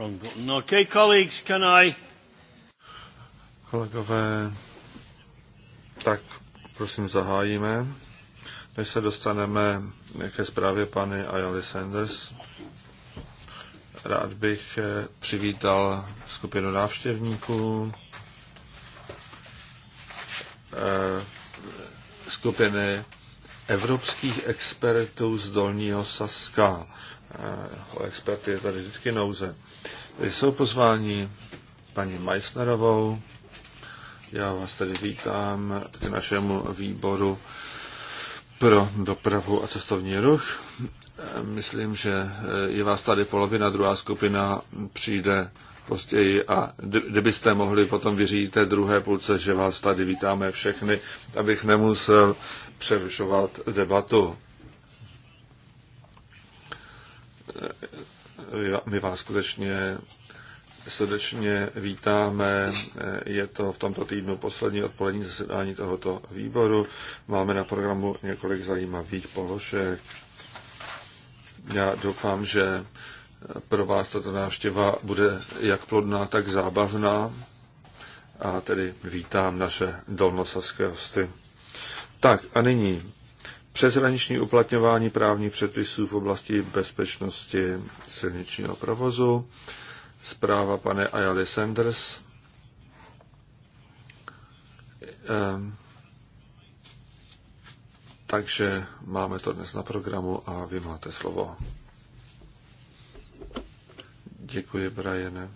Wrong button. Okay, colleagues, can I... Kolegové, tak prosím zahájíme. Než se dostaneme ke zprávě pany Ayali Sanders, rád bych eh, přivítal skupinu návštěvníků, eh, skupiny evropských expertů z Dolního Saska o experty je tady vždycky nouze. Jsou pozváni paní Meissnerovou. Já vás tady vítám k našemu výboru pro dopravu a cestovní ruch. Myslím, že je vás tady polovina, druhá skupina přijde později a kdybyste mohli potom vyřídit té druhé půlce, že vás tady vítáme všechny, abych nemusel přerušovat debatu. Eh, eh, my vás skutečně srdečně vítáme. Eh, je to v tomto týdnu poslední odpolední zasedání tohoto výboru. Máme na programu několik zajímavých položek. Já doufám, že pro vás tato návštěva bude jak plodná, tak zábavná. A tedy vítám naše dolnosaské hosty. Tak a nyní přeshraniční uplatňování právních předpisů v oblasti bezpečnosti silničního provozu, zpráva pane Ayali Sanders, ehm, takže máme to dnes na programu a vy máte slovo. Děkuji, brajene.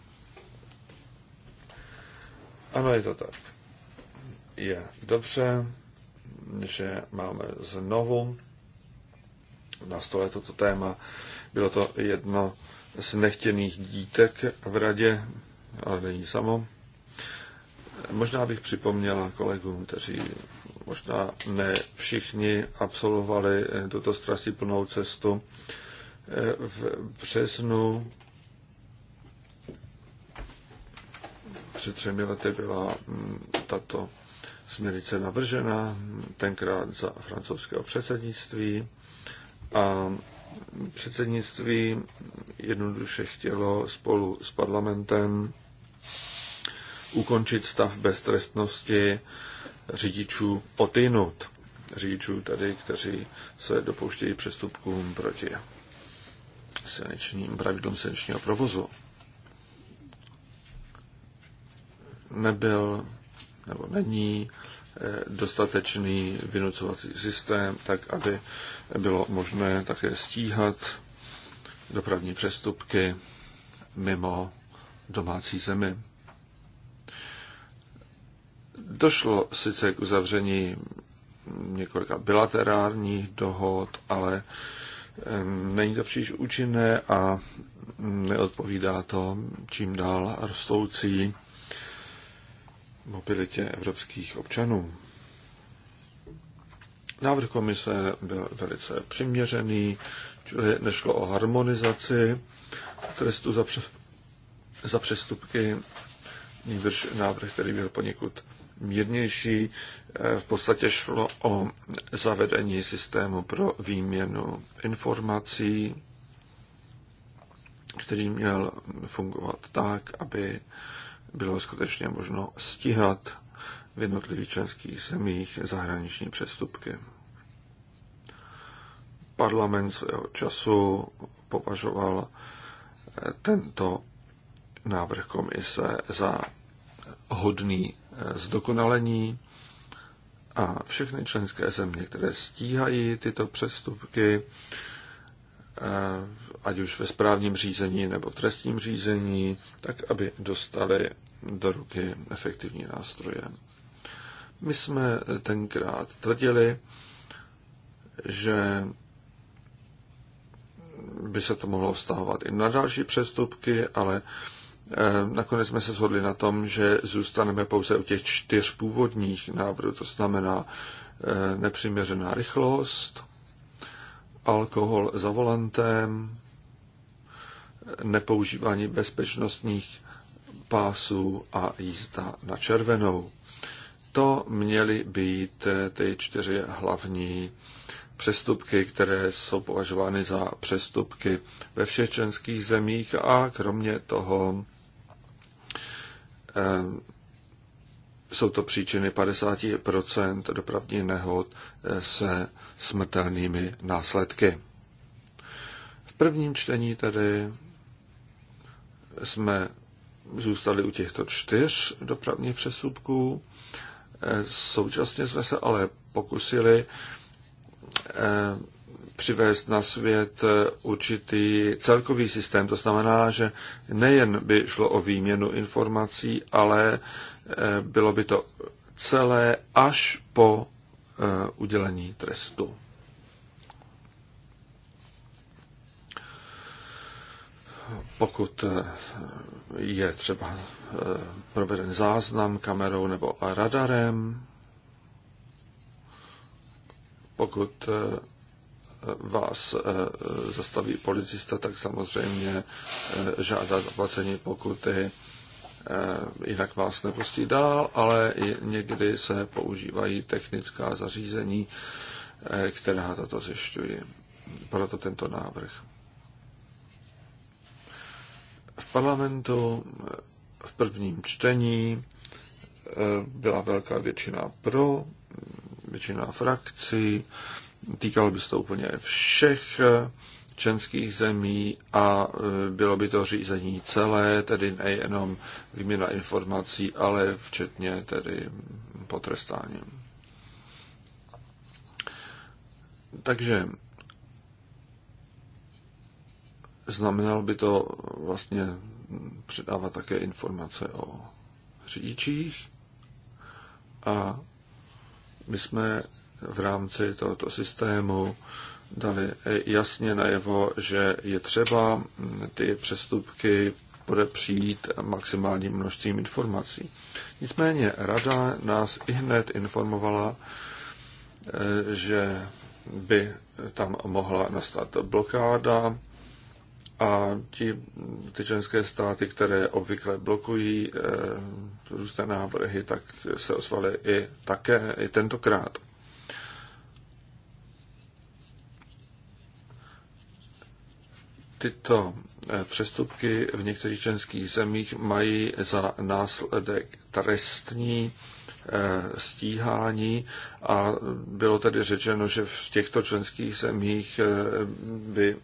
Ano, je to tak. Je dobře že máme znovu na stole toto téma. Bylo to jedno z nechtěných dítek v radě, ale není samo. Možná bych připomněla kolegům, kteří možná ne všichni absolvovali tuto strasti plnou cestu. V březnu před třemi lety byla tato směrnice navržena, tenkrát za francouzského předsednictví. A předsednictví jednoduše chtělo spolu s parlamentem ukončit stav beztrestnosti řidičů otynut. Řidičů tady, kteří se dopouštějí přestupkům proti silničním pravidlům silničního provozu. Nebyl nebo není eh, dostatečný vynucovací systém, tak aby bylo možné také stíhat dopravní přestupky mimo domácí zemi. Došlo sice k uzavření několika bilaterárních dohod, ale eh, není to příliš účinné a neodpovídá to čím dál rostoucí mobilitě evropských občanů. Návrh komise byl velice přiměřený, čili nešlo o harmonizaci trestu za, pře- za přestupky, nýbrž návrh, který byl poněkud mírnější. Eh, v podstatě šlo o zavedení systému pro výměnu informací, který měl fungovat tak, aby bylo skutečně možno stíhat v jednotlivých členských zemích zahraniční přestupky. Parlament svého času považoval eh, tento návrh komise za hodný eh, zdokonalení a všechny členské země, které stíhají tyto přestupky, eh, ať už ve správním řízení nebo v trestním řízení, tak aby dostali do ruky efektivní nástroje. My jsme tenkrát tvrdili, že by se to mohlo vztahovat i na další přestupky, ale eh, nakonec jsme se shodli na tom, že zůstaneme pouze u těch čtyř původních návrhů, to znamená eh, nepřiměřená rychlost, alkohol za volantem, nepoužívání bezpečnostních pásů a jízda na červenou. To měly být ty čtyři hlavní přestupky, které jsou považovány za přestupky ve všech členských zemích a kromě toho eh, jsou to příčiny 50 dopravní nehod se smrtelnými následky. V prvním čtení tedy jsme zůstali u těchto čtyř dopravních přestupků. Eh, současně jsme se ale pokusili eh, přivést na svět eh, určitý celkový systém. To znamená, že nejen by šlo o výměnu informací, ale bylo by to celé až po udělení trestu. pokud eh, je třeba eh, proveden záznam kamerou nebo radarem, pokud eh, vás zastaví policista, tak samozřejmě žádá zaplacení pokuty, jinak vás nepustí dál, ale někdy se používají technická zařízení, která toto zjišťují. Proto tento návrh. V parlamentu v prvním čtení eh, byla velká většina pro, většina frakcí, týkalo by se to úplně všech eh, členských zemí a eh, bylo by to řízení celé, tedy nejenom výměna informací, ale včetně tedy potrestání. Takže znamenalo by to vlastně předávat také informace o řidičích a my jsme v rámci tohoto systému dali jasně najevo, že je třeba ty přestupky podepřít maximálním množstvím informací. Nicméně rada nás i hned informovala, eh, že by tam mohla nastat blokáda a ti, ty členské státy, které obvykle blokují e, různé návrhy, tak se osvaly i také, i tentokrát. Tyto eh, přestupky v některých členských zemích mají za následek trestní eh, stíhání a bylo tedy řečeno, že v těchto členských zemích by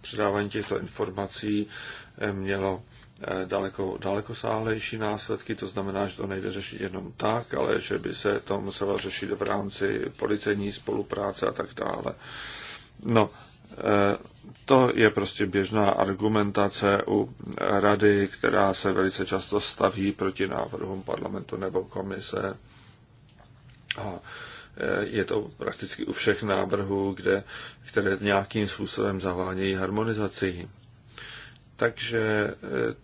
předávání těchto informací eh, mělo eh, daleko, daleko sáhlejší následky, to znamená, že to nejde řešit jenom tak, ale že by se to muselo řešit v rámci policejní spolupráce a tak dále. No, eh, to je prostě běžná argumentace u rady, která se velice často staví proti návrhům parlamentu nebo komise. A Eh, je to prakticky u všech návrhů, kde, které nějakým způsobem zavánějí harmonizací. Takže eh,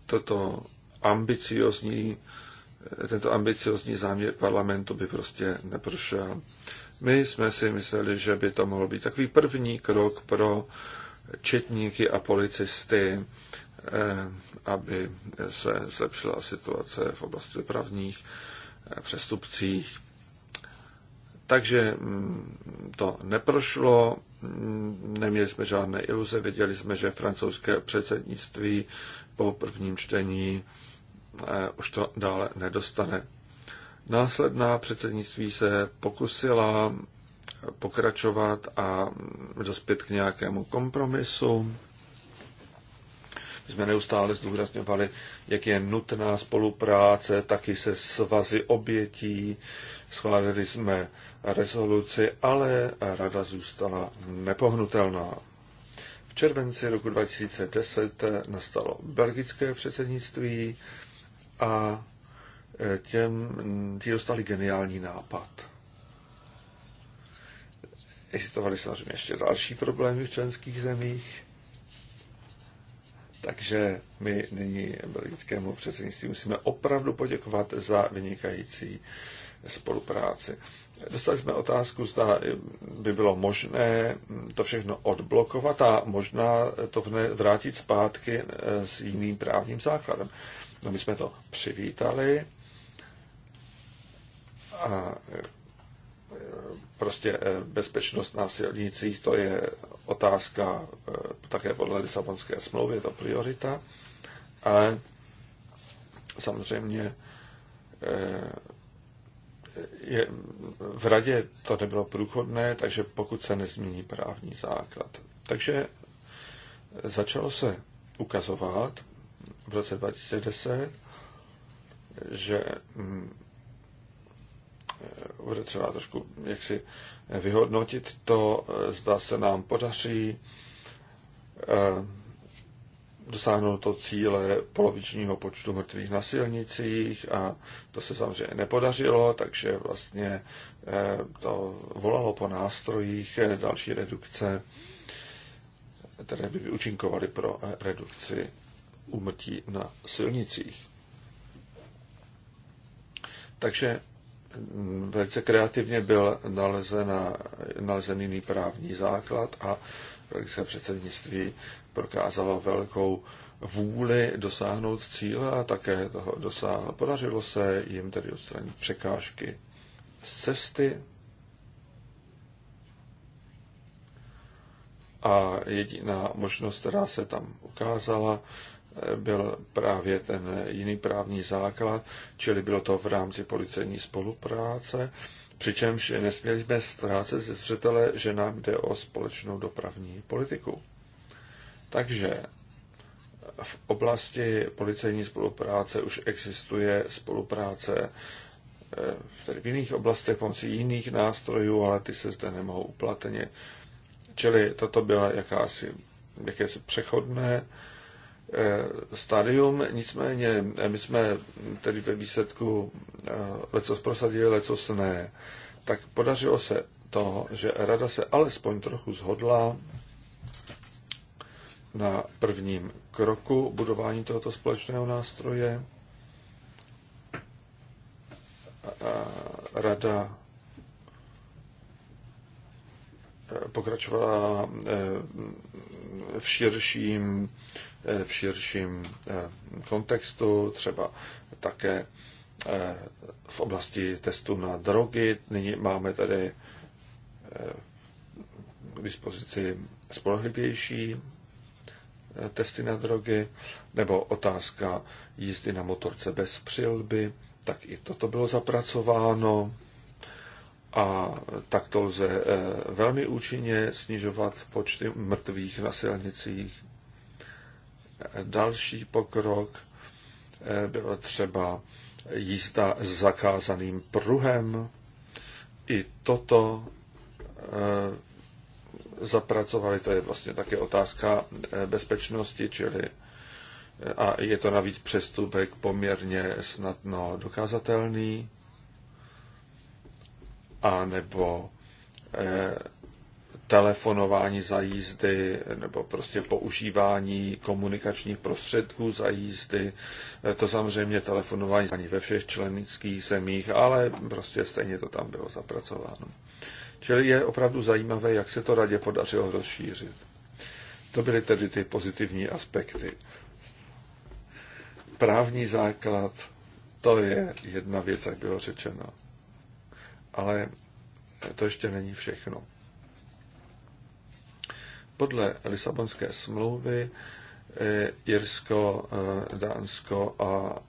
toto ambiciozní, eh, tento ambiciozní záměr parlamentu by prostě neprošel. My jsme si mysleli, že by to mohl být takový první krok pro četníky a policisty, aby se zlepšila situace v oblasti dopravních přestupcích. Takže mm, to neprošlo, mm, neměli jsme žádné iluze, věděli jsme, že francouzské předsednictví po prvním čtení eh, už to dále nedostane. Následná předsednictví se pokusila pokračovat a dospět k nějakému kompromisu. My jsme neustále zdůrazňovali, jak je nutná spolupráce, taky se svazy obětí. Schválili jsme rezoluci, ale rada zůstala nepohnutelná. V červenci roku 2010 nastalo belgické předsednictví a e, těm, ti dostali geniální nápad. Existovaly samozřejmě ještě další problémy v členských zemích, takže my nyní belgickému předsednictví musíme opravdu poděkovat za vynikající spolupráci. Dostali jsme otázku, zda by bylo možné to všechno odblokovat a možná to vrátit zpátky eh, s jiným právním základem. No, my jsme to přivítali a eh, prostě eh, bezpečnost na silnicích, to je otázka také podle Lisabonské smlouvy, je to priorita, ale samozřejmě je, v radě to nebylo průchodné, takže pokud se nezmění právní základ. Takže začalo se ukazovat v roce 2010, že mm, bude třeba trošku jaksi vyhodnotit to, zda se nám podaří eh, dosáhnout to cíle polovičního počtu mrtvých na silnicích a to se samozřejmě nepodařilo, takže vlastně eh, to volalo po nástrojích eh, další redukce, které by účinkovaly pro eh, redukci úmrtí na silnicích. Takže mm, velice kreativně byl nalezen jiný právní základ a Belgické předsednictví prokázalo velkou vůli dosáhnout cíle a také toho dosáhlo. Podařilo se jim tedy odstranit překážky z cesty. A jediná možnost, která se tam ukázala, byl právě ten jiný právní základ, čili bylo to v rámci policejní spolupráce, přičemž nesměli jsme ztrácet ze zřetele, že nám jde o společnou dopravní politiku. Takže v oblasti policejní spolupráce už existuje spolupráce eh, tedy v jiných oblastech pomocí jiných nástrojů, ale ty se zde nemohou uplatnit. Čili toto byla jakási, jakési přechodné eh, stadium, nicméně eh, my jsme tedy ve výsledku lecos prosadili, lecos ne. Tak podařilo se to, že rada se alespoň trochu zhodla na prvním kroku budování tohoto společného nástroje. Rada eh, pokračovala eh, v širším, eh, v širším kontextu, třeba také v oblasti testu na drogy. Nyní máme tady k dispozici spolehlivější testy na drogy, nebo otázka jízdy na motorce bez přilby, tak i toto bylo zapracováno a tak to lze eh, velmi účinně snižovat počty mrtvých na silnicích. Další pokrok eh, bylo třeba jízda s zakázaným pruhem. I toto eh, zapracovali. To je vlastně také otázka eh, bezpečnosti, čili eh, a je to navíc přestupek poměrně snadno dokázatelný, a nebo eh, telefonování za jízdy nebo prostě používání komunikačních prostředků za jízdy. To samozřejmě telefonování ani ve všech členských zemích, ale prostě stejně to tam bylo zapracováno. Čili je opravdu zajímavé, jak se to radě podařilo rozšířit. To byly tedy ty pozitivní aspekty. Právní základ, to je jedna věc, jak bylo řečeno. Ale to ještě není všechno. Podle Lisabonské smlouvy Jirsko, eh, eh, Dánsko a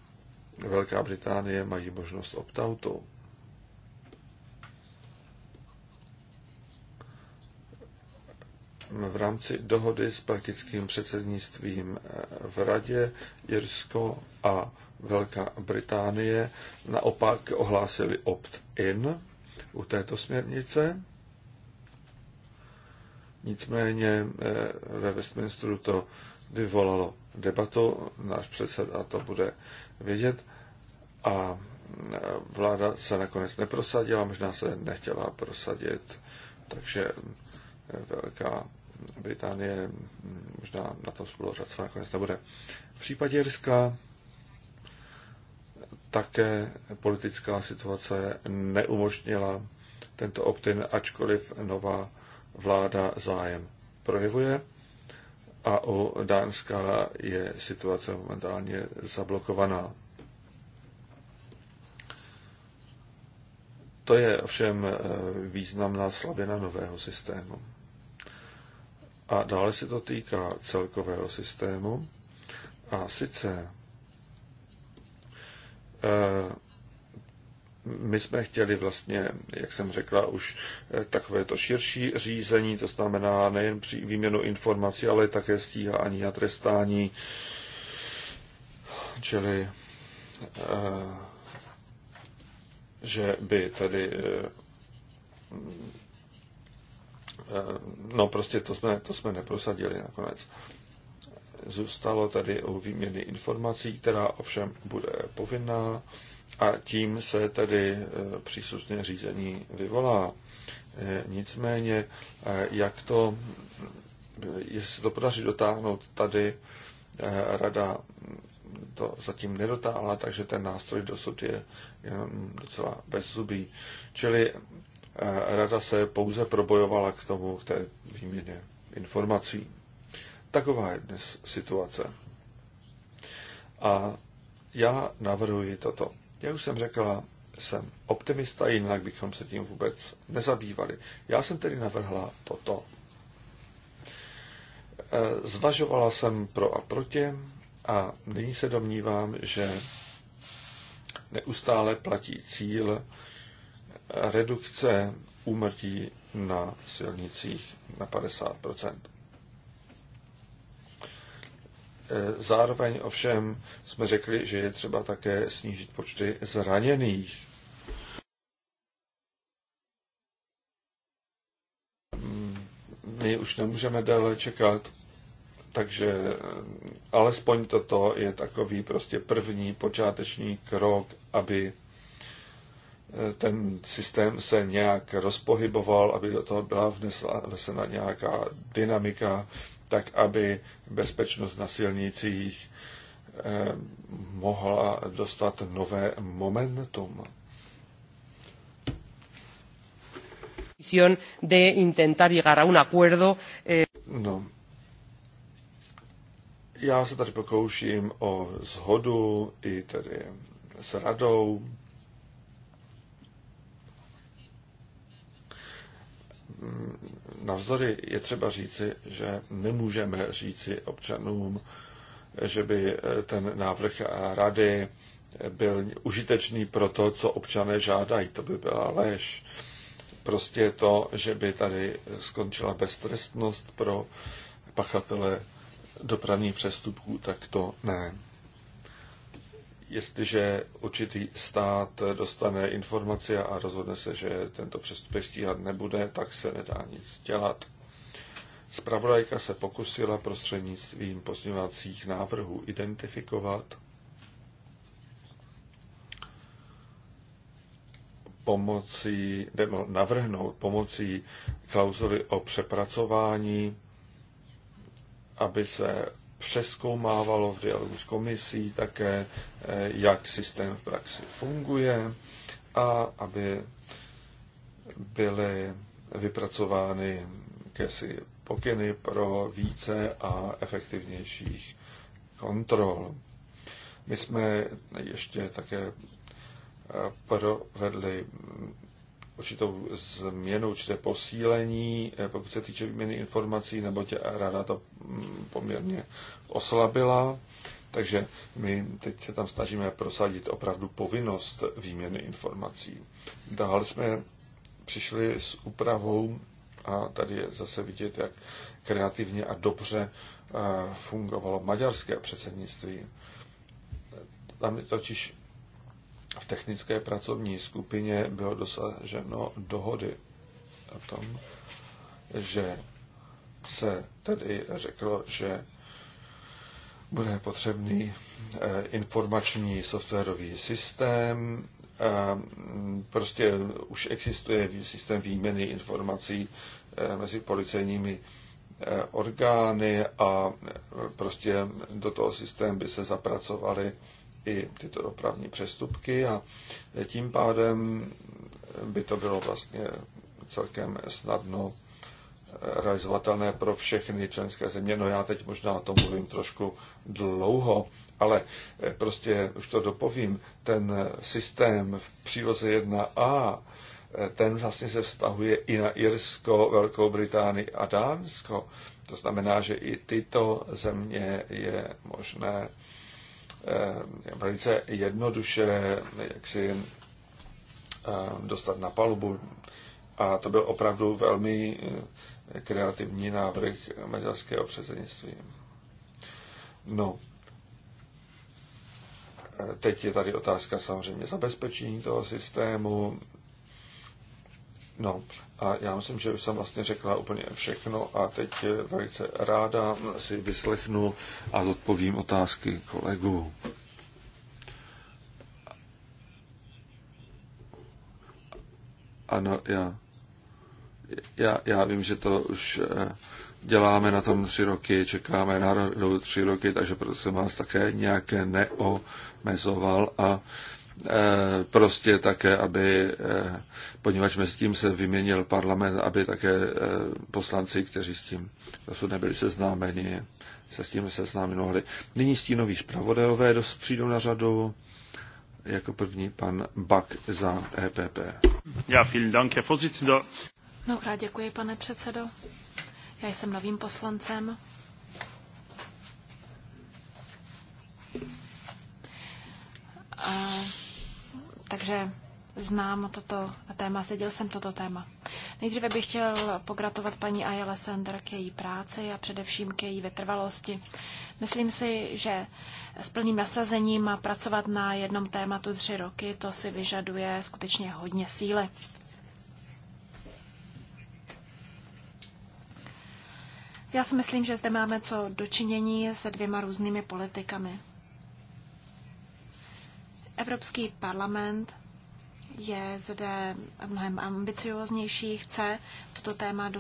Velká Británie mají možnost opt-outu. v rámci dohody s praktickým předsednictvím eh, v Radě Jirsko a Velká Británie naopak ohlásili opt-in u této směrnice. Nicméně eh, ve Westminsteru to vyvolalo debatu, náš předseda to bude vědět a eh, vláda se nakonec neprosadila, možná se nechtěla prosadit, takže Velká Británie možná na tom spolupracovat nakonec nebude. V případě Ryska také politická situace neumožnila tento optin, ačkoliv nová vláda zájem projevuje. A u Dánska je situace momentálně zablokovaná. To je ovšem eh, významná slabina nového systému. A dále se to týká celkového systému. A sice eh, my jsme chtěli vlastně, jak jsem řekla, už eh, takové to širší řízení, to znamená nejen při výměnu informací, ale také stíhání a trestání, čili eh, že by tedy Eh, no prostě to jsme, to jsme neprosadili nakonec. Zůstalo tady o výměny informací, která ovšem bude povinná a tím se tedy eh, příslušné řízení vyvolá. Eh, nicméně, jak to, jestli to podaří dotáhnout tady, rada to zatím nedotáhla, takže ten nástroj dosud je jenom docela bezzubý. Čili rada se pouze probojovala k tomu, k té výměně informací. Taková je dnes situace. A já navrhuji toto. Jak už jsem řekla, jsem optimista, jinak bychom se tím vůbec nezabývali. Já jsem tedy navrhla toto. E, zvažovala jsem pro a proti a nyní se domnívám, že neustále platí cíl redukce úmrtí na silnicích na 50 e, Zároveň ovšem jsme řekli, že je třeba také snížit počty zraněných. My už nemůžeme déle čekat, takže alespoň toto je takový prostě první počáteční krok, aby Eh, ten systém se nějak rozpohyboval, aby do toho byla vnesena nějaká dynamika, tak aby bezpečnost na silnicích eh, mohla dostat nové momentum. de intentar llegar a un acuerdo. Eh, no. Já se tady pokouším o zhodu i tedy s radou navzory je třeba říci, že nemůžeme říci občanům, že by eh, ten návrh rady byl užitečný pro to, co občané žádají. To by byla lež. Prostě to, že by tady skončila beztrestnost pro pachatele dopravních přestupků, tak to ne jestliže určitý stát dostane informaci a rozhodne se, že tento přestupek stíhat nebude, tak se nedá nic dělat. Spravodajka se pokusila prostřednictvím pozměňovacích návrhů identifikovat pomocí, nebo navrhnout pomocí klauzuly o přepracování, aby se přeskoumávalo v dialogu s komisí také, eh, jak systém v praxi funguje a aby byly vypracovány kesy pokyny pro více a efektivnějších kontrol. My jsme ještě také eh, provedli určitou změnu, určité posílení, eh, pokud se týče výměny informací, nebo tě rada to mm, poměrně oslabila. Takže my teď se tam snažíme prosadit opravdu povinnost výměny informací. Dále jsme přišli s úpravou a tady je zase vidět, jak kreativně a dobře eh, fungovalo maďarské předsednictví. Tam je totiž v technické pracovní skupině bylo dosaženo dohody o tom, že se tedy řeklo, že bude potřebný eh, informační softwarový systém, eh, prostě už existuje systém výměny informací eh, mezi policejními orgány a prostě do toho systému by se zapracovaly i tyto dopravní přestupky a tím pádem by to bylo vlastně celkem snadno eh, realizovatelné pro všechny členské země. No já teď možná o tom mluvím trošku dlouho, ale eh, prostě už to dopovím, ten eh, systém v příloze 1a, ten vlastně se vztahuje i na Irsko, Velkou Británii a Dánsko. To znamená, že i tyto země je možné Eh, velice jednoduše jak si eh, dostat na palubu. A to byl opravdu velmi eh, kreativní návrh maďarského předsednictví. No, teď je tady otázka samozřejmě zabezpečení toho systému. No, a já myslím, že už jsem vlastně řekla úplně všechno a teď eh, velice ráda si vyslechnu a zodpovím otázky kolegů. Ano, já, já, já vím, že to už eh, děláme na tom tři roky, čekáme na tři roky, takže jsem vás také nějaké neomezoval a Eh, prostě také, aby, eh, poněvadž mezi tím se vyměnil parlament, aby také eh, poslanci, kteří s tím dosud nebyli seznámeni, se s tím seznámili mohli. Nyní stínoví zpravodajové dost přijdou na řadu. Jako první pan Bak za EPP. Já vielen Dank, Herr Vorsitzender. Mnohokrát děkuji, pane předsedo. Já jsem novým poslancem. A takže znám toto téma, seděl jsem toto téma. Nejdříve bych chtěl pogratovat paní Ayala Sander k její práci a především k její vytrvalosti. Myslím si, že s plným nasazením a pracovat na jednom tématu tři roky, to si vyžaduje skutečně hodně síly. Já si myslím, že zde máme co dočinění se dvěma různými politikami. Evropský parlament je zde mnohem ambicioznější, chce toto téma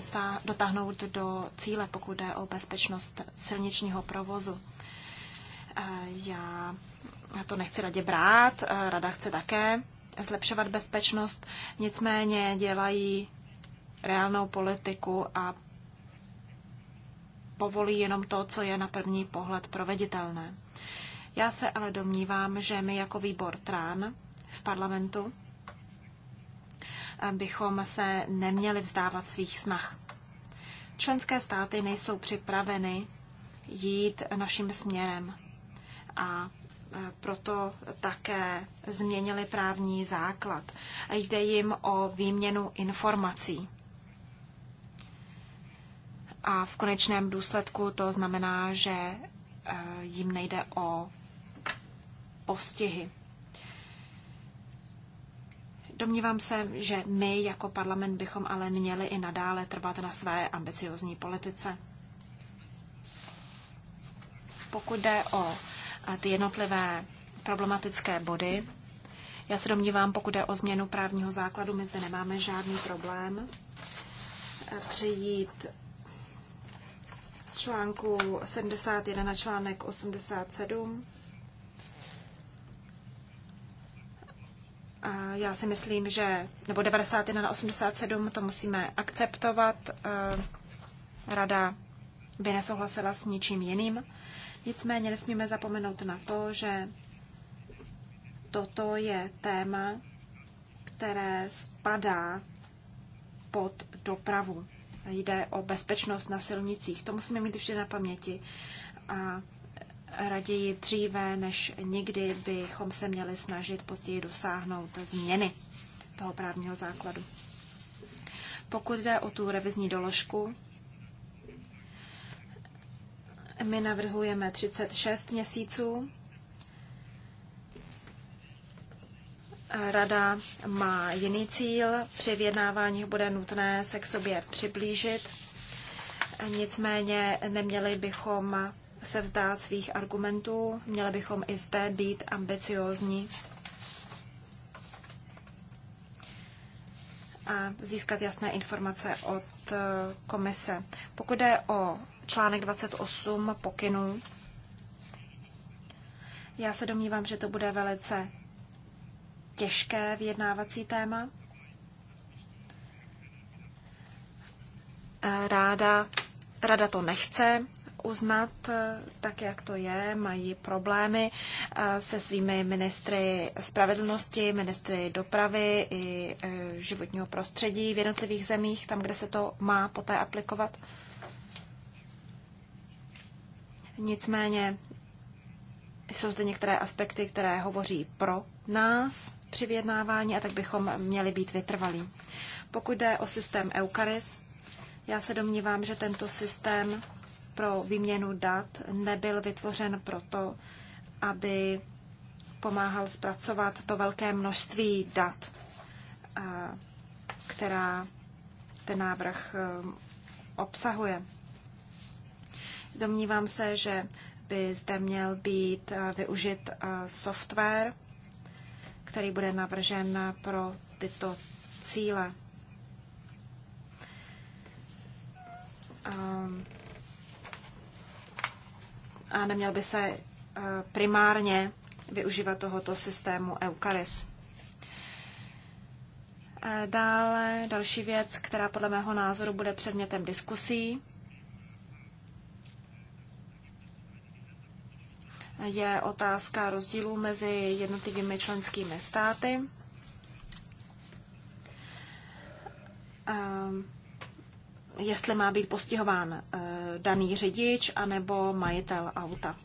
dotáhnout do cíle, pokud jde o bezpečnost silničního provozu. Eh, já to nechci radě brát, eh, rada chce také zlepšovat bezpečnost, nicméně dělají reálnou politiku a povolí jenom to, co je na první pohled proveditelné. Já se ale domnívám, že my jako výbor TRAN v parlamentu eh, bychom se neměli vzdávat svých snah. Členské státy nejsou připraveny jít naším směrem a eh, proto také změnili právní základ. Jde jim o výměnu informací. A v konečném důsledku to znamená, že eh, jim nejde o postihy. Domnívám se, že my jako parlament bychom ale měli i nadále trvat na své ambiciozní politice. Pokud jde o eh, ty jednotlivé problematické body, já se domnívám, pokud jde o změnu právního základu, my zde nemáme žádný problém eh, přejít z článku 71 na článek 87 Já si myslím, že nebo 91 na 87 to musíme akceptovat. E, Rada by nesouhlasila s ničím jiným. Nicméně nesmíme zapomenout na to, že toto je téma, které spadá pod dopravu. Jde o bezpečnost na silnicích. To musíme mít vždy na paměti. A raději dříve než nikdy bychom se měli snažit později dosáhnout změny toho právního základu. Pokud jde o tu revizní doložku, my navrhujeme 36 měsíců. Rada má jiný cíl. Při vyjednávání bude nutné se k sobě přiblížit. Nicméně neměli bychom se vzdát svých argumentů, měli bychom i zde být ambiciózní a získat jasné informace od eh, komise. Pokud jde o článek 28 pokynů, já se domnívám, že to bude velice těžké vyjednávací téma. Eh, ráda, rada to nechce, uznat, eh, tak jak to je, mají problémy eh, se svými ministry spravedlnosti, ministry dopravy i eh, životního prostředí v jednotlivých zemích, tam, kde se to má poté aplikovat. Nicméně jsou zde některé aspekty, které hovoří pro nás při vyjednávání a tak bychom měli být vytrvalí. Pokud jde o systém Eucharis, já se domnívám, že tento systém pro výměnu dat nebyl vytvořen proto, aby pomáhal zpracovat to velké množství dat, která ten návrh e, obsahuje. Domnívám se, že by zde měl být e, využit e, software, který bude navržen pro tyto cíle a neměl by se eh, primárně využívat tohoto systému Eucharis. Eh, dále další věc, která podle mého názoru bude předmětem diskusí, je otázka rozdílů mezi jednotlivými členskými státy. Ehm, jestli má být postihován eh, daný řidič anebo majitel auta.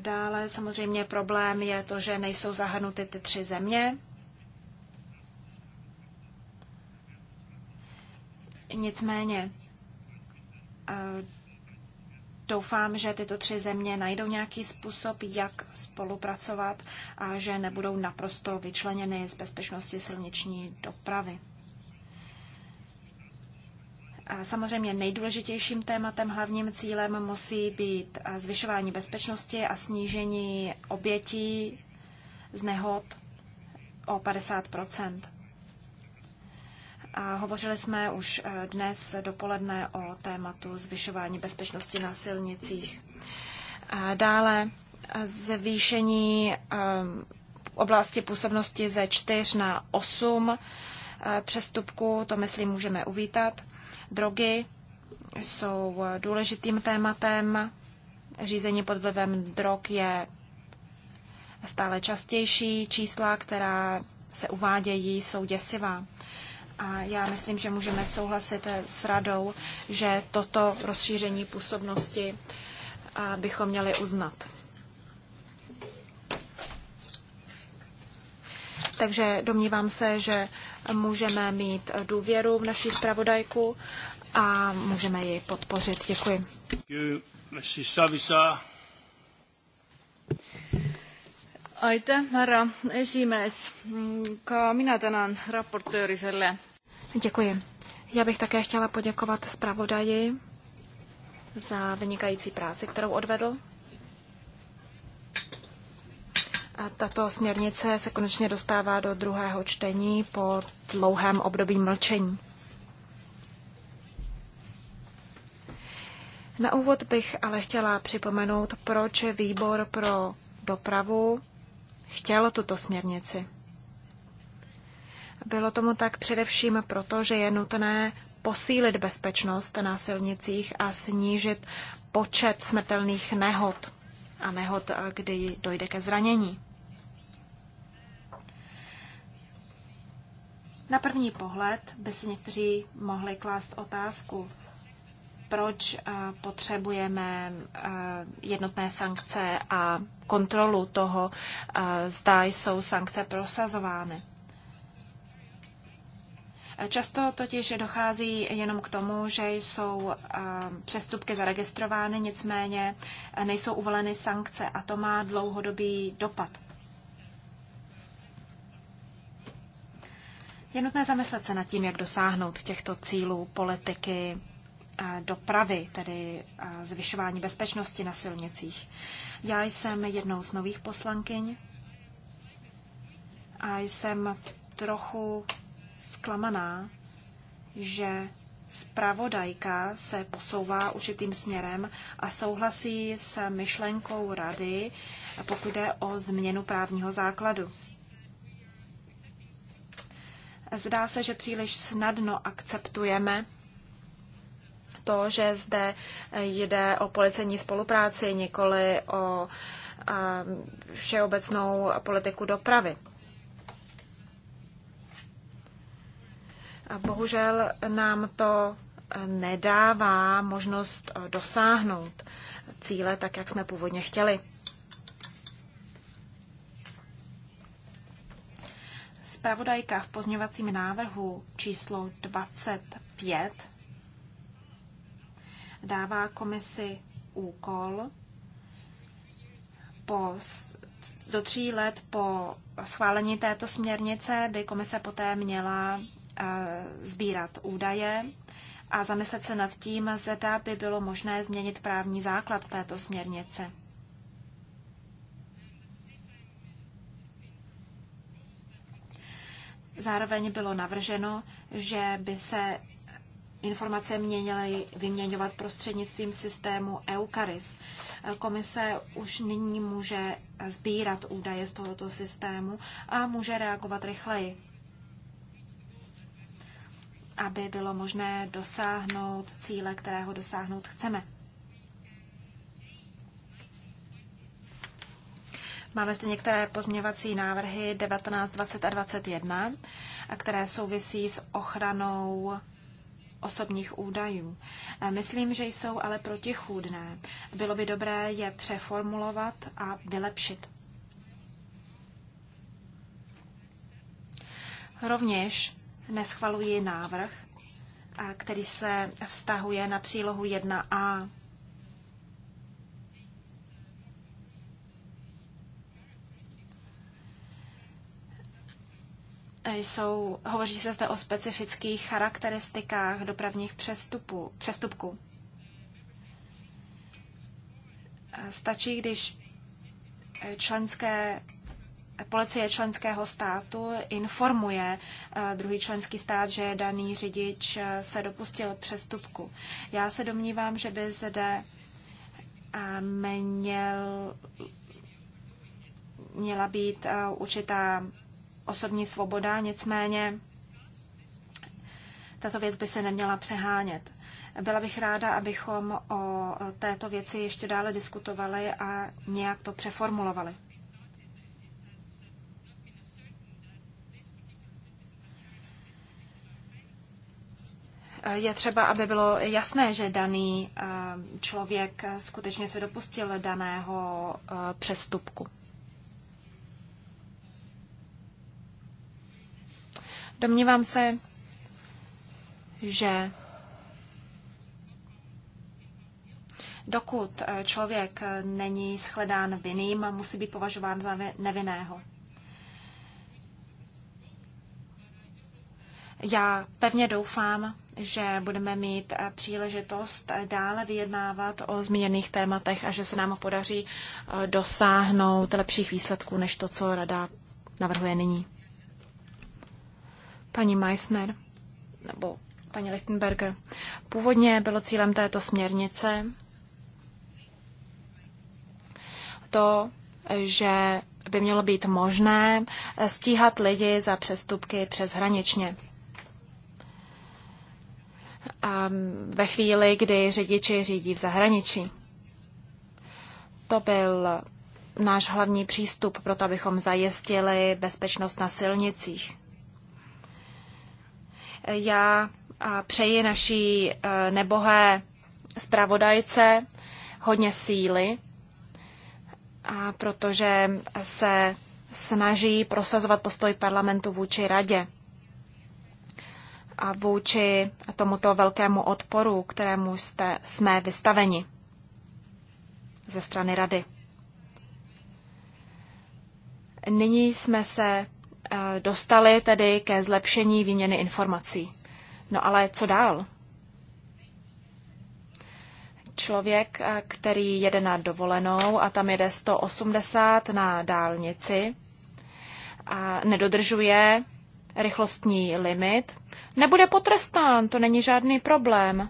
Dále samozřejmě problém je to, že nejsou zahrnuty ty tři země. Nicméně eh, doufám, že tyto tři země najdou nějaký způsob, jak spolupracovat a že nebudou naprosto vyčleněny z bezpečnosti silniční dopravy. Samozřejmě nejdůležitějším tématem, hlavním cílem musí být zvyšování bezpečnosti a snížení obětí z nehod o 50 a hovořili jsme už dnes dopoledne o tématu zvyšování bezpečnosti na silnicích. A dále zvýšení oblasti působnosti ze 4 na 8 přestupků, to myslím můžeme uvítat. Drogy jsou důležitým tématem. Řízení pod vlivem drog je stále častější. Čísla, která se uvádějí, jsou děsivá. A já myslím, že můžeme souhlasit s radou, že toto rozšíření působnosti bychom měli uznat. Takže domnívám se, že můžeme mít důvěru v naší zpravodajku a můžeme ji podpořit. Děkuji. Děkuji. Já bych také chtěla poděkovat zpravodaji za vynikající práci, kterou odvedl. Tato směrnice se konečně dostává do druhého čtení po dlouhém období mlčení. Na úvod bych ale chtěla připomenout, proč výbor pro dopravu chtěl tuto směrnici. Bylo tomu tak především proto, že je nutné posílit bezpečnost na silnicích a snížit počet smrtelných nehod a nehod, kdy dojde ke zranění. Na první pohled by si někteří mohli klást otázku, proč eh, potřebujeme eh, jednotné sankce a kontrolu toho, eh, zda jsou sankce prosazovány. Často totiž dochází jenom k tomu, že jsou přestupky zaregistrovány, nicméně nejsou uvoleny sankce a to má dlouhodobý dopad. Je nutné zamyslet se nad tím, jak dosáhnout těchto cílů politiky eh, dopravy, tedy eh, zvyšování bezpečnosti na silnicích. Já jsem jednou z nových poslankyň a jsem trochu zklamaná, že zpravodajka se posouvá určitým směrem a souhlasí s myšlenkou rady, pokud jde o změnu právního základu. Zdá se, že příliš snadno akceptujeme to, že zde jde o policejní spolupráci, nikoli o všeobecnou politiku dopravy. Bohužel nám to nedává možnost dosáhnout cíle tak, jak jsme původně chtěli. Spravodajka v pozměňovacím návrhu číslo 25 dává komisi úkol po, do tří let po schválení této směrnice by komise poté měla eh, sbírat údaje a zamyslet se nad tím, zda by bylo možné změnit právní základ této směrnice. Zároveň bylo navrženo, že by se informace měnily vyměňovat prostřednictvím systému EUCARIS. Komise už nyní může sbírat údaje z tohoto systému a může reagovat rychleji, aby bylo možné dosáhnout cíle, kterého dosáhnout chceme. Máme zde některé pozměňovací návrhy 19, 20 a 21, a které souvisí s ochranou osobních údajů. E, myslím, že jsou ale protichůdné. Bylo by dobré je přeformulovat a vylepšit. Rovněž neschvaluji návrh, který se vztahuje na přílohu 1a jsou, hovoří se zde o specifických charakteristikách dopravních přestupů, přestupků. Stačí, když členské policie členského státu informuje eh, druhý členský stát, že daný řidič eh, se dopustil přestupku. Já se domnívám, že by zde eh, měl, měla být určitá osobní svoboda, nicméně tato věc by se neměla přehánět. Byla bych ráda, abychom o této věci ještě dále diskutovali a nějak to přeformulovali. Je třeba, aby bylo jasné, že daný eh, člověk skutečně se dopustil daného eh, přestupku. Domnívám se, že dokud eh, člověk eh, není shledán vinným, musí být považován za nevinného. Já pevně doufám, že budeme mít eh, příležitost dále vyjednávat o zmíněných tématech a že se nám podaří dosáhnout lepších výsledků než to, co Rada navrhuje nyní paní Meissner nebo paní Lichtenberger. Původně bylo cílem této směrnice to, že by mělo být možné stíhat lidi za přestupky přeshraničně. A ve chvíli, kdy řidiči řídí v zahraničí. To byl náš hlavní přístup pro to, abychom zajistili bezpečnost na silnicích. Já přeji naší e, nebohé zpravodajce hodně síly, a protože se snaží prosazovat postoj parlamentu vůči radě a vůči tomuto velkému odporu, kterému jste, jsme vystaveni ze strany rady. Nyní jsme se Eh, dostali tedy ke zlepšení výměny informací. No ale co dál? Člověk, eh, který jede na dovolenou a tam jede 180 na dálnici a nedodržuje rychlostní limit, nebude potrestán, to není žádný problém.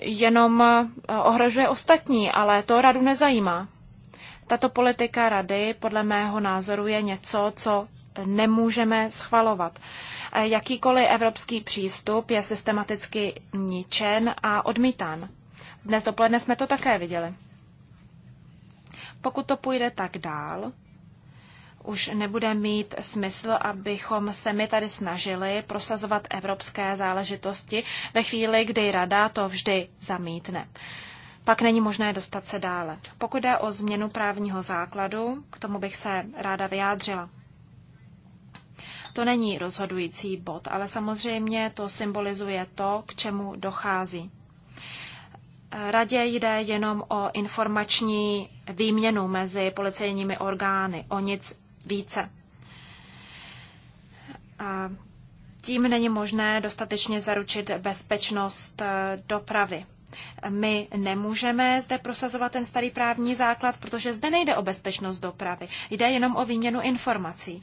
Jenom eh, ohrožuje ostatní, ale to radu nezajímá. Tato politika rady podle mého názoru je něco, co nemůžeme schvalovat. Jakýkoliv evropský přístup je systematicky ničen a odmítán. Dnes dopoledne jsme to také viděli. Pokud to půjde tak dál, už nebude mít smysl, abychom se my tady snažili prosazovat evropské záležitosti ve chvíli, kdy rada to vždy zamítne. Uh, pak není možné dostat se dále. Pokud jde o změnu právního základu, k tomu bych se ráda vyjádřila. To není rozhodující bod, ale samozřejmě to symbolizuje to, k čemu dochází. Radě jde jenom o informační výměnu mezi policejními orgány, o nic více. A tím není možné dostatečně zaručit bezpečnost eh, dopravy. My nemůžeme zde prosazovat ten starý právní základ, protože zde nejde o bezpečnost dopravy. Jde jenom o výměnu informací.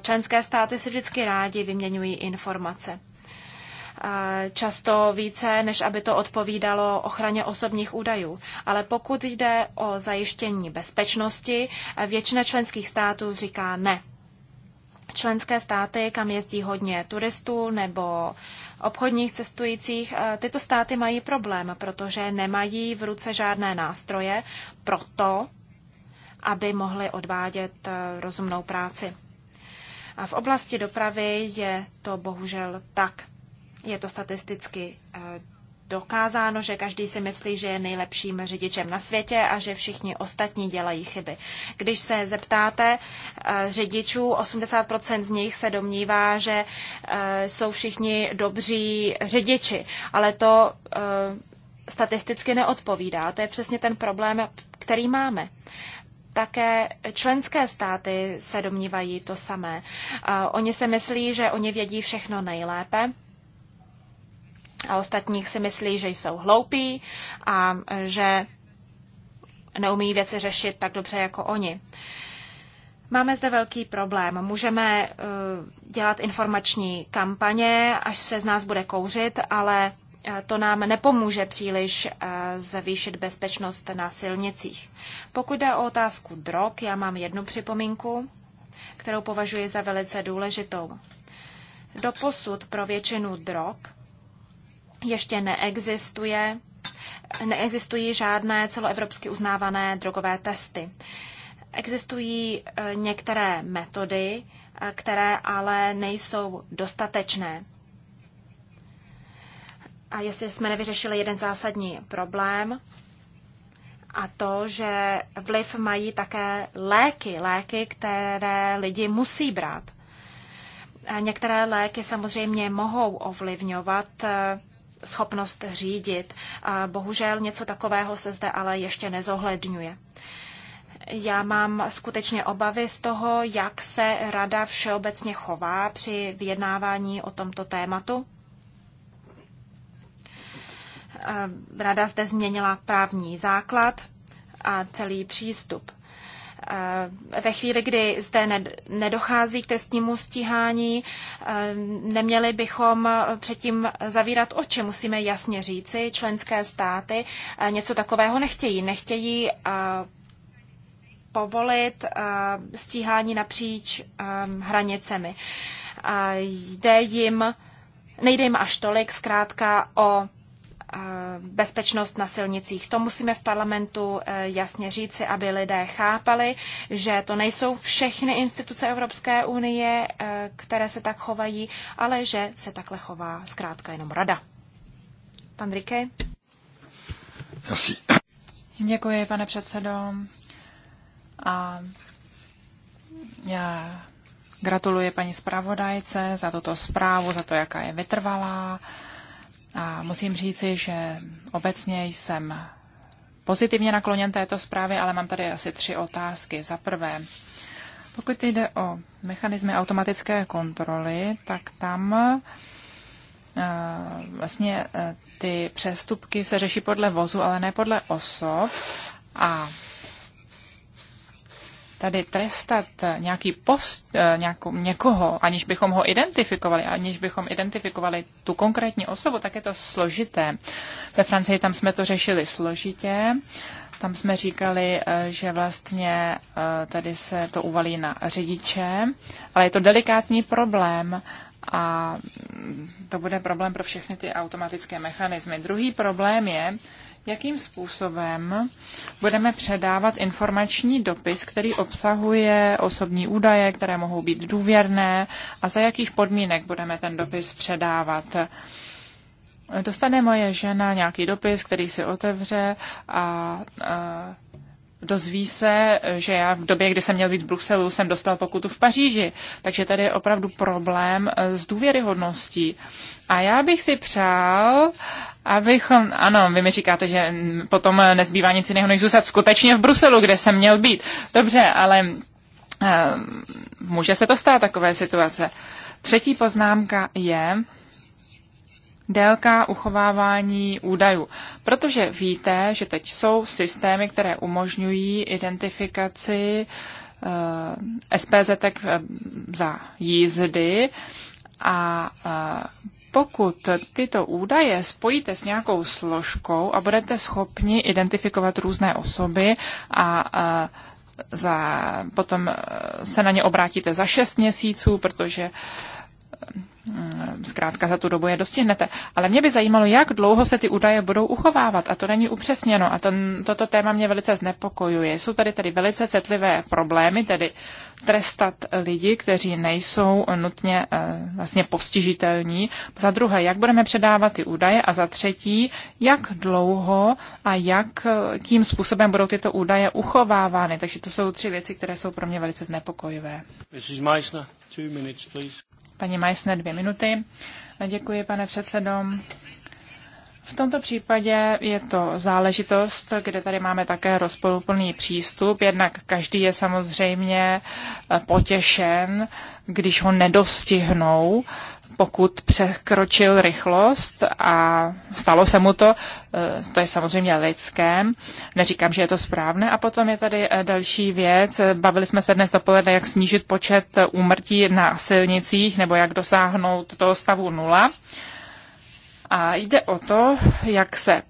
Členské státy si vždycky rádi vyměňují informace často více, než aby to odpovídalo ochraně osobních údajů. Ale pokud jde o zajištění bezpečnosti, většina členských států říká ne. Členské státy, kam jezdí hodně turistů nebo obchodních cestujících. Eh, tyto státy mají problém, protože nemají v ruce žádné nástroje pro to, aby mohly odvádět eh, rozumnou práci. A v oblasti dopravy je to bohužel tak. Je to statisticky eh, dokázáno, že každý si myslí, že je nejlepším řidičem na světě a že všichni ostatní dělají chyby. Když se zeptáte eh, řidičů, 80% z nich se domnívá, že eh, jsou všichni dobří řidiči, ale to eh, statisticky neodpovídá. To je přesně ten problém, který máme. Také členské státy se domnívají to samé. Oni se myslí, že oni vědí všechno nejlépe a ostatních si myslí, že jsou hloupí a že neumí věci řešit tak dobře jako oni. Máme zde velký problém. Můžeme eh, dělat informační kampaně, až se z nás bude kouřit, ale eh, to nám nepomůže příliš eh, zvýšit bezpečnost na silnicích. Pokud jde o otázku drog, já mám jednu připomínku, kterou považuji za velice důležitou. Doposud pro většinu drog ještě neexistuje, neexistují žádné celoevropsky uznávané drogové testy. Existují e, některé metody, e, které ale nejsou dostatečné. A jestli jsme nevyřešili jeden zásadní problém, a to, že vliv mají také léky, léky, které lidi musí brát. Některé léky samozřejmě mohou ovlivňovat e, schopnost řídit. Bohužel něco takového se zde ale ještě nezohledňuje. Já mám skutečně obavy z toho, jak se rada všeobecně chová při vyjednávání o tomto tématu. Rada zde změnila právní základ a celý přístup. Eh, ve chvíli, kdy zde nedochází k trestnímu stíhání, eh, neměli bychom předtím zavírat oči. Musíme jasně říci, členské státy eh, něco takového nechtějí. Nechtějí povolit stíhání napříč hranicemi. Jde jim, nejde jim až tolik zkrátka o bezpečnost na silnicích. To musíme v parlamentu e, jasně říci, aby lidé chápali, že to nejsou všechny instituce Evropské unie, e, které se tak chovají, ale že se takhle chová zkrátka jenom rada. Pan Rike. Děkuji, pane předsedo. A já gratuluji paní zpravodajce za tuto zprávu, za to, jaká je vytrvalá a musím říci, že obecně jsem pozitivně nakloněn této zprávě, ale mám tady asi tři otázky. Za prvé, pokud jde o mechanismy automatické kontroly, tak tam eh, vlastně eh, ty přestupky se řeší podle vozu, ale ne podle osob. A tady trestat nějaký post, eh, nějakou, někoho, aniž bychom ho identifikovali, aniž bychom identifikovali tu konkrétní osobu, tak je to složité. Ve Francii tam jsme to řešili složitě. Tam jsme říkali, eh, že vlastně eh, tady se to uvalí na řidiče, ale je to delikátní problém a mm, to bude problém pro všechny ty automatické mechanismy. Druhý problém je, jakým způsobem budeme předávat informační dopis, který obsahuje osobní údaje, které mohou být důvěrné a za jakých podmínek budeme ten dopis předávat. Dostane moje žena nějaký dopis, který si otevře a, a dozví se, že já v době, kdy jsem měl být v Bruselu, jsem dostal pokutu v Paříži. Takže tady je opravdu problém eh, s důvěryhodností. A já bych si přál, abychom, ano, vy mi říkáte, že potom eh, nezbývá nic jiného, než zůstat skutečně v Bruselu, kde jsem měl být. Dobře, ale eh, může se to stát, takové situace. Třetí poznámka je, délka uchovávání údajů. Protože víte, že teď jsou systémy, které umožňují identifikaci eh, SPZ eh, za jízdy a eh, pokud tyto údaje spojíte s nějakou složkou a budete schopni identifikovat různé osoby a za, potom se na ně obrátíte za šest měsíců, protože uh, Eh, zkrátka za tu dobu je dostihnete. Ale mě by zajímalo, jak dlouho se ty údaje budou uchovávat a to není upřesněno a to, toto téma mě velice znepokojuje. Jsou tady tedy velice citlivé problémy, tedy trestat lidi, kteří nejsou nutně eh, vlastně postižitelní. Za druhé, jak budeme předávat ty údaje a za třetí, jak dlouho a jak, eh, kým způsobem budou tyto údaje uchovávány. Takže to jsou tři věci, které jsou pro mě velice znepokojivé. Mrs. Meissner, two minutes, please. Paní Majsne, dvě minuty. Děkuji, pane předsedo. V tomto případě je to záležitost, kde tady máme také rozporuplný přístup. Jednak každý je samozřejmě potěšen, když ho nedostihnou pokud překročil rychlost a stalo se mu to, eh, to je samozřejmě lidské, neříkám, že je to správné. A potom je tady eh, další věc, bavili jsme se dnes dopoledne, jak snížit počet eh, úmrtí na silnicích nebo jak dosáhnout toho stavu nula. A jde o to, jak se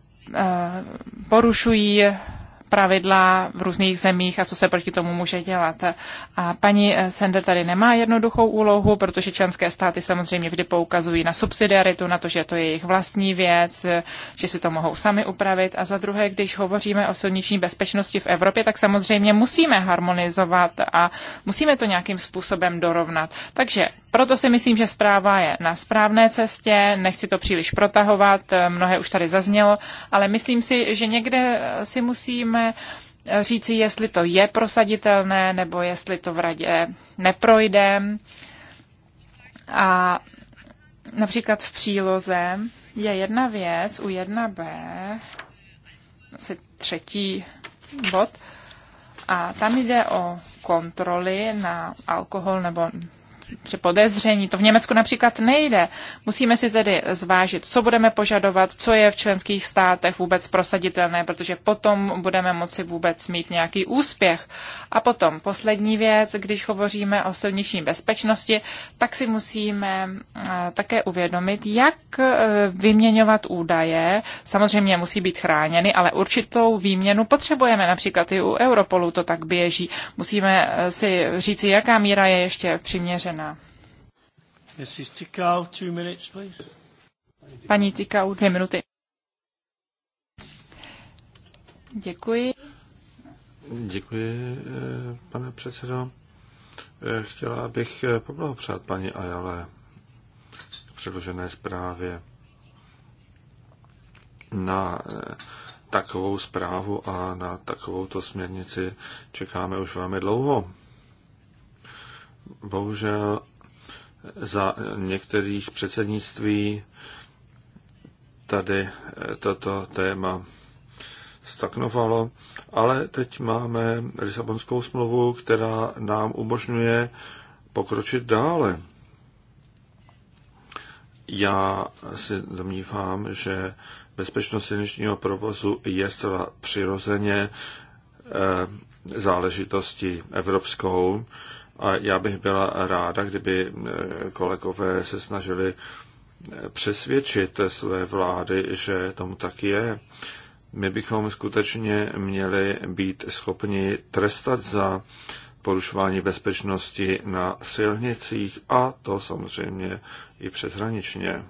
porušují pravidla v různých zemích a co se proti tomu může dělat. A paní eh, Sender tady nemá jednoduchou úlohu, protože členské státy samozřejmě vždy poukazují na subsidiaritu, na to, že to je jejich vlastní věc, eh, že si to mohou sami upravit. A za druhé, když hovoříme o silniční bezpečnosti v Evropě, tak samozřejmě musíme harmonizovat a musíme to nějakým způsobem dorovnat. Takže proto si myslím, že zpráva je na správné cestě, nechci to příliš protahovat, eh, mnohé už tady zaznělo, ale myslím si, že někde si musíme můžeme eh, říci, jestli to je prosaditelné, nebo jestli to v radě neprojde. A například v příloze je jedna věc u 1b, asi třetí bod, a tam jde o kontroly na alkohol nebo při podezření. To v Německu například nejde. Musíme si tedy zvážit, co budeme požadovat, co je v členských státech vůbec prosaditelné, protože potom budeme moci vůbec mít nějaký úspěch. A potom poslední věc, když hovoříme o silniční bezpečnosti, tak si musíme eh, také uvědomit, jak eh, vyměňovat údaje. Samozřejmě musí být chráněny, ale určitou výměnu potřebujeme. Například i u Europolu to tak běží. Musíme eh, si říci, jaká míra je ještě přiměřená uzavřena. Paní Tikau, dvě minuty. Děkuji. Děkuji, eh, pane předsedo. Eh, chtěla bych eh, poblahopřát paní Ajale k předložené zprávě. Na takovou zprávu a na takovouto směrnici čekáme už velmi dlouho bohužel za některých předsednictví tady eh, toto téma stagnovalo, ale teď máme Lisabonskou smlouvu, která nám umožňuje pokročit dále. Já si domnívám, že bezpečnost silničního provozu je zcela přirozeně eh, záležitostí evropskou a já bych byla ráda, kdyby eh, kolegové se snažili eh, přesvědčit své vlády, že tomu tak je. My bychom skutečně měli být schopni trestat za porušování bezpečnosti na silnicích a to samozřejmě i přeshraničně.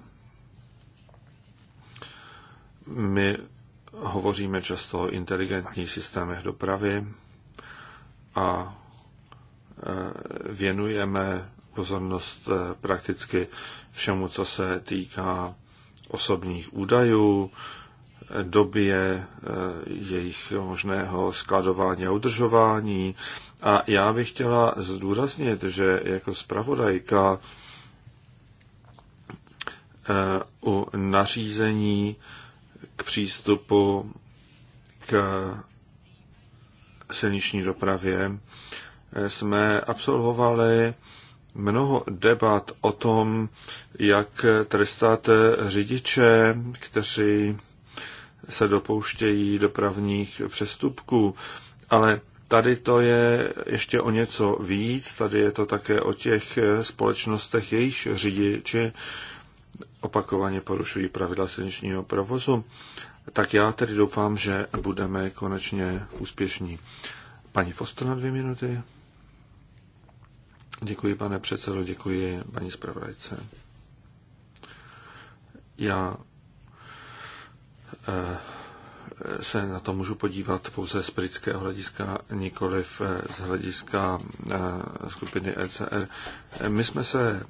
My hovoříme často o inteligentních systémech dopravy a věnujeme pozornost eh, prakticky všemu, co se týká osobních údajů, době eh, jejich možného skladování a udržování. A já bych chtěla zdůraznit, že jako zpravodajka eh, u nařízení k přístupu k silniční dopravě jsme absolvovali mnoho debat o tom, jak trestat řidiče, kteří se dopouštějí dopravních přestupků. Ale tady to je ještě o něco víc, tady je to také o těch společnostech, jejichž řidiči opakovaně porušují pravidla silničního provozu. Tak já tedy doufám, že budeme konečně úspěšní. Paní Foster na dvě minuty. Děkuji, pane předsedo, děkuji, paní zpravodajce. Já eh, se na to můžu podívat pouze z britského hlediska, nikoli eh, z hlediska eh, skupiny ECR. My jsme se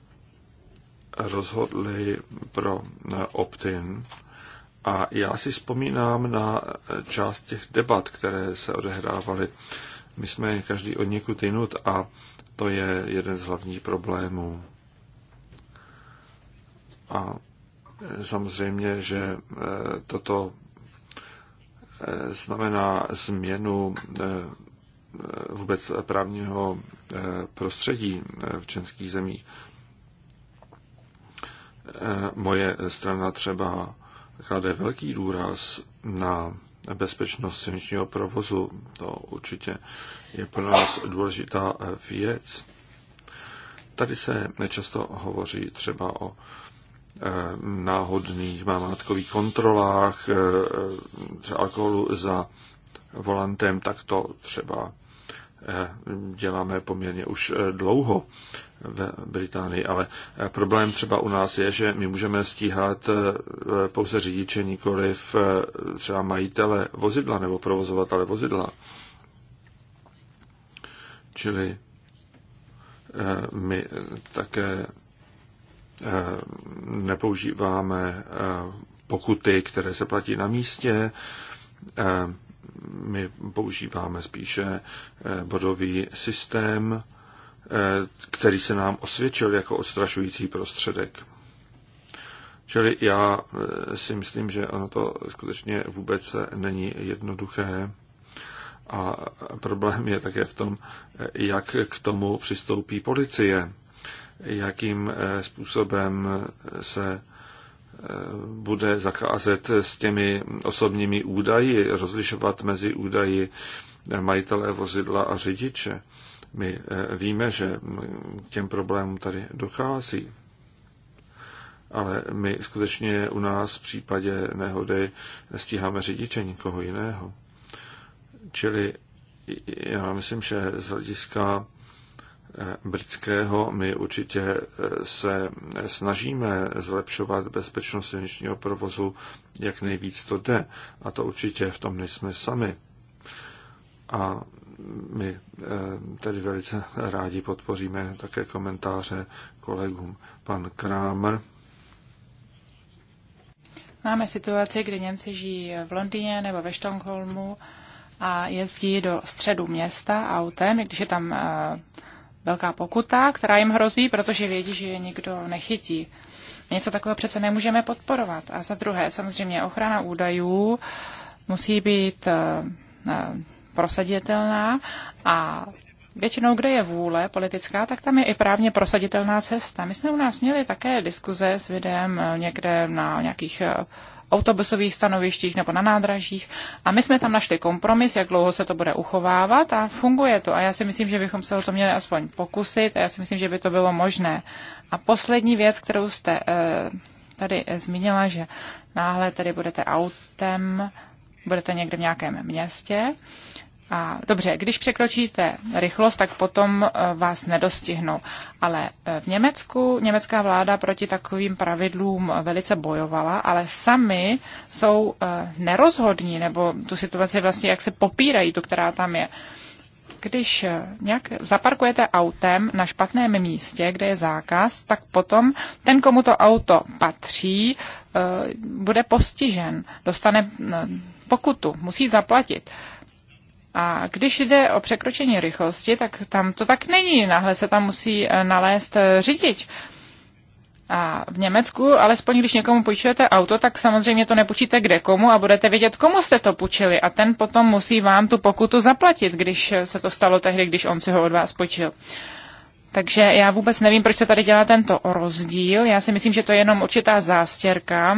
rozhodli pro opt-in a já si vzpomínám na část těch debat, které se odehrávaly. My jsme každý od někud jinut a to je jeden z hlavních problémů. A e, samozřejmě, že e, toto e, znamená změnu vůbec právního prostředí v českých zemích. Moje strana třeba klade velký důraz na bezpečnost silničního provozu. To určitě je pro nás důležitá věc. Tady se nečasto hovoří třeba o eh, náhodných mámátkových kontrolách eh, eh, alkoholu za volantem, tak to třeba děláme poměrně už dlouho v Británii, ale eh, problém třeba u nás je, že my můžeme stíhat eh, pouze řidiče, v eh, třeba majitele vozidla nebo provozovatele vozidla. Čili my také nepoužíváme pokuty, které se platí na místě. My používáme spíše bodový systém, Eh, který se nám osvědčil jako odstrašující prostředek. Čili já eh, si myslím, že ono to skutečně vůbec není jednoduché. A problém je také v tom, eh, jak k tomu přistoupí policie, jakým způsobem se bude zacházet s těmi osobními údaji, rozlišovat mezi údaji majitele vozidla a řidiče. My eh, víme, že těm problémům tady dochází, ale my skutečně u nás v případě nehody nestíháme řidiče nikoho jiného. Čili já myslím, že z hlediska eh, britského my určitě eh, se snažíme zlepšovat bezpečnost silničního provozu, jak nejvíc to jde. A to určitě v tom nejsme sami. A my eh, tedy velice rádi podpoříme také komentáře kolegům. Pan Kramer. Máme situaci, kdy Němci žijí v Londýně nebo ve Štokholmu a jezdí do středu města autem, když je tam eh, velká pokuta, která jim hrozí, protože vědí, že je nikdo nechytí. Něco takového přece nemůžeme podporovat. A za druhé, samozřejmě ochrana údajů musí být eh, prosaditelná a většinou, kde je vůle politická, tak tam je i právně prosaditelná cesta. My jsme u nás měli také diskuze s videem eh, někde na nějakých eh, autobusových stanovištích nebo na nádražích. A my jsme tam našli kompromis, jak dlouho se to bude uchovávat a funguje to. A já si myslím, že bychom se o to měli aspoň pokusit a já si myslím, že by to bylo možné. A poslední věc, kterou jste eh, tady zmínila, že náhle tady budete autem, budete někde v nějakém městě a dobře, když překročíte rychlost, tak potom eh, vás nedostihnou. Ale eh, v Německu německá vláda proti takovým pravidlům eh, velice bojovala, ale sami jsou nerozhodní, nebo tu situaci vlastně jak se popírají, tu, která tam je. Když nějak zaparkujete autem na špatném místě, kde je zákaz, tak potom ten, komu to auto patří, bude postižen, dostane pokutu, musí zaplatit. A když jde o překročení rychlosti, tak tam to tak není. Náhle se tam musí eh, nalézt eh, řidič. A v Německu, alespoň když někomu půjčujete auto, tak samozřejmě to nepůjčíte kde komu a budete vědět, komu jste to půjčili. A ten potom musí vám tu pokutu zaplatit, když eh, se to stalo tehdy, když on si ho od vás půjčil. Takže já vůbec nevím, proč se tady dělá tento rozdíl. Já si myslím, že to je jenom určitá zástěrka,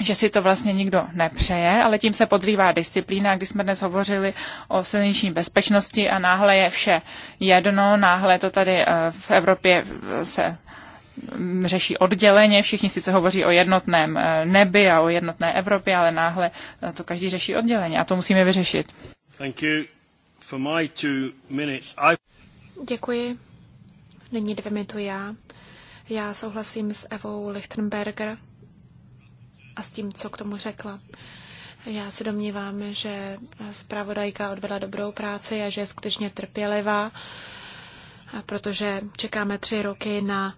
že si to vlastně nikdo nepřeje, ale tím se podrývá disciplína. Když jsme dnes hovořili o silniční bezpečnosti a náhle je vše jedno, náhle to tady eh, v Evropě eh, se mm, řeší odděleně, všichni sice hovoří o jednotném eh, nebi a o jednotné Evropě, ale náhle to každý řeší odděleně a to musíme vyřešit. Thank you. For my two minutes, I... Děkuji. Nyní dvě minuty já. Já souhlasím s Evou Lichtenberger a s tím, co k tomu řekla. Já se domnívám, že zpravodajka odvedla dobrou práci a že je skutečně trpělivá, protože čekáme tři roky na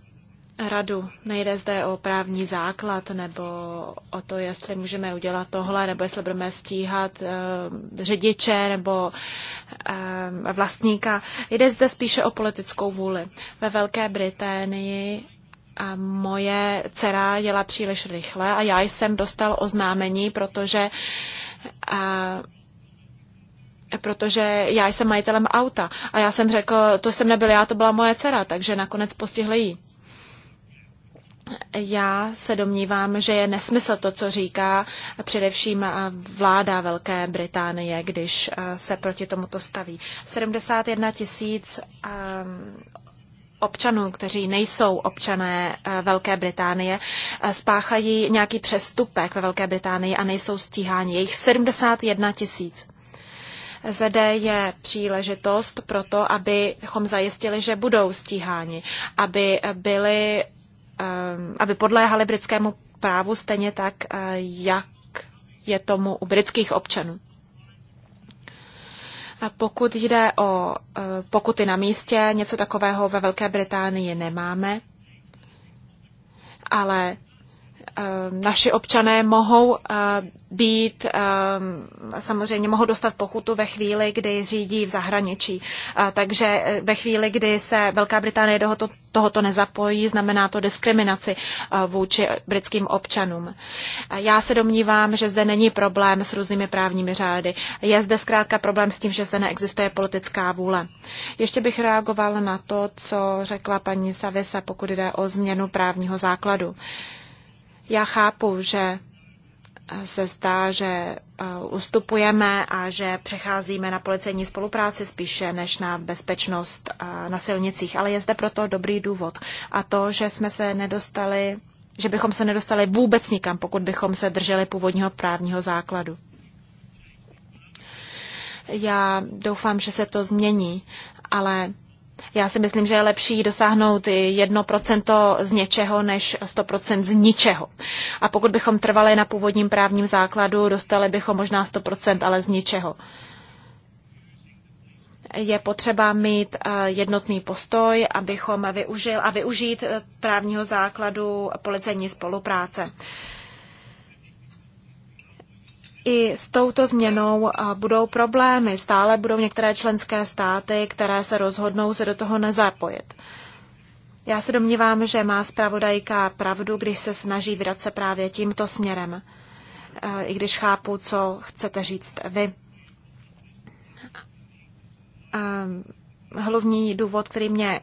radu. Nejde zde o právní základ nebo o to, jestli můžeme udělat tohle, nebo jestli budeme stíhat uh, řidiče nebo uh, vlastníka. Jde zde spíše o politickou vůli. Ve Velké Británii a moje dcera jela příliš rychle a já jsem dostal oznámení, protože a, protože já jsem majitelem auta. A já jsem řekl, to jsem nebyl já, to byla moje dcera, takže nakonec postihli jí. Já se domnívám, že je nesmysl to, co říká především vláda Velké Británie, když se proti tomuto staví. 71 tisíc občanů, kteří nejsou občané eh, Velké Británie, eh, spáchají nějaký přestupek ve Velké Británii a nejsou stíháni. jejich 71 tisíc. Zde je příležitost pro to, abychom zajistili, že budou stíháni, aby byli, eh, aby podléhali britskému právu stejně tak, jak je tomu u britských občanů. Pokud jde o e, pokuty na místě, něco takového ve Velké Británii nemáme, ale Eh, naši občané mohou eh, být, eh, samozřejmě mohou dostat pochutu ve chvíli, kdy řídí v zahraničí. Takže ve chvíli, kdy se Velká Británie tohoto, tohoto nezapojí, znamená to diskriminaci vůči britským občanům. Já se domnívám, že zde není problém s různými právními řády. Je zde zkrátka problém s tím, že zde neexistuje politická vůle. Ještě bych reagoval na to, co řekla paní Savisa, pokud jde o změnu právního základu. Uh, já chápu, že se zdá, že eh, ustupujeme a že přecházíme na policejní spolupráci spíše než na bezpečnost eh, na silnicích, ale je zde proto dobrý důvod. A to, že jsme se nedostali, že bychom se nedostali vůbec nikam, pokud bychom se drželi původního právního základu. Já doufám, že se to změní, ale já si myslím, že je lepší dosáhnout 1% z něčeho než 100% z ničeho. A pokud bychom trvali na původním právním základu, dostali bychom možná 100%, ale z ničeho. Je potřeba mít eh, jednotný postoj, abychom využil a využít eh, právního základu policejní spolupráce i s touto změnou budou problémy. Stále budou některé členské státy, které se rozhodnou se do toho nezapojit. Já se domnívám, že má zpravodajka pravdu, když se snaží vydat se právě tímto směrem, e, i když chápu, co chcete říct vy. E, hlavní důvod, který mě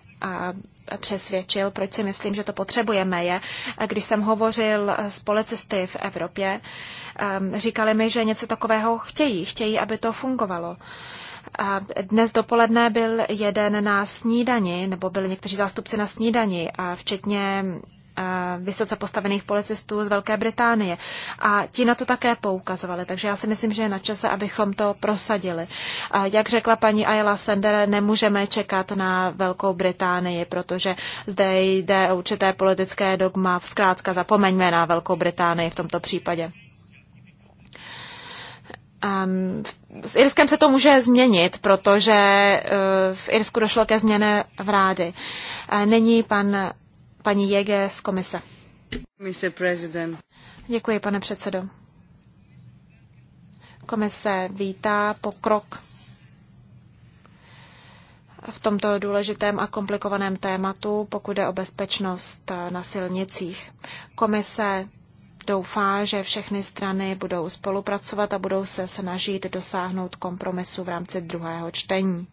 přesvědčil, proč si myslím, že to potřebujeme, je, když jsem hovořil s policisty v Evropě, ehm, říkali mi, že něco takového chtějí, chtějí, aby to fungovalo. A dnes dopoledne byl jeden na snídani, nebo byli někteří zástupci na snídani, a včetně vysoce postavených policistů z Velké Británie. A ti na to také poukazovali, takže já si myslím, že je na čase, abychom to prosadili. A jak řekla paní Ayala Sender, nemůžeme čekat na Velkou Británii, protože zde jde o určité politické dogma. Zkrátka zapomeňme na Velkou Británii v tomto případě. Um, s Irskem se to může změnit, protože uh, v Irsku došlo ke změně vlády. Uh, eh, nyní pan paní Jege z komise. Děkuji, pane předsedo. Komise vítá pokrok v tomto důležitém a komplikovaném tématu, pokud jde o bezpečnost na silnicích. Komise doufá, že všechny strany budou spolupracovat a budou se snažit dosáhnout kompromisu v rámci druhého čtení.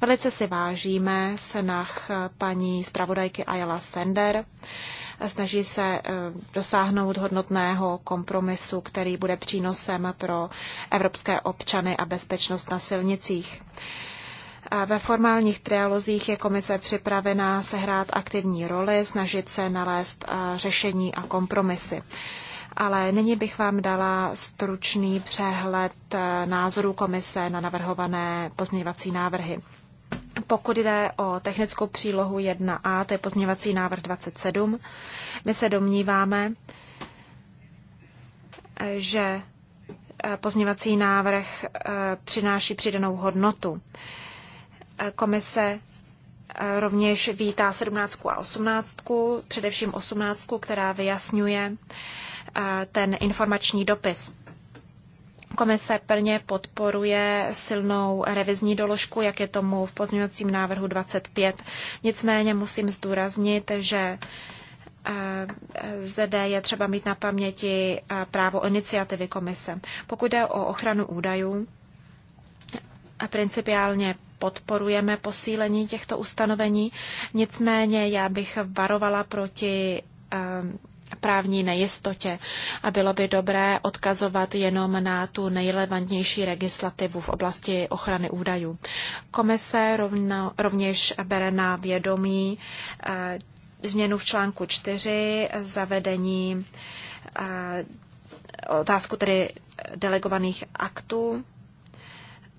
Velice si vážíme senách paní zpravodajky Ayala Sender. Snaží se eh, dosáhnout hodnotného kompromisu, který bude přínosem pro evropské občany a bezpečnost na silnicích. Ve formálních trialozích je komise připravená sehrát aktivní roli, snažit se nalézt eh, řešení a kompromisy. Ale nyní bych vám dala stručný přehled eh, názorů komise na navrhované pozměňovací návrhy. Pokud jde o technickou přílohu 1a, to je pozměňovací návrh 27, my se domníváme, že eh, pozměňovací návrh eh, přináší přidanou hodnotu. Eh, komise rovněž vítá 17 a 18, především 18, která vyjasňuje ten informační dopis. Komise plně podporuje silnou revizní doložku, jak je tomu v pozměňovacím návrhu 25. Nicméně musím zdůraznit, že eh, ZD je třeba mít na paměti eh, právo iniciativy komise. Pokud jde o ochranu údajů, principiálně podporujeme posílení těchto ustanovení, nicméně já bych varovala proti eh, právní nejistotě a bylo by dobré odkazovat jenom na tu nejrelevantnější legislativu v oblasti ochrany údajů. Komise rovno, rovněž bere na vědomí e, změnu v článku 4, zavedení e, otázku tedy delegovaných aktů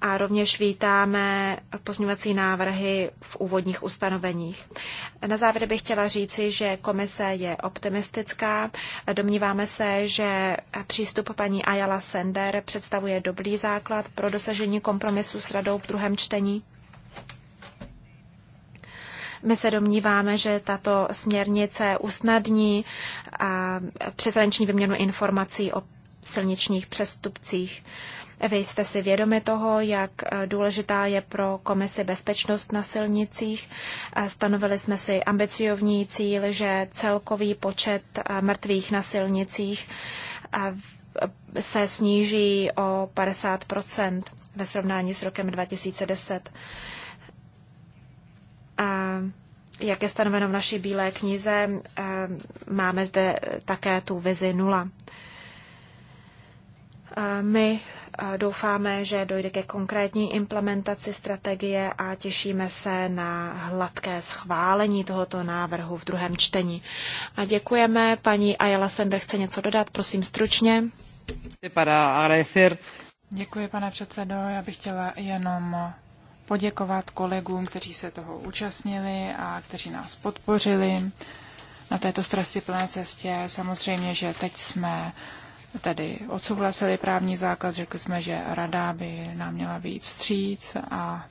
a rovněž vítáme pozměňovací návrhy v úvodních ustanoveních. Na závěr bych chtěla říci, že komise je optimistická. Domníváme se, že přístup paní Ayala Sender představuje dobrý základ pro dosažení kompromisu s radou v druhém čtení. My se domníváme, že tato směrnice usnadní přeshraniční vyměnu informací o silničních přestupcích. Vy jste si vědomi toho, jak eh, důležitá je pro komisi bezpečnost na silnicích. Eh, stanovili jsme si ambiciovní cíl, že celkový počet eh, mrtvých na silnicích se sníží o 50 ve srovnání s rokem 2010. A jak je stanoveno v naší bílé knize, máme zde také tu vizi nula. My Doufáme, že dojde ke konkrétní implementaci strategie a těšíme se na hladké schválení tohoto návrhu v druhém čtení. A děkujeme. Paní Ayala Sender chce něco dodat, prosím stručně. Děkuji, pane předsedo. Já bych chtěla jenom poděkovat kolegům, kteří se toho účastnili a kteří nás podpořili na této plné cestě. Samozřejmě, že teď jsme tedy odsouhlasili právní základ, řekli jsme, že rada by nám měla být vstříc a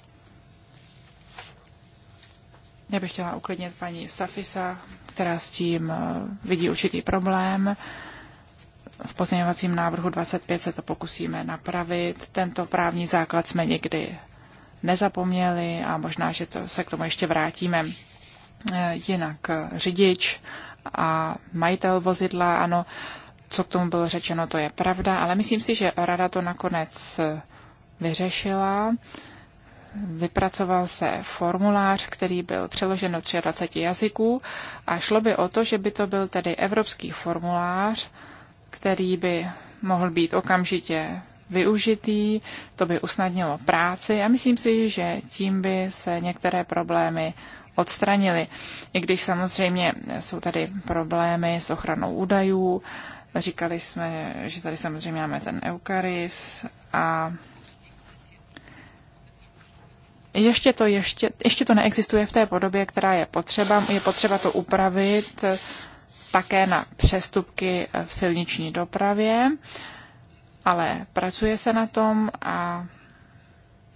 já bych chtěla uklidnit paní Safisa, která s tím eh, vidí určitý problém. V pozměňovacím návrhu 25 se to pokusíme napravit. Tento právní základ jsme někdy nezapomněli a možná, že to se k tomu ještě vrátíme. Eh, jinak eh, řidič a majitel vozidla, ano, co k tomu bylo řečeno, to je pravda, ale myslím si, že rada to nakonec vyřešila. Vypracoval se formulář, který byl přeložen do 23 jazyků a šlo by o to, že by to byl tedy evropský formulář, který by mohl být okamžitě využitý, to by usnadnilo práci a myslím si, že tím by se některé problémy odstranily. I když samozřejmě jsou tady problémy s ochranou údajů, Říkali jsme, že tady samozřejmě máme ten Eucharis a ještě to, ještě, ještě to neexistuje v té podobě, která je potřeba. Je potřeba to upravit také na přestupky v silniční dopravě, ale pracuje se na tom a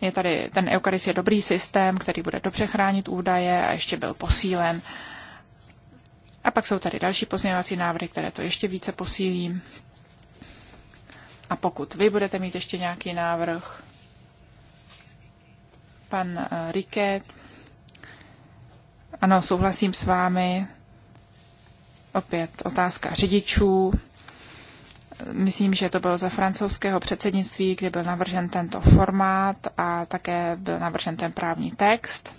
je tady, ten Eucharis je dobrý systém, který bude dobře chránit údaje a ještě byl posílen. Uh, a pak jsou tady další pozměňovací návrhy, které to ještě více posílí. A pokud vy budete mít ještě nějaký návrh, pan eh, Riket, ano, souhlasím s vámi. Opět otázka řidičů. Myslím, že to bylo za francouzského předsednictví, kdy byl navržen tento formát a také byl navržen ten právní text.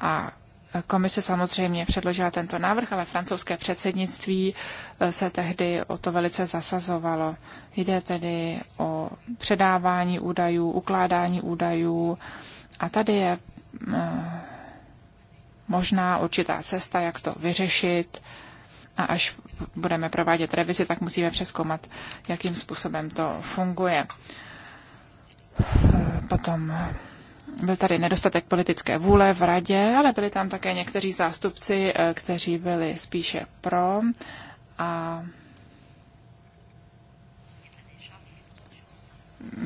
A Komise samozřejmě předložila tento návrh, ale francouzské předsednictví eh, se tehdy o to velice zasazovalo. Jde tedy o předávání údajů, ukládání údajů a tady je mm, eh, možná určitá cesta, jak to vyřešit a až budeme provádět revizi, tak musíme přeskoumat, jakým způsobem to funguje. Eh, potom byl tady nedostatek politické vůle v radě, ale byli tam také někteří zástupci, eh, kteří byli spíše pro. A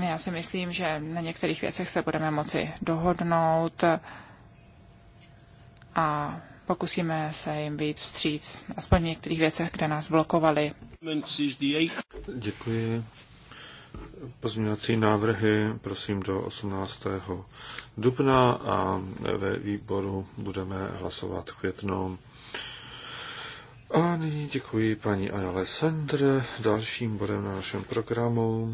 já si myslím, že na některých věcech se budeme moci dohodnout a pokusíme se jim být vstříc, aspoň v některých věcech, kde nás blokovali. Děkuji. Pozměňovací návrhy prosím do 18. dubna a ve výboru budeme hlasovat květnou. A nyní děkuji paní Ayale Sandr. Dalším bodem na našem programu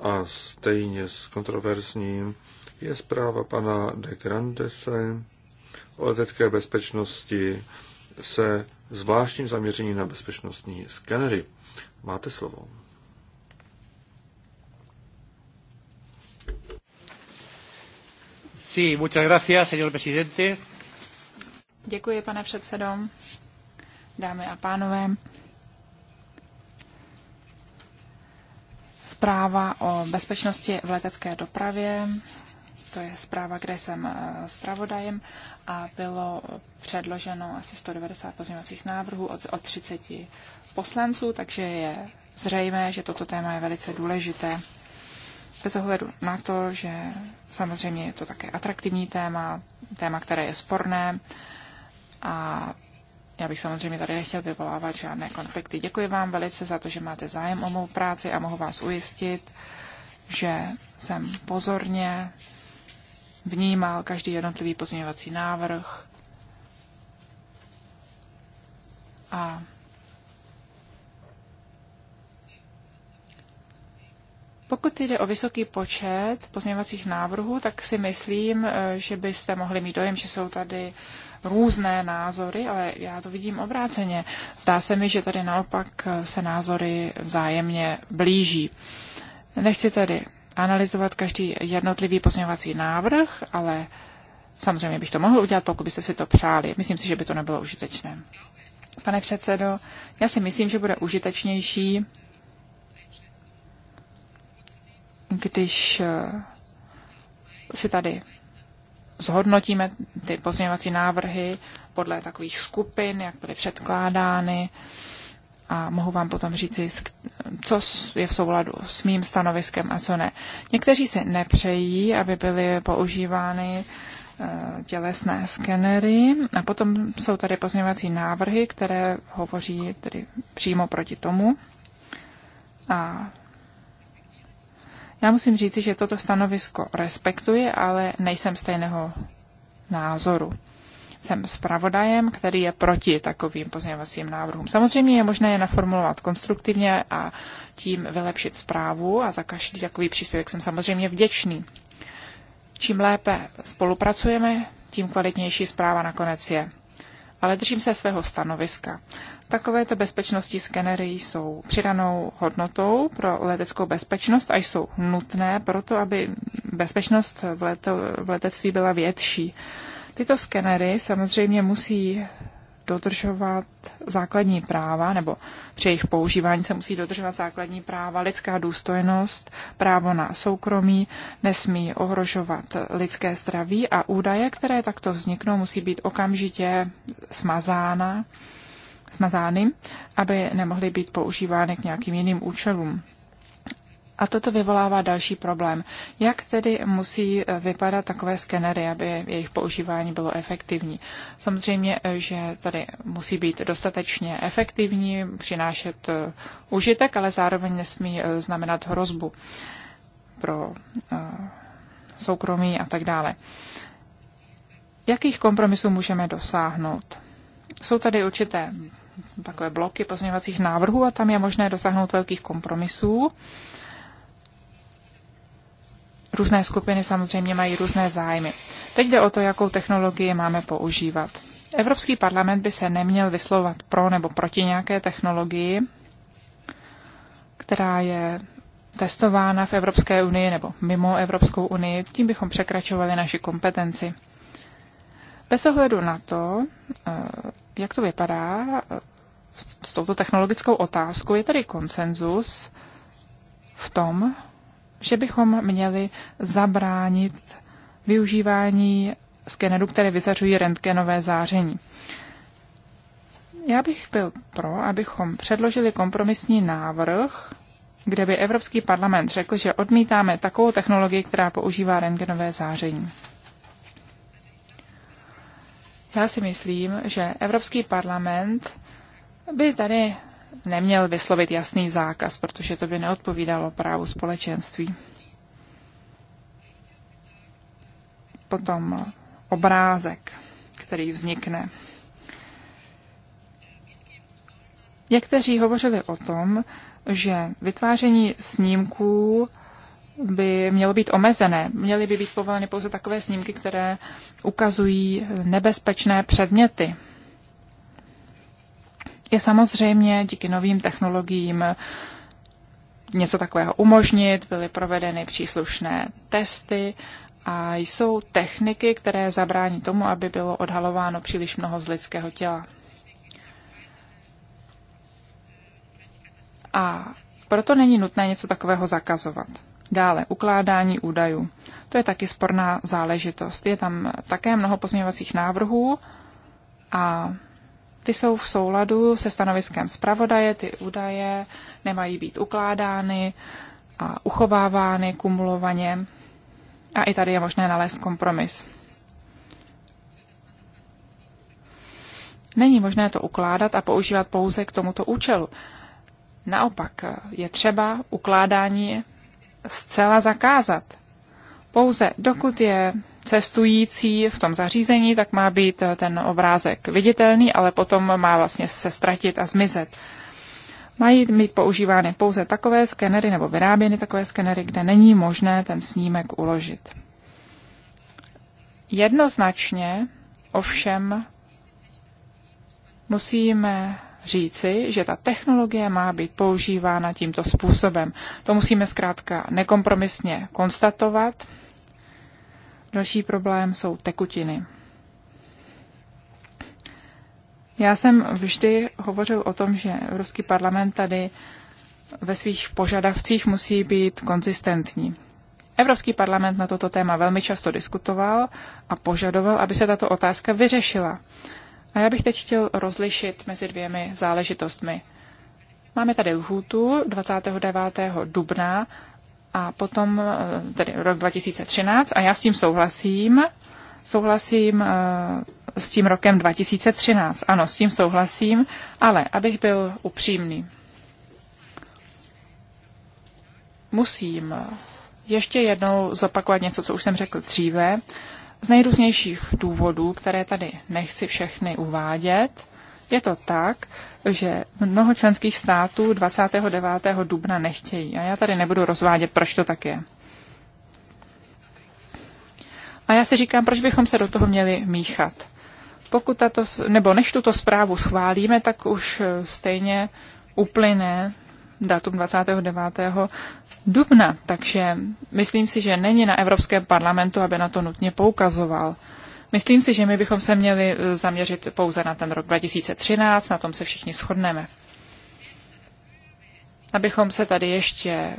a stejně s kontroverzním je zpráva pana de Grandese o letecké bezpečnosti se zvláštním zaměřením na bezpečnostní skenery. Máte slovo. Sí, muchas gracias, señor presidente. Děkuji, pane předsedo. Dámy a pánové, zpráva o bezpečnosti v letecké dopravě. To je zpráva, kde jsem eh, zpravodajem a bylo předloženo asi 190 pozměňovacích návrhů od, od 30 poslanců, takže je zřejmé, že toto téma je velice důležité. Bez ohledu na to, že samozřejmě je to také atraktivní téma, téma, které je sporné a já bych samozřejmě tady nechtěl vyvolávat žádné konflikty. Děkuji vám velice za to, že máte zájem o mou práci a mohu vás ujistit, že jsem pozorně vnímal každý jednotlivý pozměňovací návrh a Pokud jde o vysoký počet pozměňovacích návrhů, tak si myslím, eh, že byste mohli mít dojem, že jsou tady různé názory, ale já to vidím obráceně. Zdá se mi, že tady naopak eh, se názory vzájemně blíží. Nechci tedy analyzovat každý jednotlivý pozměňovací návrh, ale samozřejmě bych to mohl udělat, pokud byste si to přáli. Myslím si, že by to nebylo užitečné. Pane předsedo, já si myslím, že bude užitečnější když eh, si tady zhodnotíme ty pozměňovací návrhy podle takových skupin, jak byly předkládány, a mohu vám potom říci, co je v souladu s mým stanoviskem a co ne. Někteří si nepřejí, aby byly používány eh, tělesné skenery a potom jsou tady pozměňovací návrhy, které hovoří tedy přímo proti tomu a já musím říci, že toto stanovisko respektuji, ale nejsem stejného názoru. Jsem zpravodajem, který je proti takovým pozměňovacím návrhům. Samozřejmě je možné je naformulovat konstruktivně a tím vylepšit zprávu a za každý takový příspěvek jsem samozřejmě vděčný. Čím lépe spolupracujeme, tím kvalitnější zpráva nakonec je. Ale držím se svého stanoviska. Takovéto bezpečnostní skenery jsou přidanou hodnotou pro leteckou bezpečnost a jsou nutné proto, aby bezpečnost v, leto, v letectví byla větší. Tyto skenery samozřejmě musí dodržovat základní práva, nebo při jejich používání se musí dodržovat základní práva, lidská důstojnost, právo na soukromí, nesmí ohrožovat lidské zdraví a údaje, které takto vzniknou, musí být okamžitě smazána smazány, aby nemohly být používány k nějakým jiným účelům. A toto vyvolává další problém. Jak tedy musí vypadat takové skenery, aby jejich používání bylo efektivní? Samozřejmě, že tady musí být dostatečně efektivní, přinášet eh, užitek, ale zároveň nesmí eh, znamenat hrozbu pro eh, soukromí a tak dále. Jakých kompromisů můžeme dosáhnout? Jsou tady určité takové bloky pozměňovacích návrhů a tam je možné dosáhnout velkých kompromisů. Různé skupiny samozřejmě mají různé zájmy. Teď jde o to, jakou technologii máme používat. Evropský parlament by se neměl vyslovovat pro nebo proti nějaké technologii, která je testována v Evropské unii nebo mimo Evropskou unii, tím bychom překračovali naši kompetenci. Bez ohledu na to, eh, jak to vypadá eh, s touto technologickou otázkou, je tady konsenzus v tom, že bychom měli zabránit využívání skenerů, které vyzařují rentgenové záření. Já bych byl pro, abychom předložili kompromisní návrh, kde by Evropský parlament řekl, že odmítáme takovou technologii, která používá rentgenové záření. Já si myslím, že Evropský parlament by tady neměl vyslovit jasný zákaz, protože to by neodpovídalo právu společenství. Potom obrázek, který vznikne. Někteří hovořili o tom, že vytváření snímků by mělo být omezené. Měly by být povoleny pouze takové snímky, které ukazují nebezpečné předměty. Je samozřejmě díky novým technologiím něco takového umožnit, byly provedeny příslušné testy a jsou techniky, které zabrání tomu, aby bylo odhalováno příliš mnoho z lidského těla. A proto není nutné něco takového zakazovat. Dále ukládání údajů. To je taky sporná záležitost. Je tam také mnoho pozměňovacích návrhů a ty jsou v souladu se stanoviskem zpravodaje, ty údaje nemají být ukládány a uchovávány kumulovaně. A i tady je možné nalézt kompromis. Není možné to ukládat a používat pouze k tomuto účelu. Naopak je třeba ukládání zcela zakázat. Pouze dokud je cestující v tom zařízení, tak má být ten obrázek viditelný, ale potom má vlastně se ztratit a zmizet. Mají být používány pouze takové skenery nebo vyráběny takové skenery, kde není možné ten snímek uložit. Jednoznačně ovšem musíme říci, že ta technologie má být používána tímto způsobem. To musíme zkrátka nekompromisně konstatovat. Další problém jsou tekutiny. Já jsem vždy hovořil o tom, že Evropský parlament tady ve svých požadavcích musí být konzistentní. Evropský parlament na toto téma velmi často diskutoval a požadoval, aby se tato otázka vyřešila. A já bych teď chtěl rozlišit mezi dvěmi záležitostmi. Máme tady lhůtu 29. dubna a potom eh, tedy rok 2013 a já s tím souhlasím. Souhlasím eh, s tím rokem 2013. Ano, s tím souhlasím, ale abych byl upřímný. Musím ještě jednou zopakovat něco, co už jsem řekl dříve. Z nejrůznějších důvodů, které tady nechci všechny uvádět, je to tak, že mnoho členských států 29. dubna nechtějí. A já tady nebudu rozvádět, proč to tak je. A já si říkám, proč bychom se do toho měli míchat. Pokud tato, nebo než tuto zprávu schválíme, tak už eh, stejně uplyne datum 29 dubna, takže myslím si, že není na Evropském parlamentu, aby na to nutně poukazoval. Myslím si, že my bychom se měli eh, zaměřit pouze na ten rok 2013, na tom se všichni shodneme. Abychom se tady ještě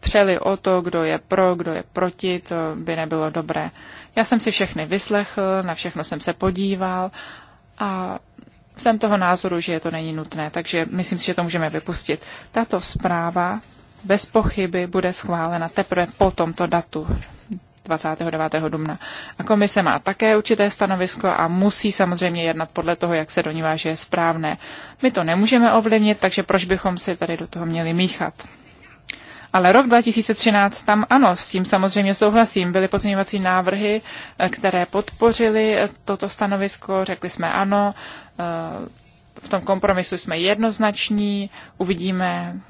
přeli o to, kdo je pro, kdo je proti, to by nebylo dobré. Já jsem si všechny vyslechl, na všechno jsem se podíval a jsem toho názoru, že je to není nutné, takže myslím si, že to můžeme vypustit. Tato zpráva bez pochyby bude schválena teprve po tomto datu 29. dubna. A komise má také určité stanovisko a musí samozřejmě jednat podle toho, jak se ní váže je správné. My to nemůžeme ovlivnit, takže proč bychom si tady do toho měli míchat? Ale rok 2013 tam ano, s tím samozřejmě souhlasím. Byly pozměňovací návrhy, eh, které podpořily eh, toto stanovisko, řekli jsme ano, eh, v tom kompromisu jsme jednoznační, uvidíme,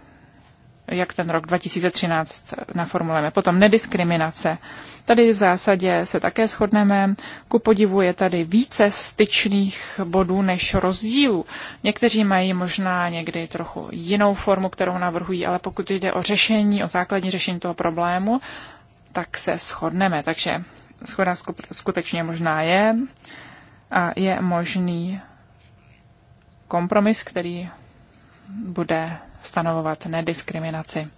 jak ten rok 2013 naformulujeme. Potom nediskriminace. Tady v zásadě se také shodneme. Ku podivu je tady více styčných bodů než rozdílů. Někteří mají možná někdy trochu jinou formu, kterou navrhují, ale pokud jde o řešení, o základní řešení toho problému, tak se shodneme. Takže schoda skutečně možná je a je možný kompromis, který bude stanovovat nediskriminaci.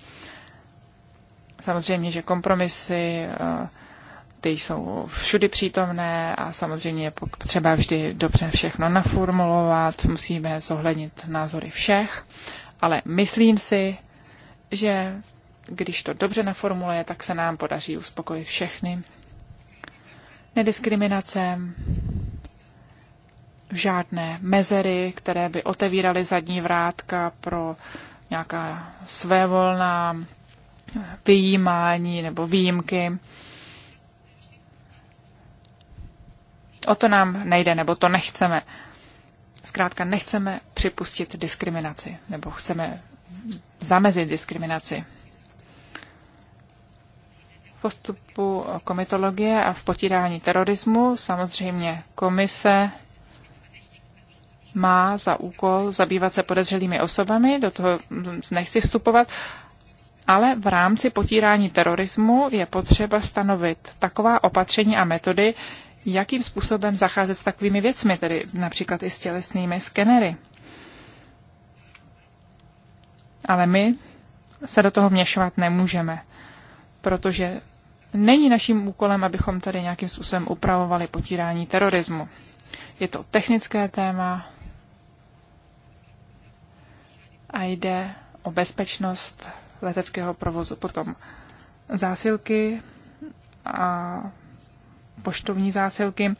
Samozřejmě, že kompromisy eh, ty jsou všudy přítomné a samozřejmě je potřeba vždy dobře všechno naformulovat, musíme zohlednit názory všech, ale myslím si, že když to dobře naformuluje, tak se nám podaří uspokojit všechny. Nediskriminace, žádné mezery, které by otevíraly zadní vrátka pro uh, nějaká svévolná vyjímání nebo výjimky. O to nám nejde, nebo to nechceme. Zkrátka nechceme připustit diskriminaci, nebo chceme zamezit diskriminaci. V postupu komitologie a v potírání terorismu samozřejmě komise má za úkol zabývat se podezřelými osobami, do toho nechci vstupovat, ale v rámci potírání terorismu je potřeba stanovit taková opatření a metody, jakým způsobem zacházet s takovými věcmi, tedy například i s tělesnými skenery. Ale my se do toho měšovat nemůžeme, protože není naším úkolem, abychom tady nějakým způsobem upravovali potírání terorismu. Je to technické téma, a jde o bezpečnost leteckého provozu. Potom zásilky a poštovní zásilky.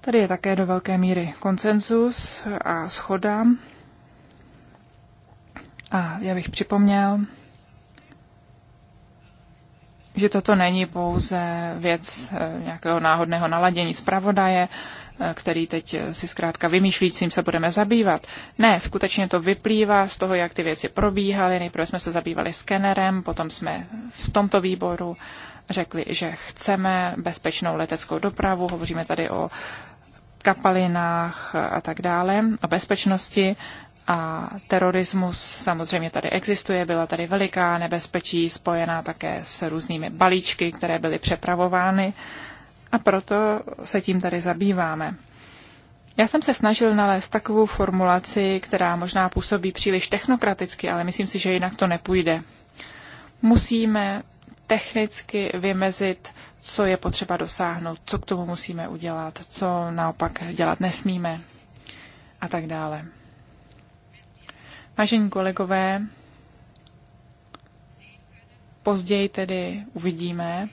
Tady je také do velké míry konsenzus a schoda. A já bych připomněl, že toto není pouze věc eh, nějakého náhodného naladění zpravodaje, který teď si zkrátka vymýšlícím se budeme zabývat. Ne, skutečně to vyplývá z toho, jak ty věci probíhaly. Nejprve jsme se zabývali skenerem, potom jsme v tomto výboru řekli, že chceme bezpečnou leteckou dopravu. Hovoříme tady o kapalinách a tak dále, o bezpečnosti. A terorismus samozřejmě tady existuje, byla tady veliká nebezpečí spojená také s různými balíčky, které byly přepravovány. Uh, a proto se tím tady zabýváme. Já jsem se snažil nalézt takovou formulaci, která možná působí příliš technokraticky, ale myslím si, že jinak to nepůjde. Musíme technicky vymezit, co je potřeba dosáhnout, co k tomu musíme udělat, co naopak dělat nesmíme a tak dále. Vážení kolegové, později tedy uvidíme,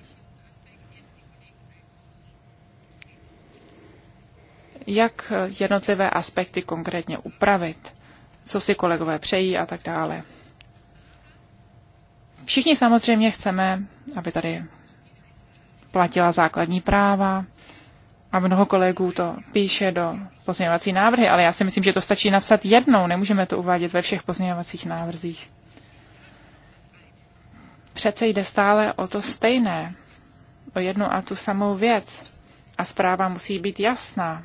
jak jednotlivé aspekty konkrétně upravit, co si kolegové přejí a tak dále. Všichni samozřejmě chceme, aby tady platila základní práva, a mnoho kolegů to píše do pozměňovací návrhy, ale já si myslím, že to stačí napsat jednou, nemůžeme to uvádět ve všech pozměňovacích návrzích. Přece jde stále o to stejné, o jednu a tu samou věc. A zpráva musí být jasná.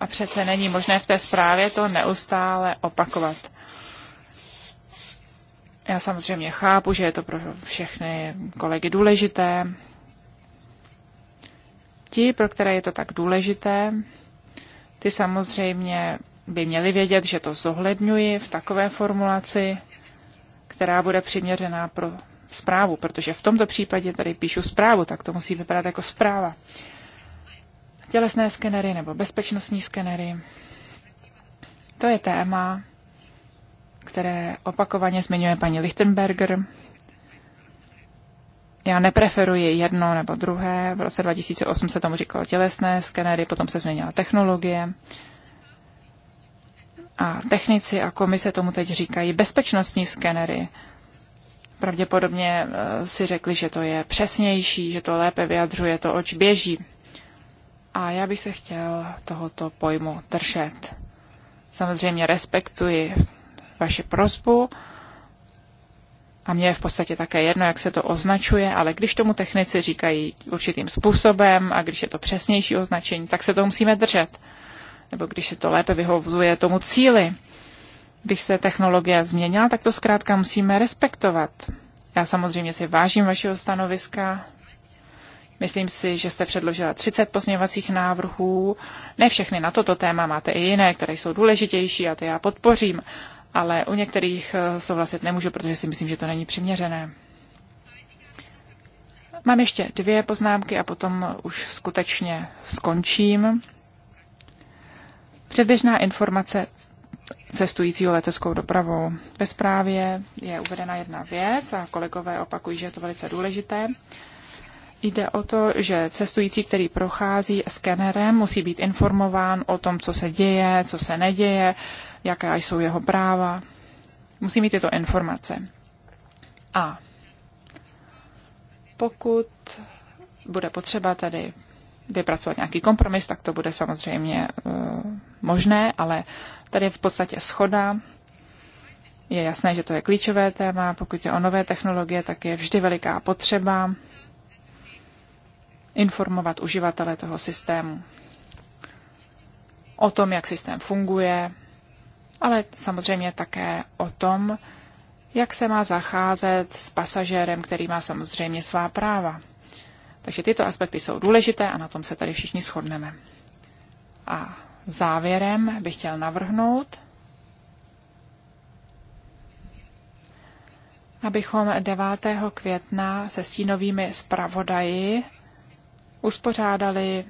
a přece není možné v té zprávě to neustále opakovat. Já samozřejmě chápu, že je to pro všechny kolegy důležité. Ti, pro které je to tak důležité, ty samozřejmě by měli vědět, že to zohledňuji v takové formulaci, která bude přiměřená pro zprávu, protože v tomto případě tady píšu zprávu, tak to musí vypadat jako zpráva tělesné skenery nebo bezpečnostní skenery. To je téma, které opakovaně zmiňuje paní Lichtenberger. Já nepreferuji jedno nebo druhé. V roce 2008 se tomu říkalo tělesné skenery, potom se změnila technologie. A technici a komise tomu teď říkají bezpečnostní skenery. Pravděpodobně eh, si řekli, že to je přesnější, že to lépe vyjadřuje to, oč běží. A já bych se chtěl tohoto pojmu držet. Samozřejmě respektuji vaši prozbu a mě je v podstatě také jedno, jak se to označuje, ale když tomu technici říkají určitým způsobem a když je to přesnější označení, tak se to musíme držet. Nebo když se to lépe vyhovuje tomu cíli. Když se technologie změnila, tak to zkrátka musíme respektovat. Já samozřejmě si vážím vašeho stanoviska, Myslím si, že jste předložila 30 pozměňovacích návrhů. Ne všechny na toto téma, máte i jiné, které jsou důležitější a ty já podpořím, ale u některých eh, souhlasit nemůžu, protože si myslím, že to není přiměřené. Mám ještě dvě poznámky a potom už skutečně skončím. Předběžná informace cestujícího leteckou dopravou. Ve zprávě je uvedena jedna věc a kolegové opakují, že je to velice důležité. Jde o to, že cestující, který prochází skenerem, musí být informován o tom, co se děje, co se neděje, jaká jsou jeho práva. Musí mít tyto informace. A pokud bude potřeba tady vypracovat nějaký kompromis, tak to bude samozřejmě uh, možné, ale tady je v podstatě schoda. Je jasné, že to je klíčové téma. Pokud je o nové technologie, tak je vždy veliká potřeba informovat uživatele toho systému o tom, jak systém funguje, ale samozřejmě také o tom, jak se má zacházet s pasažérem, který má samozřejmě svá práva. Takže tyto aspekty jsou důležité a na tom se tady všichni shodneme. A závěrem bych chtěl navrhnout, abychom 9. května se stínovými zpravodaji uspořádali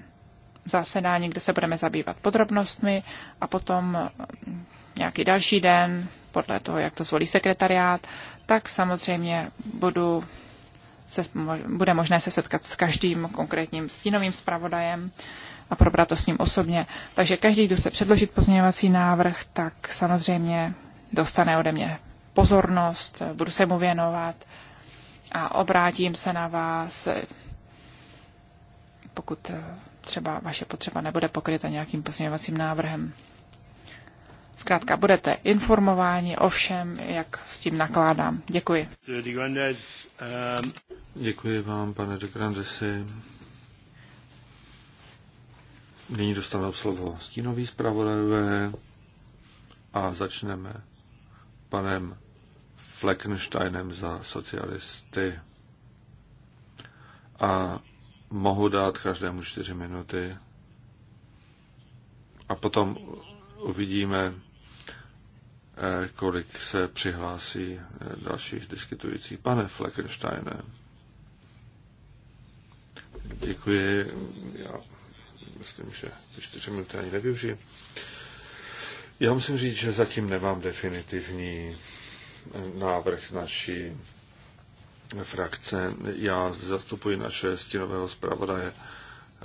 zasedání, kde se budeme zabývat podrobnostmi a potom mm, nějaký další den, podle toho, jak to zvolí sekretariát, tak samozřejmě budu se, bude možné se setkat s každým konkrétním stínovým zpravodajem a probrat to s ním osobně. Takže každý, kdo se předložit pozměňovací návrh, tak samozřejmě dostane ode mě pozornost, budu se mu věnovat a obrátím se na vás pokud eh, třeba vaše potřeba nebude pokryta nějakým pozměňovacím návrhem. Zkrátka, budete informováni o všem, jak s tím nakládám. Děkuji. Děkuji vám, pane de Grandesi. Nyní dostaneme slovo stínový zpravodajové a začneme panem Fleckensteinem za socialisty. A Mohu dát každému čtyři minuty a potom uvidíme, eh, kolik se přihlásí eh, dalších diskutujících. Pane Fleckensteine, děkuji. Já myslím, že ty čtyři minuty ani nevyužiji. Já musím říct, že zatím nemám definitivní eh, návrh z naší frakce. Já zastupuji naše stínového zpravodaje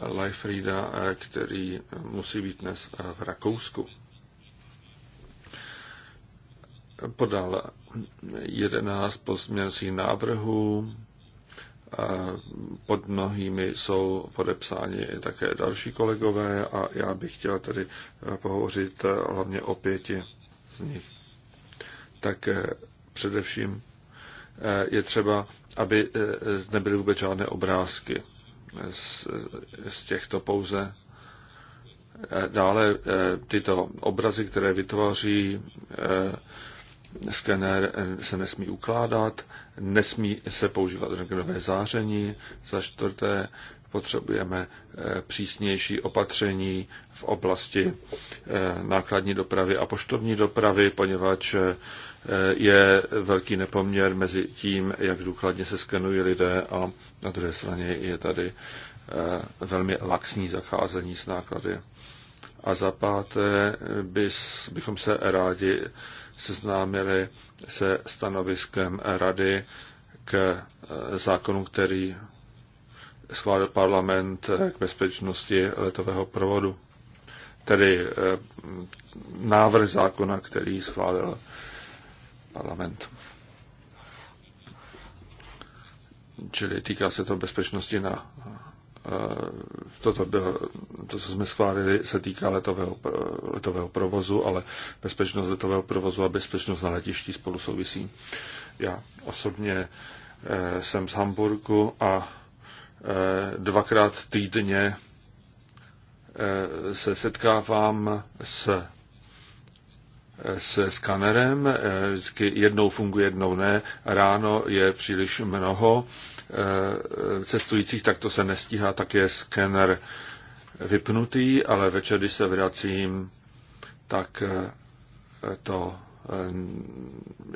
Leifrida, který musí být dnes v Rakousku. Podal 11 pozměňovacích návrhů, pod mnohými jsou podepsáni také další kolegové a já bych chtěl tedy pohovořit hlavně o pěti z nich. Tak eh, především je třeba, aby eh, nebyly vůbec žádné obrázky z, z těchto pouze. Eh, dále eh, tyto obrazy, které vytvoří skener, se nesmí ukládat, nesmí se používat rentgenové záření. Za čtvrté potřebujeme přísnější opatření v oblasti nákladní dopravy a poštovní dopravy, poněvadž Eh, je velký nepoměr mezi tím, jak důkladně se skenují lidé a na druhé straně je tady eh, velmi laxní zacházení s náklady. A za páté bys, bychom se rádi seznámili se stanoviskem rady k eh, zákonu, který schválil parlament k bezpečnosti letového provodu. Tedy návrh zákona, který schválil parlamentu. Čili týká se to bezpečnosti na toto eh, bylo, to, co jsme schválili, se týká letového, letového provozu, ale bezpečnost letového provozu a bezpečnost na letišti spolu souvisí. Já osobně eh, jsem z Hamburgu a eh, dvakrát týdně se setkávám s se skanerem, eh, vždycky jednou funguje, jednou ne, ráno je příliš mnoho eh, cestujících, tak to se nestíhá, tak je skener vypnutý, ale večer, když se vracím, tak eh, to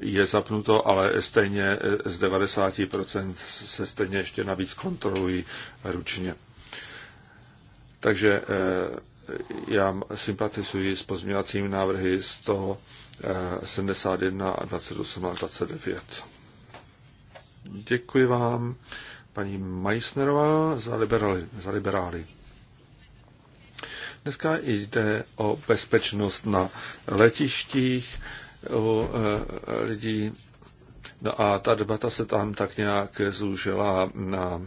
je zapnuto, ale stejně z 90% se stejně ještě navíc kontrolují ručně. Takže já sympatizuji s pozměňovacími návrhy 171 eh, a 28 a 29. Děkuji vám, paní Meissnerová, za liberály. Za liberály. Dneska jde o bezpečnost na letištích u eh, lidí. No a ta debata se tam tak nějak zúžila na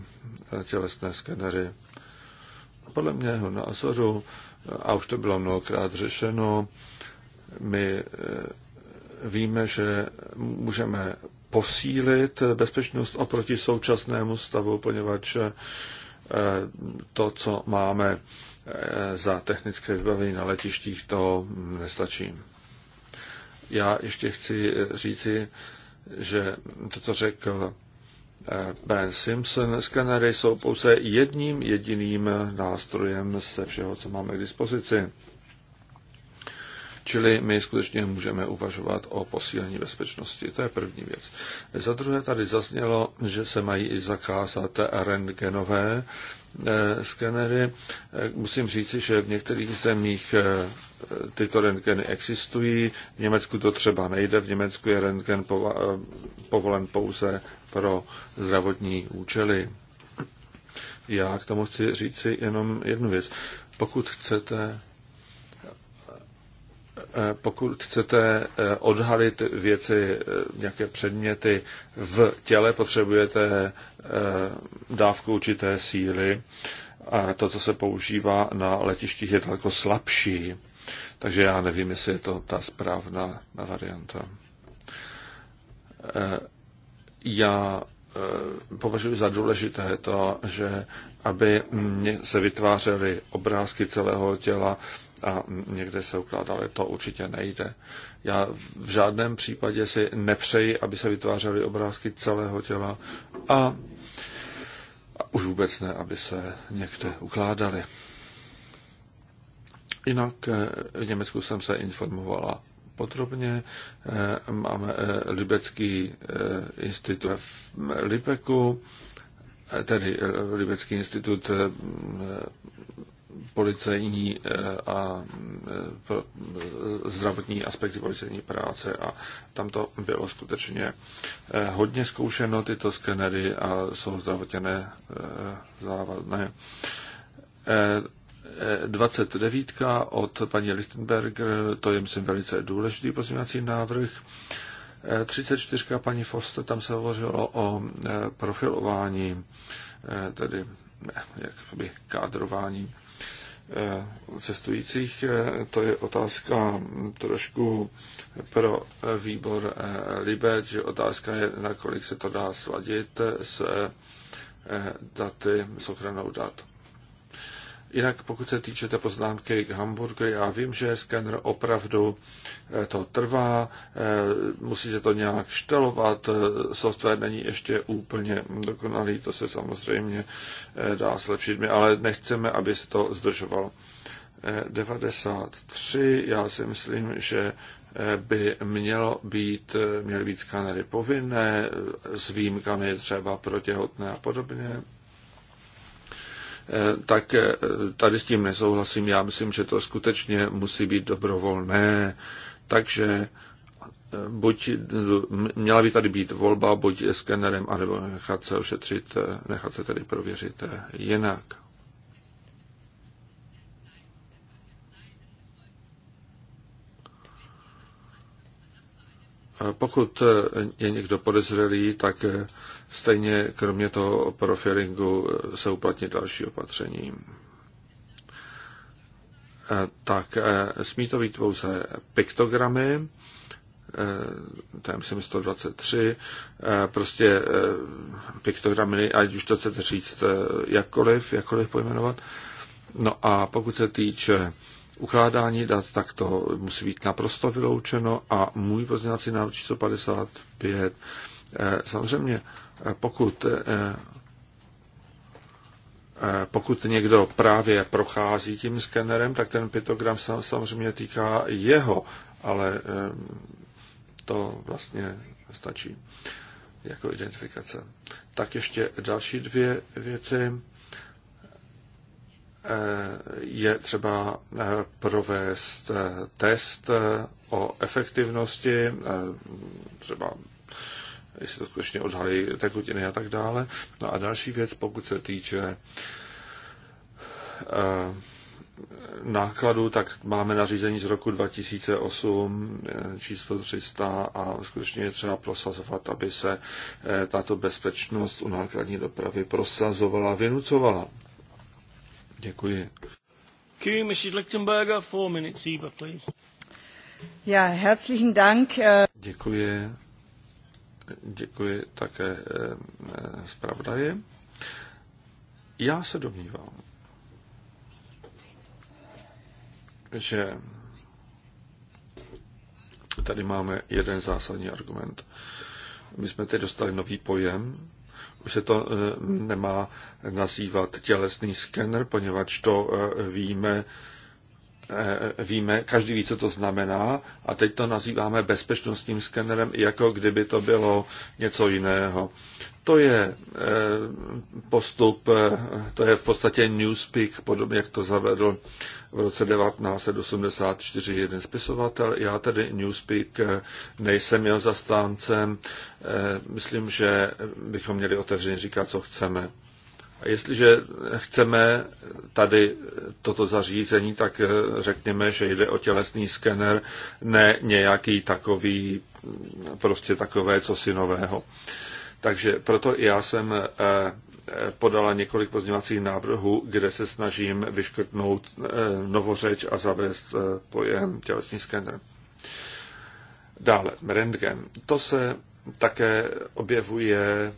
tělesné skenery. Podle mého názoru a už to bylo mnohokrát řešeno, my eh, víme, že můžeme posílit bezpečnost oproti současnému stavu, poněvadž eh, to, co máme eh, za technické vybavení na letištích, to nestačí. Já ještě chci říci, že to, co řekl Eh, Brian Simpson, skenery jsou pouze jedním jediným nástrojem ze všeho, co máme k dispozici. Čili my skutečně můžeme uvažovat o posílení bezpečnosti. To je první věc. Za druhé tady zaznělo, že se mají i zakázat rentgenové eh, skenery. Eh, musím říci, že v některých zemích tyto rentgeny existují. V Německu to třeba nejde. V Německu je rentgen povolen pouze pro zdravotní účely. Já k tomu chci říci jenom jednu věc. Pokud chcete eh, eh, pokud chcete eh, odhalit věci, nějaké předměty v těle, potřebujete dávku určité síly a to, co se používá na letištích, je daleko slabší. Takže já nevím, jestli je to ta správná varianta já eh, považuji za důležité to, že aby se vytvářely obrázky celého těla a někde se ukládaly, to určitě nejde. Já v žádném případě si nepřeji, aby se vytvářely obrázky celého těla a, a už vůbec ne, aby se někde ukládaly. Jinak eh, v Německu jsem se informovala podrobně. Eh, máme eh, Libecký eh, institut v Libeku, tedy Libecký institut mm, policejní a zdravotní aspekty policejní práce a tam to bylo skutečně hodně zkoušeno, tyto skenery a jsou zdravotně závadné. 29 e, od paní Lichtenberg, to je, myslím, velice důležitý pozměňovací návrh. 34 e, paní Foster, tam se hovořilo o e, profilování, tedy jakoby kádrování cestujících. To je otázka trošku pro výbor Libet, že otázka je, nakolik se to dá sladit s daty, s ochranou dat. Jinak pokud se týče té poznámky k Hamburgu, já vím, že skener opravdu eh, to trvá, eh, musí se to nějak štelovat, eh, software není ještě úplně dokonalý, to se samozřejmě dá zlepšit, ale nechceme, aby se to zdržovalo. 93, já si myslím, že by mělo být, měly být skanery povinné, s výjimkami třeba pro těhotné a podobně Eh, tak eh, tady s tím nesouhlasím. Já myslím, že to skutečně musí být dobrovolné. Takže eh, buď měla by tady být volba, buď skenerem, anebo nechat se ošetřit, nechat se tedy prověřit jinak. pokud je někdo podezřelý, tak stejně kromě toho profilingu se uplatní další opatření. Tak e, smí to být pouze piktogramy, tam jsem 123, prostě e, piktogramy, ať už to chcete říct e, jakkoliv, jakkoliv pojmenovat. No a pokud se týče ukládání dat, tak to musí být naprosto vyloučeno a můj pozměňovací návrh číslo 55. Eh, samozřejmě, eh, pokud eh, pokud někdo právě prochází tím skenerem, tak ten pitogram se samozřejmě týká jeho, ale to vlastně stačí jako identifikace. Tak ještě další dvě věci je třeba eh, provést eh, test eh, o efektivnosti, třeba jestli to skutečně odhalí tekutiny a tak dále. No a další věc, pokud se týče nákladu, tak máme nařízení z roku 2008 číslo 300 a skutečně je třeba prosazovat, aby se tato bezpečnost u nákladní dopravy prosazovala, vynucovala. Děkuji. Okay, Mrs. Lichtenberger, four minutes, Eva, please. Ja, herzlichen Dank. Äh, Děkuji. Děkuji také eh, eh, zpravodaji. Já se domnívám, že tady máme jeden zásadní argument. My jsme teď dostali nový pojem, už se to eh, nemá nazývat tělesný skener, poněvadž to eh, víme, Eh, víme, každý ví, co to znamená a teď to nazýváme bezpečnostním skenerem, jako kdyby to bylo něco jiného. To je eh, postup, eh, to je v podstatě Newspeak, podobně jak to zavedl v roce 1984 jeden spisovatel. Já tedy Newspeak nejsem jeho zastáncem. Myslím, že bychom měli otevřeně říkat, co chceme. Jestliže chceme tady toto zařízení, tak eh, řekněme, že jde o tělesný skener, ne nějaký takový, mm, prostě takové cosi nového. Takže proto já jsem eh, eh, podala několik pozměňovacích návrhů, kde se snažím vyškrtnout novořeč a zavést pojem tělesný skener. Dále, rentgen. To se také objevuje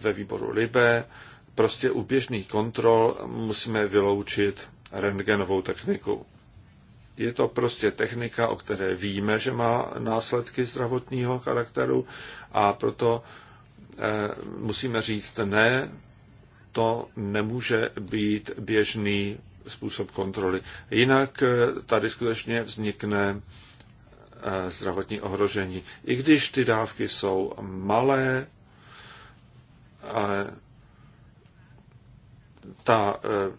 ve výboru Libe prostě u běžných kontrol musíme vyloučit rentgenovou techniku. Je to prostě technika, o které víme, že má následky zdravotního charakteru a proto eh, musíme říct ne, to nemůže být běžný způsob kontroly. Jinak eh, tady skutečně vznikne eh, zdravotní ohrožení. I když ty dávky jsou malé, eh, ta, e,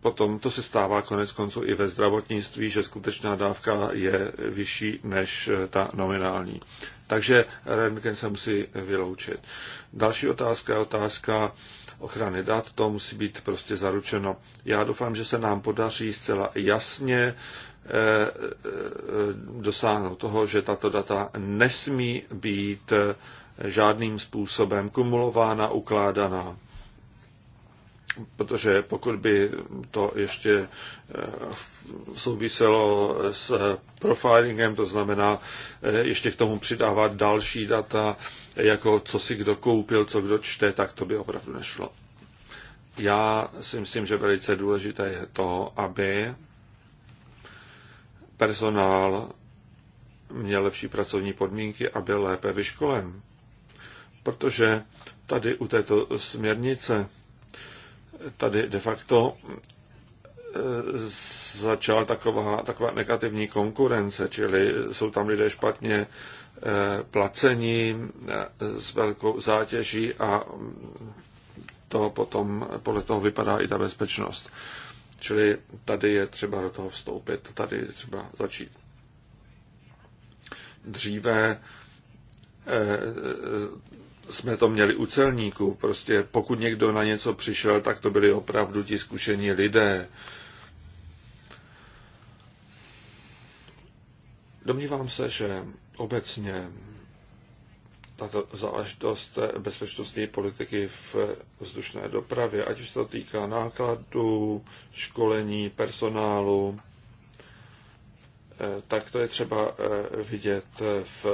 potom to se stává konec konců i ve zdravotnictví, že skutečná dávka je vyšší než e, ta nominální. Takže rentgen se musí vyloučit. Další otázka je otázka ochrany dat. To musí být prostě zaručeno. Já doufám, že se nám podaří zcela jasně e, dosáhnout toho, že tato data nesmí být žádným způsobem kumulována, ukládána protože pokud by to ještě eh, souviselo s eh, profilingem, to znamená eh, ještě k tomu přidávat další data, jako co si kdo koupil, co kdo čte, tak to by opravdu nešlo. Já si myslím, že velice důležité je to, aby personál měl lepší pracovní podmínky a byl lépe vyškolen. Protože tady u této směrnice tady de facto eh, začala taková, taková negativní konkurence, čili jsou tam lidé špatně eh, placení eh, s velkou zátěží a to potom podle toho vypadá i ta bezpečnost. Čili tady je třeba do toho vstoupit, tady je třeba začít. Dříve jsme to měli u celníků. Prostě pokud někdo na něco přišel, tak to byli opravdu ti zkušení lidé. Domnívám se, že obecně tato záležitost bezpečnostní politiky v vzdušné dopravě, ať už se to týká nákladů, školení, personálu, eh, tak to je třeba eh, vidět v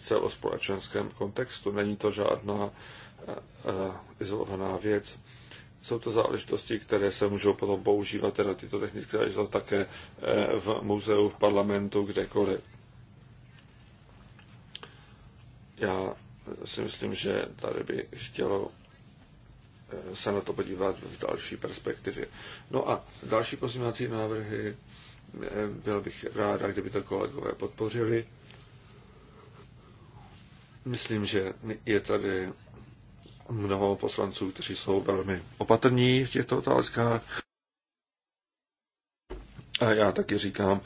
celospolečenském kontextu. Není to žádná eh, eh, izolovaná věc. Jsou to záležitosti, které se můžou potom používat, teda tyto technické záležitosti také eh, v muzeu, v parlamentu, kdekoliv. Já si myslím, že tady by chtělo se na to podívat v další perspektivě. No a další pozměňovací návrhy byl bych ráda, kdyby to kolegové podpořili. Myslím, že je tady mnoho poslanců, kteří jsou velmi opatrní v těchto otázkách. A já taky říkám,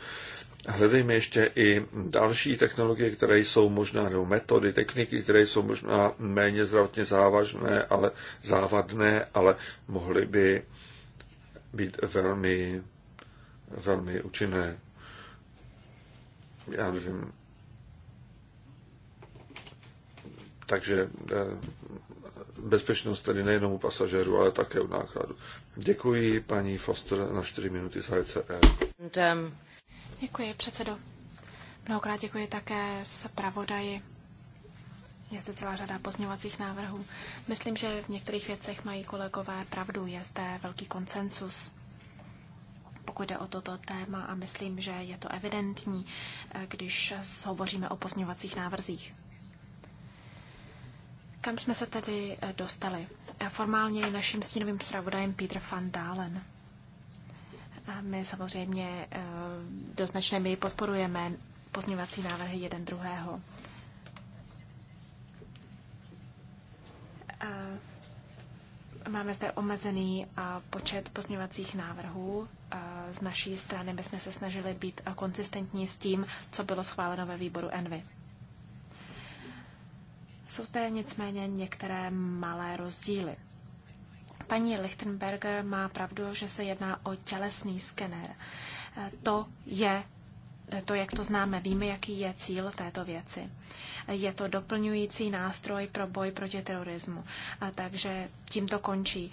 hledejme ještě i další technologie, které jsou možná, nebo metody, techniky, které jsou možná méně zdravotně závažné, ale závadné, ale mohly by být velmi, velmi účinné. Já nevím, Takže eh, bezpečnost tedy nejenom u pasažerů, ale také u nákladu. Děkuji paní Foster na 4 minuty z ECR. E. Um, děkuji, předsedo. Mnohokrát děkuji také zpravodaji. Je zde celá řada pozměňovacích návrhů. Myslím, že v některých věcech mají kolegové pravdu. Je zde velký konsensus pokud jde o toto téma a myslím, že je to evidentní, eh, když hovoříme o pozměňovacích návrzích. Kam jsme se tedy eh, dostali? Eh, formálně je naším stínovým zpravodajem Peter van Dalen. A my samozřejmě eh, do značné míry podporujeme pozměňovací návrhy jeden druhého. Máme zde omezený počet pozměňovacích návrhů. Z naší strany my jsme se snažili být konzistentní s tím, co bylo schváleno ve výboru Envy. Jsou zde nicméně některé malé rozdíly. Paní Lichtenberger má pravdu, že se jedná o tělesný skener. To je to, jak to známe, víme, jaký je cíl této věci. Je to doplňující nástroj pro boj proti terorismu. A takže tím to končí.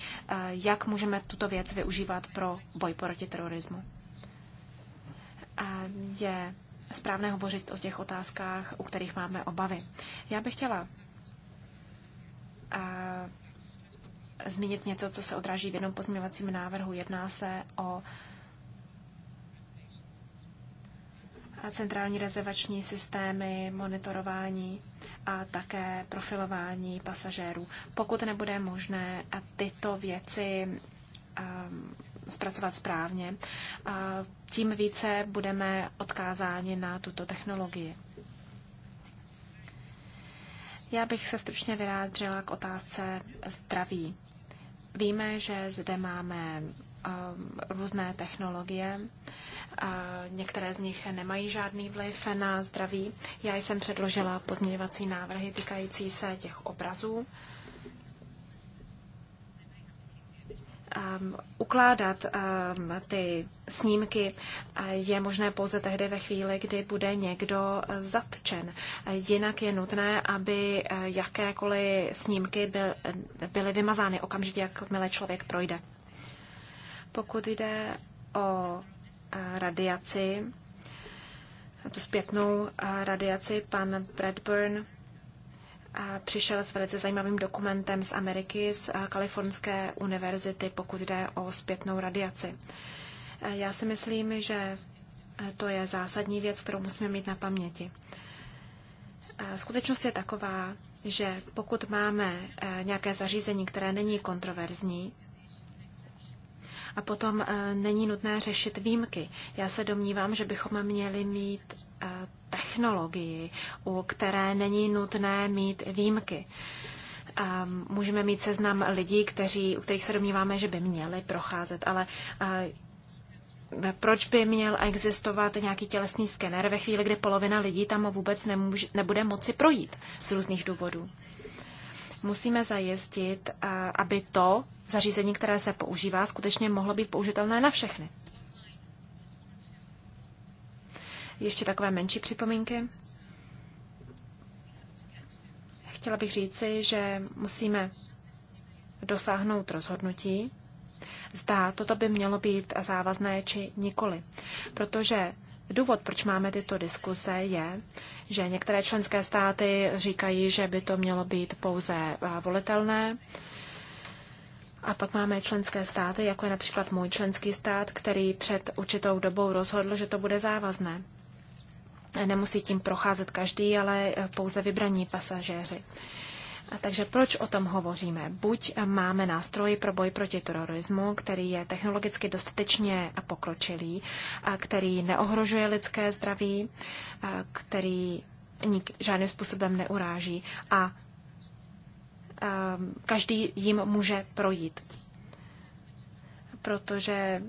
Jak můžeme tuto věc využívat pro boj proti terorismu? A je správné hovořit o těch otázkách, u kterých máme obavy. Já bych chtěla zmínit něco, co se odráží v jednom pozměňovacím návrhu. Jedná se o centrální rezervační systémy, monitorování a také profilování pasažérů. Pokud nebude možné tyto věci um, zpracovat správně, tím více budeme odkázáni na tuto technologii. Já bych se stručně vyjádřila k otázce zdraví. Víme, že zde máme um, různé technologie. Některé z nich nemají žádný vliv na zdraví. Já jsem předložila pozměňovací návrhy týkající se těch obrazů. Um, ukládat um, ty snímky je možné pouze tehdy ve chvíli, kdy bude někdo zatčen. Jinak je nutné, aby eh, jakékoliv snímky byly vymazány okamžitě, jakmile člověk projde. Pokud jde o eh, radiaci, tu zpětnou eh, radiaci, pan Bradburn přišel s velice zajímavým dokumentem z Ameriky, z eh, Kalifornské univerzity, pokud jde o zpětnou radiaci. Eh, já si myslím, že eh, to je zásadní věc, kterou musíme mít na paměti. Skutečnost je taková, že pokud máme nějaké zařízení, které není kontroverzní, a potom není nutné řešit výjimky. Já se domnívám, že bychom měli mít technologii, u které není nutné mít výjimky. Ehm, můžeme mít seznam lidí, kteří, u kterých se domníváme, že by měli procházet, ale eh, proč by měl existovat nějaký tělesný skener ve chvíli, kdy polovina lidí tam vůbec nemůže, nebude moci projít z různých důvodů. Musíme zajistit, eh, aby to zařízení, které se používá, skutečně mohlo být použitelné na všechny. Ještě takové menší připomínky. Chtěla bych říci, že musíme dosáhnout rozhodnutí, zda toto by mělo být závazné či nikoli. Protože důvod, proč máme tyto diskuse, je, že některé členské státy říkají, že by to mělo být pouze volitelné. A pak máme členské státy, jako je například můj členský stát, který před určitou dobou rozhodl, že to bude závazné. Nemusí tím procházet každý, ale pouze vybraní pasažéři. Takže proč o tom hovoříme? Buď máme nástroj pro boj proti terorismu, který je technologicky dostatečně pokročilý, a který neohrožuje lidské zdraví, a který nik, žádným způsobem neuráží a, a každý jim může projít. Protože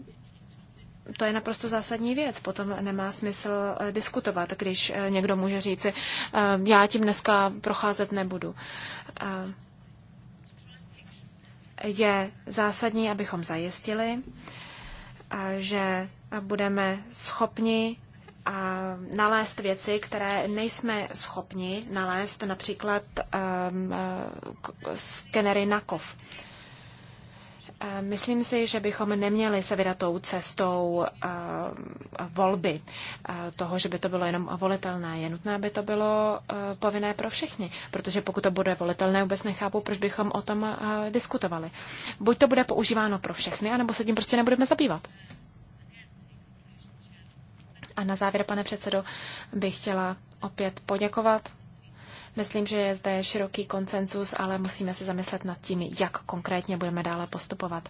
to je naprosto zásadní věc. Potom nemá smysl eh, diskutovat, když eh, někdo může říci, eh, já tím dneska procházet nebudu. Je zásadní, abychom zajistili, že budeme schopni a nalézt věci, které nejsme schopni nalézt, například um, skenery na kov. Uh, Myslím si, že bychom neměli se vydat tou cestou eh, volby, eh, toho, že by to bylo jenom volitelné. Je nutné, aby to bylo eh, povinné pro všechny, protože pokud to bude volitelné, vůbec nechápu, proč bychom o tom diskutovali. Buď to bude používáno pro všechny, anebo se tím prostě nebudeme zabývat. A na závěr, pane předsedo, bych chtěla opět poděkovat Myslím, že je zde široký koncensus, ale musíme se zamyslet nad tím, jak konkrétně budeme dále postupovat.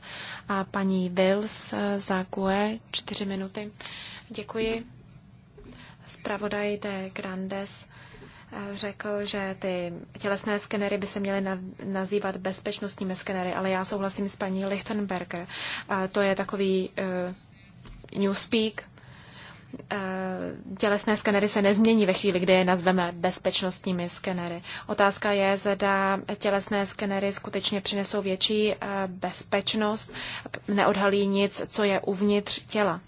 A paní Wills za QE, čtyři minuty. Děkuji. Spravodaj de Grandes eh, řekl, že ty tělesné skenery by se měly nazývat bezpečnostními skenery, ale já souhlasím s paní Lichtenberger. A to je takový uh, newspeak, Eh, tělesné skenery se nezmění ve chvíli, kdy je nazveme bezpečnostními skenery. Otázka je, zda tělesné skenery skutečně přinesou větší eh, bezpečnost, neodhalí nic, co je uvnitř těla.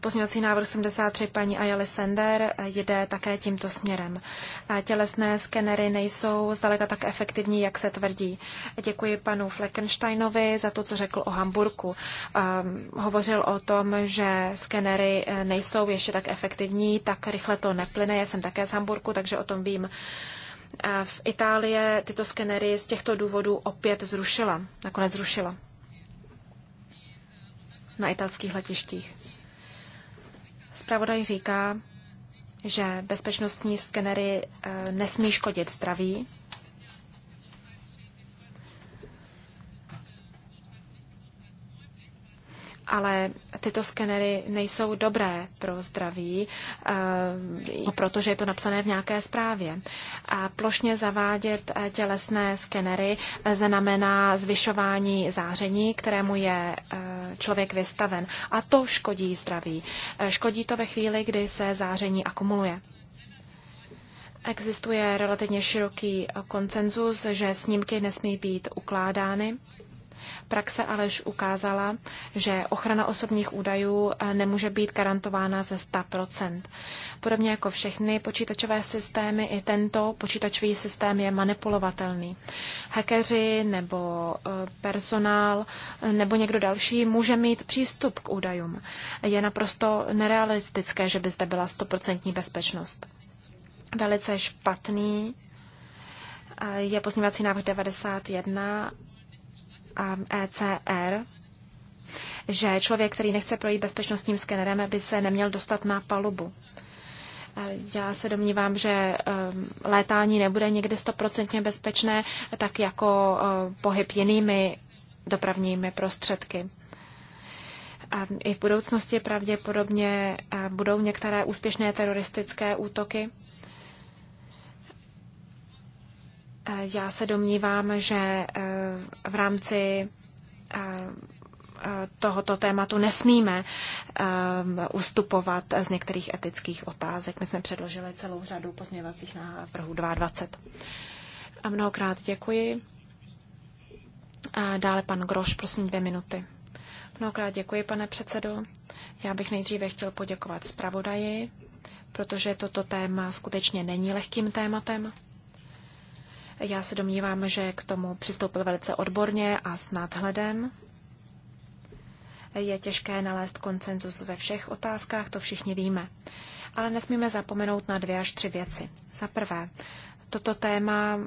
Pozměňovací návrh 73 paní Ayali Sender jde také tímto směrem. Tělesné skenery nejsou zdaleka tak efektivní, jak se tvrdí. Děkuji panu Fleckensteinovi za to, co řekl o Hamburku. Ehm, hovořil o tom, že skenery eh, nejsou ještě tak efektivní, tak rychle to neplyne. Já jsem také z Hamburku, takže o tom vím. V Itálie tyto skenery z těchto důvodů opět zrušila, nakonec zrušila na italských letištích. Zpravodaj říká, že bezpečnostní skenery eh, nesmí škodit zdraví ale tyto skenery nejsou dobré pro zdraví, eh, protože je to napsané v nějaké zprávě. A plošně zavádět eh, tělesné skenery eh, znamená zvyšování záření, kterému je člověk vystaven. A to škodí zdraví. Škodí to ve chvíli, kdy se záření akumuluje. Existuje relativně široký koncenzus, že snímky nesmí být ukládány Praxe alež ukázala, že ochrana osobních údajů eh, nemůže být garantována ze 100%. Podobně jako všechny počítačové systémy, i tento počítačový systém je manipulovatelný. Hackeři nebo eh, personál eh, nebo někdo další může mít přístup k údajům. Je naprosto nerealistické, že by zde byla 100% bezpečnost. Velice špatný je pozměňovací návrh 91 ECR, že člověk, který nechce projít bezpečnostním skenerem, by se neměl dostat na palubu. Já se domnívám, že ehm, létání nebude někdy stoprocentně bezpečné, tak jako eh, pohyb jinými dopravními prostředky. A I v budoucnosti pravděpodobně eh, budou některé úspěšné teroristické útoky Eh, já se domnívám, že eh, v rámci eh, tohoto tématu nesmíme ustupovat z některých etických otázek. My jsme předložili celou řadu pozměňovacích návrhů 22. A mnohokrát děkuji. A dále pan Groš, prosím dvě minuty. Mnohokrát děkuji, pane předsedo. Já bych nejdříve chtěl poděkovat zpravodaji, protože toto téma skutečně není lehkým tématem. Já se domnívám, že k tomu přistoupil velice odborně a s nadhledem. Je těžké nalézt koncenzus ve všech otázkách, to všichni víme. Ale nesmíme zapomenout na dvě až tři věci. Za prvé, toto téma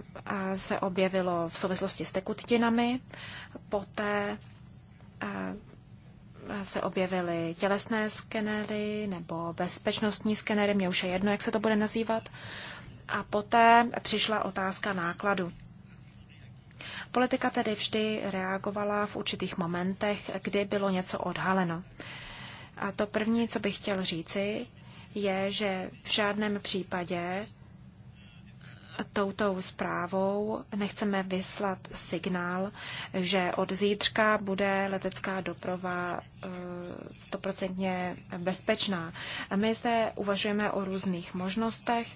se objevilo v souvislosti s tekutinami, poté se objevily tělesné skenery nebo bezpečnostní skenery, mě už je jedno, jak se to bude nazývat a poté přišla otázka nákladu. Politika tedy vždy reagovala v určitých momentech, kdy bylo něco odhaleno. A to první, co bych chtěl říci, je, že v žádném případě touto zprávou nechceme vyslat signál, že od zítřka bude letecká doprava eh, stoprocentně bezpečná. My zde uvažujeme o různých možnostech,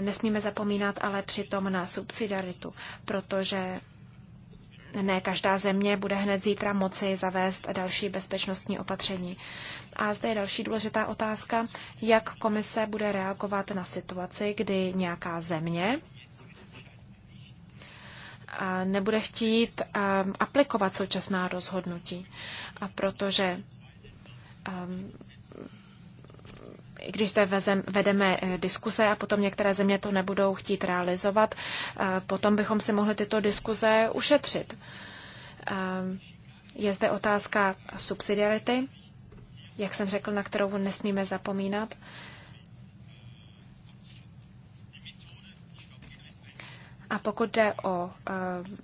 Nesmíme zapomínat ale přitom na subsidiaritu, protože ne každá země bude hned zítra moci zavést další bezpečnostní opatření. A zde je další důležitá otázka, jak komise bude reagovat na situaci, kdy nějaká země nebude chtít aplikovat současná rozhodnutí, protože když zde vezem, vedeme eh, diskuze a potom některé země to nebudou chtít realizovat, eh, potom bychom si mohli tyto diskuze ušetřit. Eh, je zde otázka subsidiarity, jak jsem řekl, na kterou nesmíme zapomínat. A pokud jde o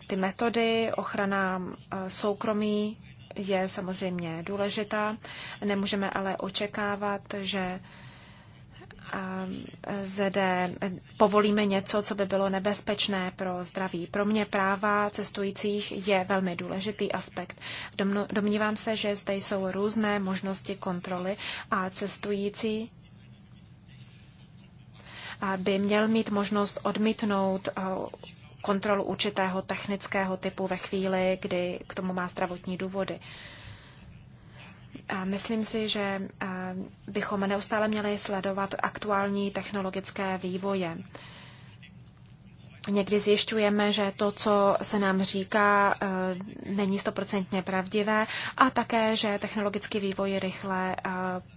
ty metody, ochrana soukromí je samozřejmě důležitá. Nemůžeme ale očekávat, že ZD povolíme něco, co by bylo nebezpečné pro zdraví. Pro mě práva cestujících je velmi důležitý aspekt. Domnívám se, že zde jsou různé možnosti kontroly a cestující by měl mít možnost odmítnout eh, kontrolu určitého technického typu ve chvíli, kdy k tomu má zdravotní důvody. Myslím si, že eh, bychom neustále měli sledovat aktuální technologické vývoje. Někdy zjišťujeme, že to, co se nám říká, eh, není stoprocentně pravdivé a také, že technologický vývoj rychle eh,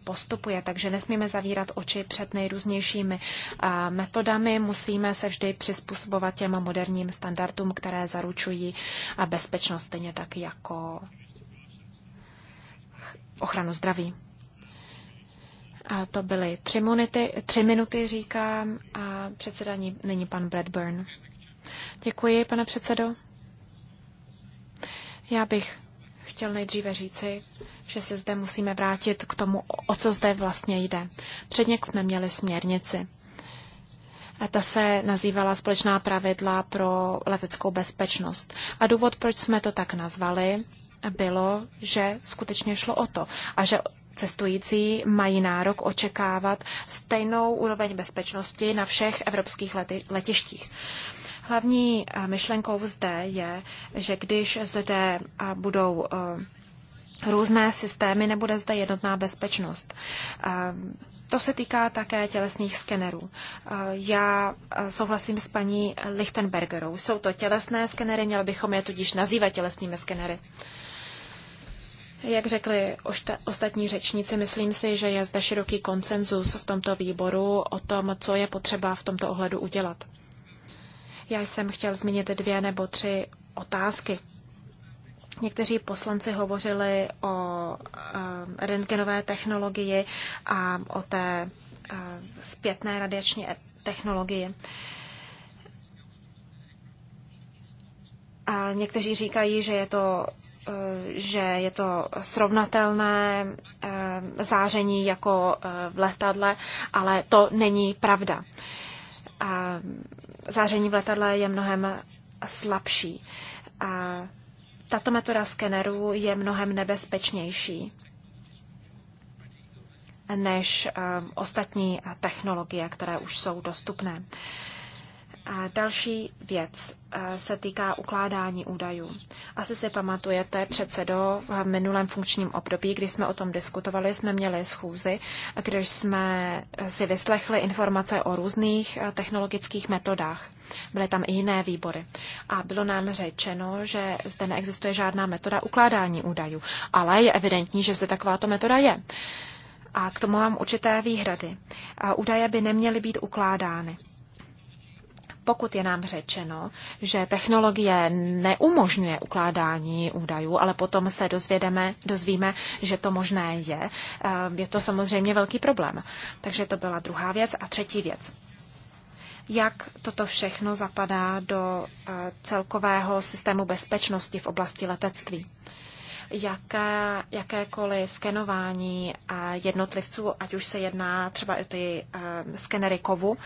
postupuje, takže nesmíme zavírat oči před nejrůznějšími metodami. Musíme se vždy přizpůsobovat těm moderním standardům, které zaručují bezpečnost, stejně tak jako ochranu zdraví. A to byly tři, monity, tři minuty, říkám, a předseda není pan Bradburn. Děkuji, pane předsedo. Já bych chtěl nejdříve říci, že se zde musíme vrátit k tomu, o co zde vlastně jde. Předně jsme měli směrnici. A ta se nazývala Společná pravidla pro leteckou bezpečnost. A důvod, proč jsme to tak nazvali, bylo, že skutečně šlo o to a že cestující mají nárok očekávat stejnou úroveň bezpečnosti na všech evropských leti- letištích. Hlavní eh, myšlenkou zde je, že když zde eh, budou eh, různé systémy, nebude zde jednotná bezpečnost. To se týká také tělesných skenerů. Já souhlasím s paní Lichtenbergerou. Jsou to tělesné skenery, měli bychom je tudíž nazývat tělesnými skenery. Jak řekli ostatní řečníci, myslím si, že je zde široký konsenzus v tomto výboru o tom, co je potřeba v tomto ohledu udělat. Já jsem chtěl zmínit dvě nebo tři otázky. Někteří poslanci hovořili o ehm, rentgenové technologii a o té ehm, zpětné radiační technologii. A někteří říkají, že je to že je to srovnatelné eh, záření jako eh, v letadle, ale to není pravda. Záření v letadle je mnohem slabší. Tato metoda skenerů je mnohem nebezpečnější než eh, ostatní technologie, které už jsou dostupné. Další věc eh, se týká ukládání údajů. Asi si pamatujete, předsedo, v minulém funkčním období, kdy jsme o tom diskutovali, jsme měli schůzi, když jsme eh, si vyslechli informace o různých eh, technologických metodách. Byly tam i jiné výbory. A bylo nám řečeno, že zde neexistuje žádná metoda ukládání údajů, ale je evidentní, že zde takováto metoda je. A k tomu mám určité výhrady. A údaje by neměly být ukládány pokud je nám řečeno, že technologie neumožňuje ukládání údajů, ale potom se dozvědeme, dozvíme, že to možné je, eh, je to samozřejmě velký problém. Takže to byla druhá věc. A třetí věc. Jak toto všechno zapadá do eh, celkového systému bezpečnosti v oblasti letectví? jaké, jakékoliv skenování eh, jednotlivců, ať už se jedná třeba o ty skenery kovu,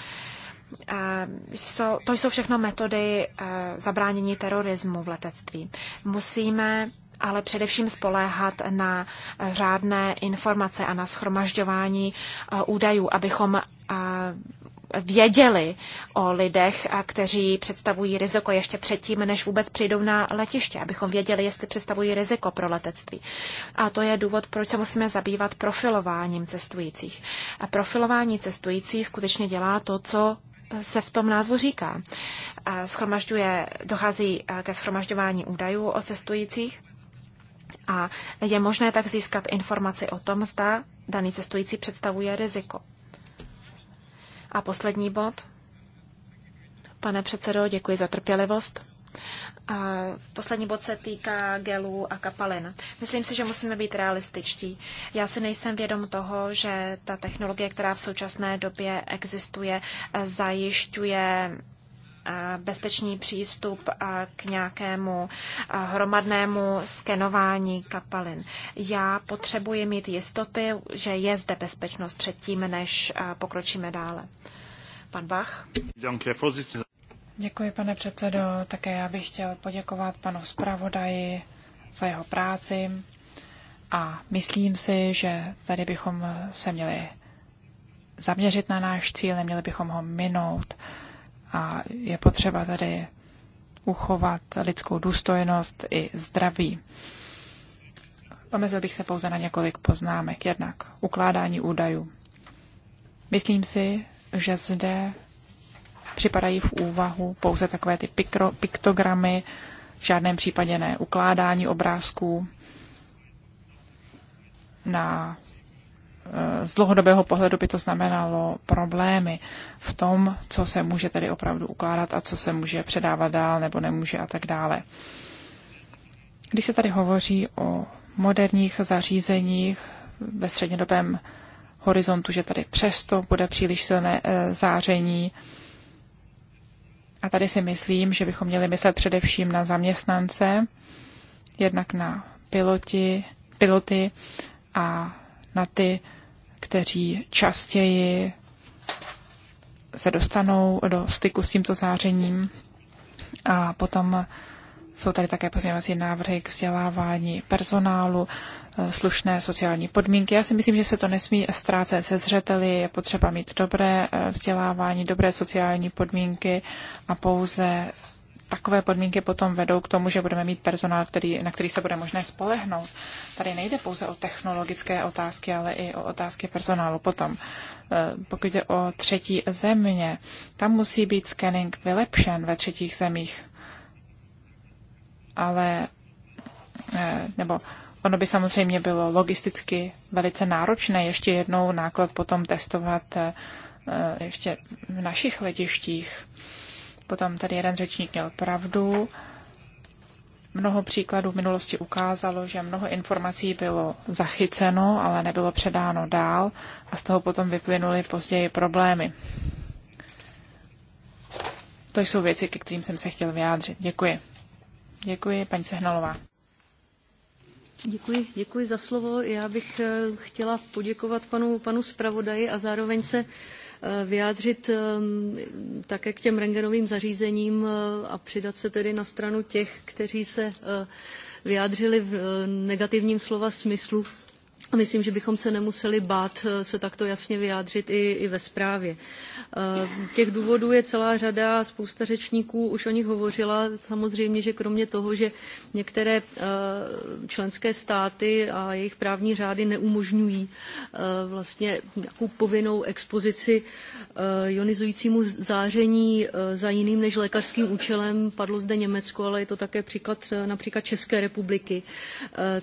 Eh, jsou, to jsou všechno metody eh, zabránění terorismu v letectví. Musíme ale především spoléhat na eh, řádné informace a na schromažďování údajů, abychom věděli o lidech, kteří představují riziko ještě předtím, než vůbec přijdou na letiště, abychom věděli, jestli představují riziko pro letectví. A to je důvod, proč se musíme zabývat profilováním cestujících. A profilování cestující skutečně dělá to, co se v tom názvu říká. Schromažďuje, dochází eh, ke schromažďování údajů o cestujících a je možné tak získat informaci o tom, zda daný cestující představuje riziko. A poslední bod. Pane předsedo, děkuji za trpělivost. Poslední bod se týká gelů a kapalin. Myslím si, že musíme být realističtí. Já si nejsem vědom toho, že ta technologie, která v současné době existuje, zajišťuje eh, bezpečný přístup eh, k nějakému eh, hromadnému skenování kapalin. Já potřebuji mít jistoty, že je zde bezpečnost předtím, než pokročíme dále. Pan Bach. Děkuji, pane předsedo. Také já bych chtěl poděkovat panu zpravodaji za jeho práci a myslím si, že tady bychom se měli zaměřit na náš cíl, neměli bychom ho minout a je potřeba tady uchovat lidskou důstojnost i zdraví. Omezil bych se pouze na několik poznámek. Jednak ukládání údajů. Myslím si, že zde připadají v úvahu pouze takové ty pikro, piktogramy, v žádném případě ne ukládání obrázků na eh, z dlouhodobého pohledu by to znamenalo problémy v tom, co se může tedy opravdu ukládat a co se může předávat dál nebo nemůže a tak dále. Když se tady hovoří o moderních zařízeních ve střednědobém horizontu, že tady přesto bude příliš silné eh, záření, a tady si myslím, že bychom měli myslet především na zaměstnance, jednak na piloti, piloty a na ty, kteří častěji se dostanou do styku s tímto zářením. A potom jsou tady také pozměňovací návrhy k vzdělávání personálu. Eh, slušné sociální podmínky. Já si myslím, že se to nesmí ztrácet se zřeteli, je potřeba mít dobré eh, vzdělávání, dobré sociální podmínky a pouze takové podmínky potom vedou k tomu, že budeme mít personál, který, na který se bude možné spolehnout. Tady nejde pouze o technologické otázky, ale i o otázky personálu potom. Eh, pokud jde o třetí země, tam musí být scanning vylepšen ve třetích zemích. Ale nebo Ono by samozřejmě bylo logisticky velice náročné ještě jednou náklad potom testovat eh, ještě v našich letištích. Potom tady jeden řečník měl pravdu. Mnoho příkladů v minulosti ukázalo, že mnoho informací bylo zachyceno, ale nebylo předáno dál a z toho potom vyplynuly později problémy. To jsou věci, ke kterým jsem se chtěl vyjádřit. Děkuji. Děkuji, paní Sehnalová. Děkuji, děkuji za slovo. Já bych eh, chtěla poděkovat panu, panu zpravodaji a zároveň se eh, vyjádřit ehm, také k těm rengenovým zařízením eh, a přidat se tedy na stranu těch, kteří se vyjádřili v negativním slova smyslu a myslím, že bychom se nemuseli bát eh, se takto jasně vyjádřit i, i ve zprávě. Eh, těch důvodů je celá řada, spousta řečníků už o nich hovořila. Samozřejmě, že kromě toho, že některé eh, členské státy a jejich právní řády neumožňují vlastně nějakou povinnou expozici ionizujícímu záření za jiným než lékařským účelem, padlo zde Německo, ale je to také příklad například České republiky,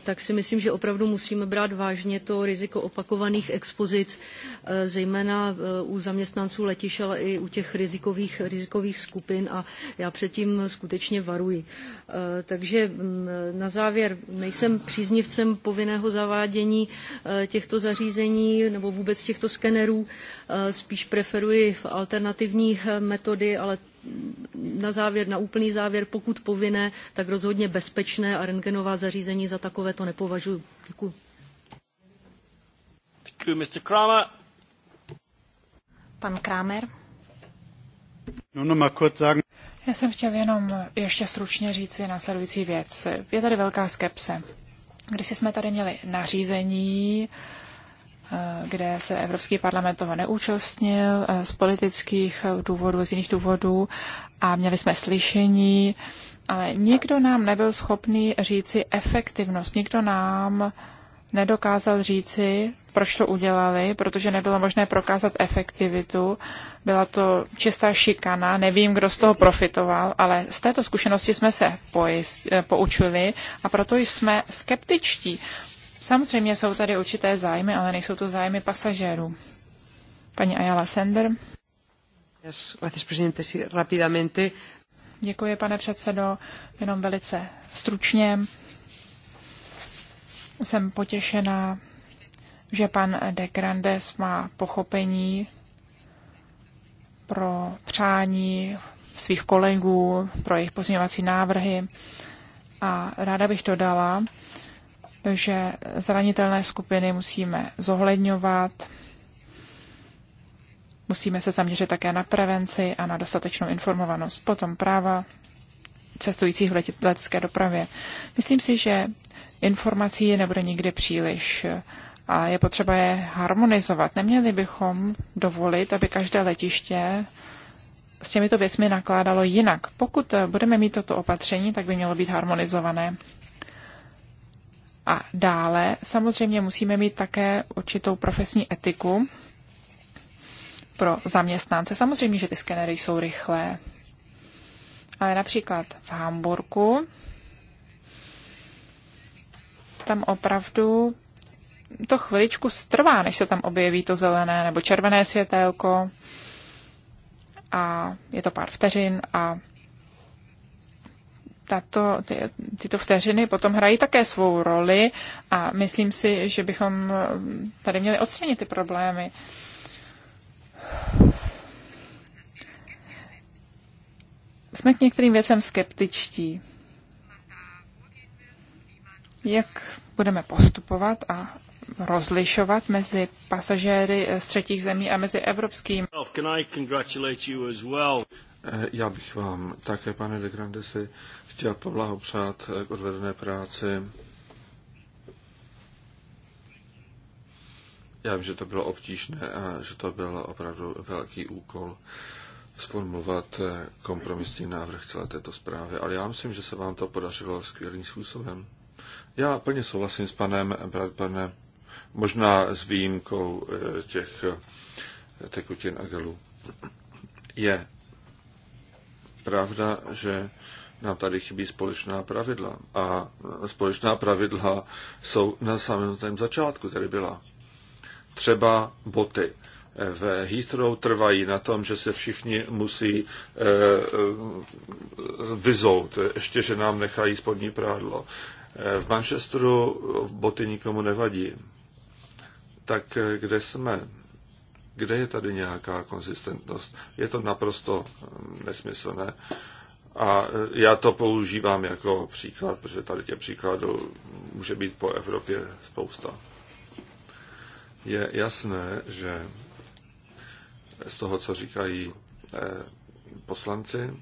tak si myslím, že opravdu musíme brát vážně vážně to riziko opakovaných expozic, eh, zejména eh, u zaměstnanců letišť, ale i u těch rizikových, rizikových skupin a já předtím skutečně varuji. Eh, takže mm, na závěr nejsem příznivcem povinného zavádění těchto zařízení nebo vůbec těchto skenerů. Spíš preferuji alternativní metody, ale mm, na závěr, na úplný závěr, pokud povinné, tak rozhodně bezpečné a rentgenová zařízení za takové to nepovažuji. Děkuji you, Mr. Kramer. Pan Kramer. Já jsem chtěl jenom ještě stručně říci následující věc. Je tady velká skepse. Když jsme tady měli nařízení, eh, kde se Evropský parlament toho neúčastnil eh, z politických důvodů, z jiných důvodů a měli jsme slyšení, ale nikdo nám nebyl schopný říci efektivnost, nikdo nám nedokázal říci, proč to udělali, protože nebylo možné prokázat efektivitu. Byla to čistá šikana, nevím, kdo z toho profitoval, ale z této zkušenosti jsme se pojist, eh, poučili a proto jsme skeptičtí. Samozřejmě jsou tady určité zájmy, ale nejsou to zájmy pasažérů. Paní Ayala Sender. Děkuji, pane předsedo. Jenom velice stručně. Jsem potěšená, že pan de Grandes má pochopení pro přání svých kolegů, pro jejich pozměňovací návrhy. A ráda bych dodala, že zranitelné skupiny musíme zohledňovat, musíme se zaměřit také na prevenci a na dostatečnou informovanost. Potom práva cestujících v letecké dopravě. Myslím si, že informací nebude nikdy příliš a je potřeba je harmonizovat. Neměli bychom dovolit, aby každé letiště s těmito věcmi nakládalo jinak. Pokud budeme mít toto opatření, tak by mělo být harmonizované. A dále samozřejmě musíme mít také určitou profesní etiku pro zaměstnance. Samozřejmě, že ty skenery jsou rychlé. Ale například v Hamburgu tam opravdu to chviličku strvá, než se tam objeví to zelené nebo červené světélko a je to pár vteřin a tato, ty, tyto vteřiny potom hrají také svou roli a myslím si, že bychom tady měli odstranit ty problémy. Jsme k některým věcem skeptičtí jak budeme postupovat a rozlišovat mezi pasažéry z třetích zemí a mezi evropským? Eh, já bych vám také, pane de Grandesi, chtěl poblahopřát eh, k odvedené práci. Já vím, že to bylo obtížné a že to byl opravdu velký úkol sformulovat eh, kompromisní návrh celé této zprávy, ale já myslím, že se vám to podařilo skvělým způsobem. Já plně souhlasím s panem Bradbane, možná s výjimkou eh, těch eh, tekutin a gelů. Je pravda, že nám tady chybí společná pravidla. A společná pravidla jsou na samém začátku, tady byla. Třeba boty. V Heathrow trvají na tom, že se všichni musí e, vyzout, ještě, že nám nechají spodní prádlo. V Manchesteru boty nikomu nevadí. Tak eh, kde jsme? Kde je tady nějaká konzistentnost? Je to naprosto mm, nesmyslné. A eh, já to používám jako příklad, protože tady těch příkladů může být po Evropě spousta. Je jasné, že z toho, co říkají eh, poslanci,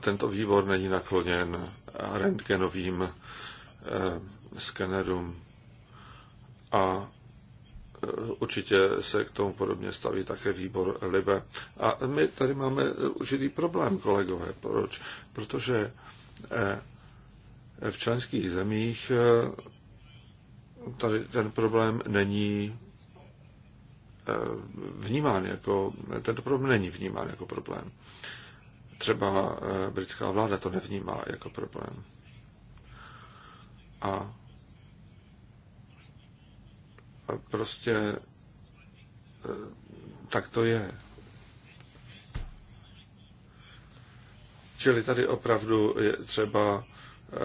tento výbor není nakloněn rentgenovým eh, skenerům. A eh, určitě se k tomu podobně staví také výbor LIBE. A my tady máme eh, určitý problém, kolegové. Proč? Protože v členských zemích tady ten problém není vnímán jako, tento problém není vnímán jako problém třeba eh, britská vláda to nevnímá jako problém. A prostě eh, tak to je. Čili tady opravdu je třeba eh,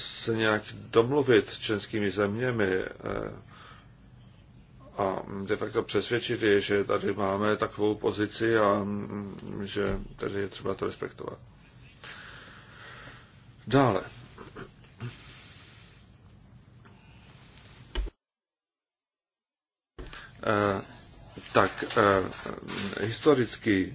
se nějak domluvit s českými zeměmi, a de facto je, že tady máme takovou pozici a že tady je třeba to respektovat. Dále. E, tak e, historický e,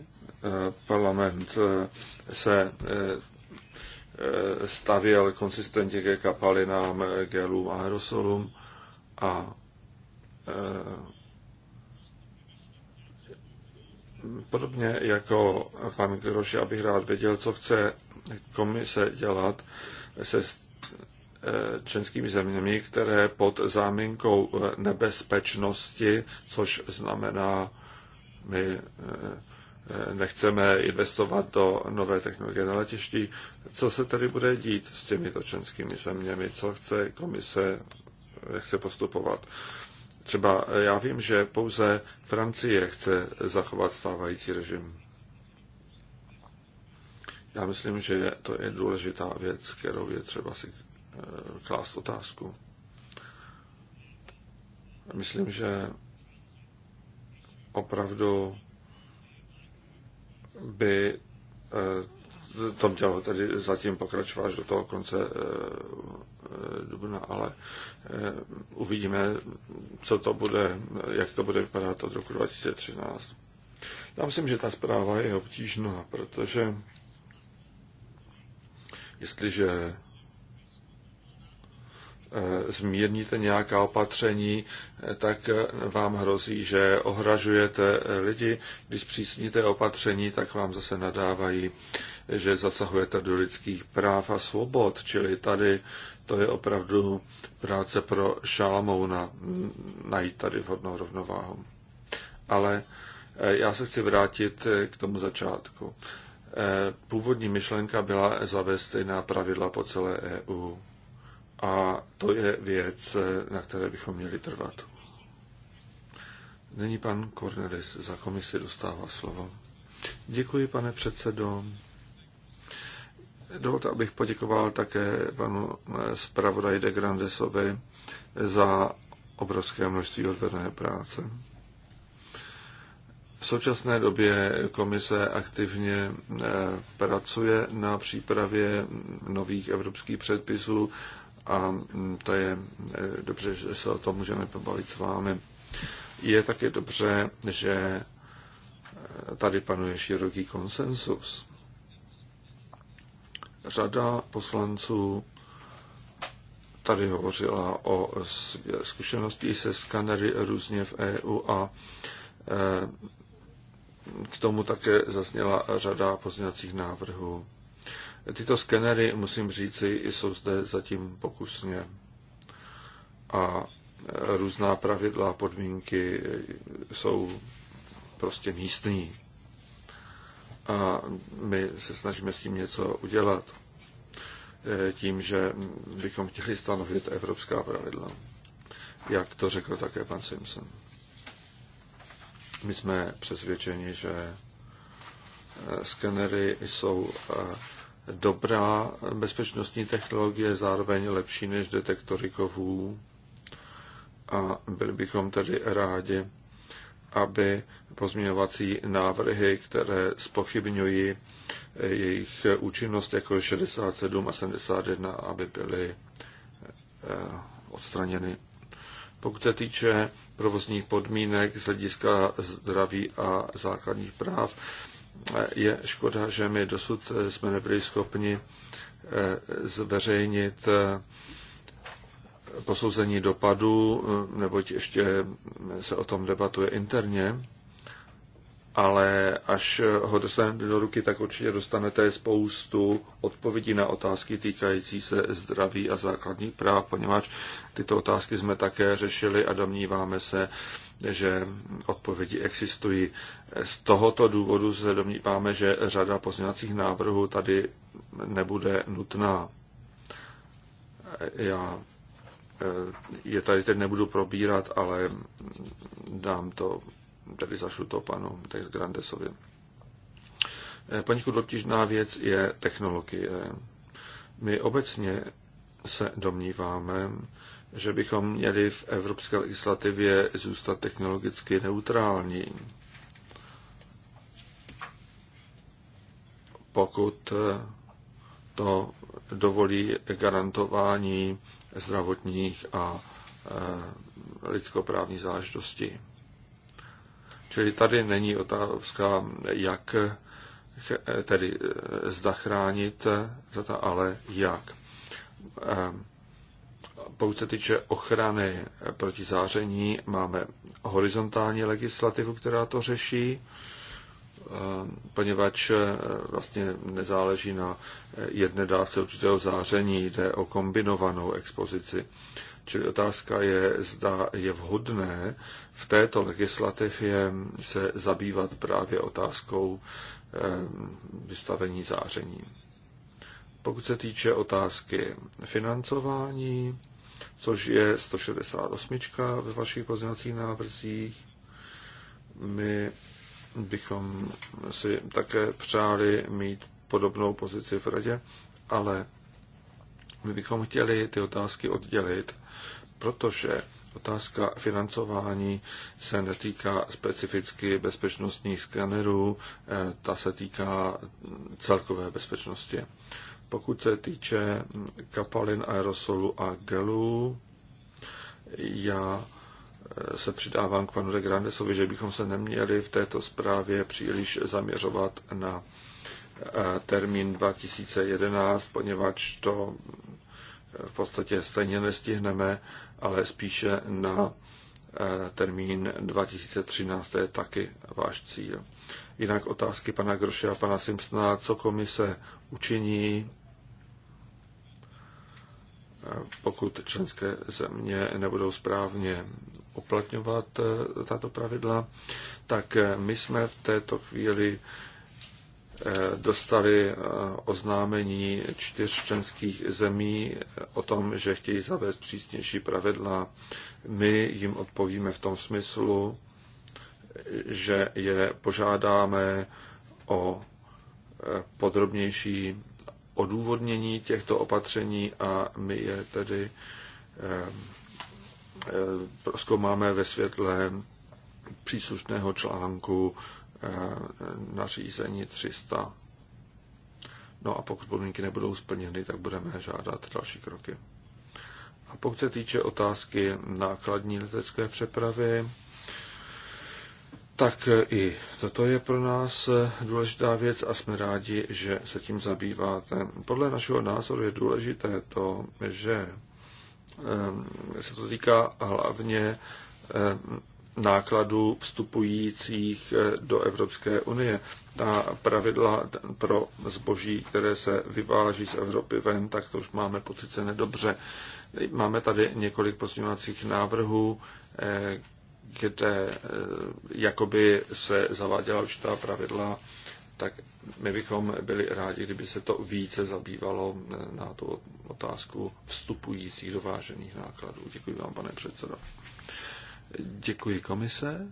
parlament e, se e, stavěl konsistentně ke kapalinám, gelům a aerosolům a Eh, podobně jako pan Groši, abych rád věděl, co chce komise dělat se eh, členskými zeměmi, které pod záminkou eh, nebezpečnosti, což znamená, my nechceme investovat do nové technologie na letišti. Co se tady bude dít s těmito členskými zeměmi? Co chce komise, jak chce postupovat? Třeba eh, já vím, že pouze Francie chce zachovat stávající režim. Já myslím, že to je důležitá věc, kterou je třeba si eh, klást otázku. Myslím, že opravdu by eh, to mělo tedy zatím pokračovat až do toho konce dubna, ale eh, uvidíme, co to bude, jak to bude vypadat od roku 2013. Já myslím, že ta zpráva je obtížná, protože jestliže eh, zmírníte nějaká opatření, eh, tak vám hrozí, že ohražujete lidi. Když přísníte opatření, tak vám zase nadávají že zasahujete do lidských práv a svobod, čili tady to je opravdu práce pro Šalamouna najít tady vhodnou rovnováhu. Ale e, já se chci vrátit e, k tomu začátku. E, původní myšlenka byla zavést stejná pravidla po celé EU. A to je věc, na které bychom měli trvat. Nyní pan Cornelis za komisi dostává slovo. Děkuji, pane předsedo. Dovolte, abych poděkoval také panu eh, zpravodaji de Grandesovi za obrovské množství odvedené práce. V současné době komise aktivně eh, pracuje na přípravě nových evropských předpisů a hm, to je eh, dobře, že se o tom můžeme pobavit s vámi. Je také dobře, že tady panuje široký konsensus. Řada poslanců tady hovořila o zkušenosti se skanery různě v EU a eh, k tomu také zazněla řada pozměňovacích návrhů. Tyto skenery, musím říci, jsou zde zatím pokusně. A eh, různá pravidla a podmínky jsou prostě místní a my se snažíme s tím něco udělat eh, tím, že bychom chtěli stanovit evropská pravidla. Jak to řekl také pan Simpson. My jsme přesvědčeni, že eh, skenery jsou eh, dobrá bezpečnostní technologie, zároveň lepší než detektory kovů. A byli bychom tedy rádi, aby pozměňovací návrhy, které spochybňují jejich účinnost jako 67 a 71, aby byly eh, odstraněny. Pokud se týče provozních podmínek z hlediska zdraví a základních práv, eh, je škoda, že my dosud eh, jsme nebyli schopni zveřejnit posouzení dopadu, neboť ještě se o tom debatuje interně, ale až ho dostanete do ruky, tak určitě dostanete spoustu odpovědí na otázky týkající se zdraví a základních práv, poněvadž tyto otázky jsme také řešili a domníváme se, že odpovědi existují. Z tohoto důvodu se domníváme, že řada pozměňovacích návrhů tady nebude nutná. Já je tady teď nebudu probírat, ale dám to, tedy zašlu to panu Tex Grandesovi. Eh, Poněkud obtížná věc je technologie. My obecně se domníváme, že bychom měli v evropské legislativě zůstat technologicky neutrální. Pokud to dovolí garantování zdravotních a eh, lidskoprávní záležitosti. Čili tady není otázka, jak eh, tedy eh, zda chránit, ale jak. Pokud se týče ochrany proti záření, máme horizontální legislativu, která to řeší, poněvadž vlastně nezáleží na jedné dávce určitého záření, jde o kombinovanou expozici. Čili otázka je, zda je vhodné v této legislativě se zabývat právě otázkou eh, vystavení záření. Pokud se týče otázky financování, což je 168 ve vašich pozměňovacích návrzích, my bychom si také přáli mít podobnou pozici v radě, ale my bychom chtěli ty otázky oddělit, protože otázka financování se netýká specificky bezpečnostních skanerů, eh, ta se týká celkové bezpečnosti. Pokud se týče kapalin, aerosolu a gelů, já eh, se přidávám k panu de Grandesovi, že bychom se neměli v této zprávě příliš zaměřovat na termín 2011, poněvadž to v podstatě stejně nestihneme, ale spíše na no. eh, termín 2013, to je taky váš cíl. Jinak otázky pana Groše a pana Simpsona, co komise učiní, eh, pokud členské země nebudou správně uplatňovat eh, tato pravidla, tak my jsme v této chvíli Eh, dostali eh, oznámení čtyř členských zemí eh, o tom, že chtějí zavést přísnější pravidla. My jim odpovíme v tom smyslu, že je požádáme o podrobnější odůvodnění těchto opatření a my je tedy máme ve světle příslušného článku Eh, nařízení 300. No a pokud podmínky nebudou splněny, tak budeme žádat další kroky. A pokud se týče otázky nákladní letecké přepravy, tak i toto je pro nás důležitá věc a jsme rádi, že se tím zabýváte. Podle našeho názoru je důležité to, že eh, se to týká hlavně eh, nákladů vstupujících eh, do Evropské unie. Ta pravidla pro zboží, které se vyváží z Evropy ven, tak to už máme pocicené dobře. Máme tady několik pozměňovacích návrhů, eh, kde eh, jakoby se zaváděla určitá pravidla, tak my bychom byli rádi, kdyby se to více zabývalo na tu otázku vstupujících vážených nákladů. Děkuji vám, pane předsedo. Děkuji komise.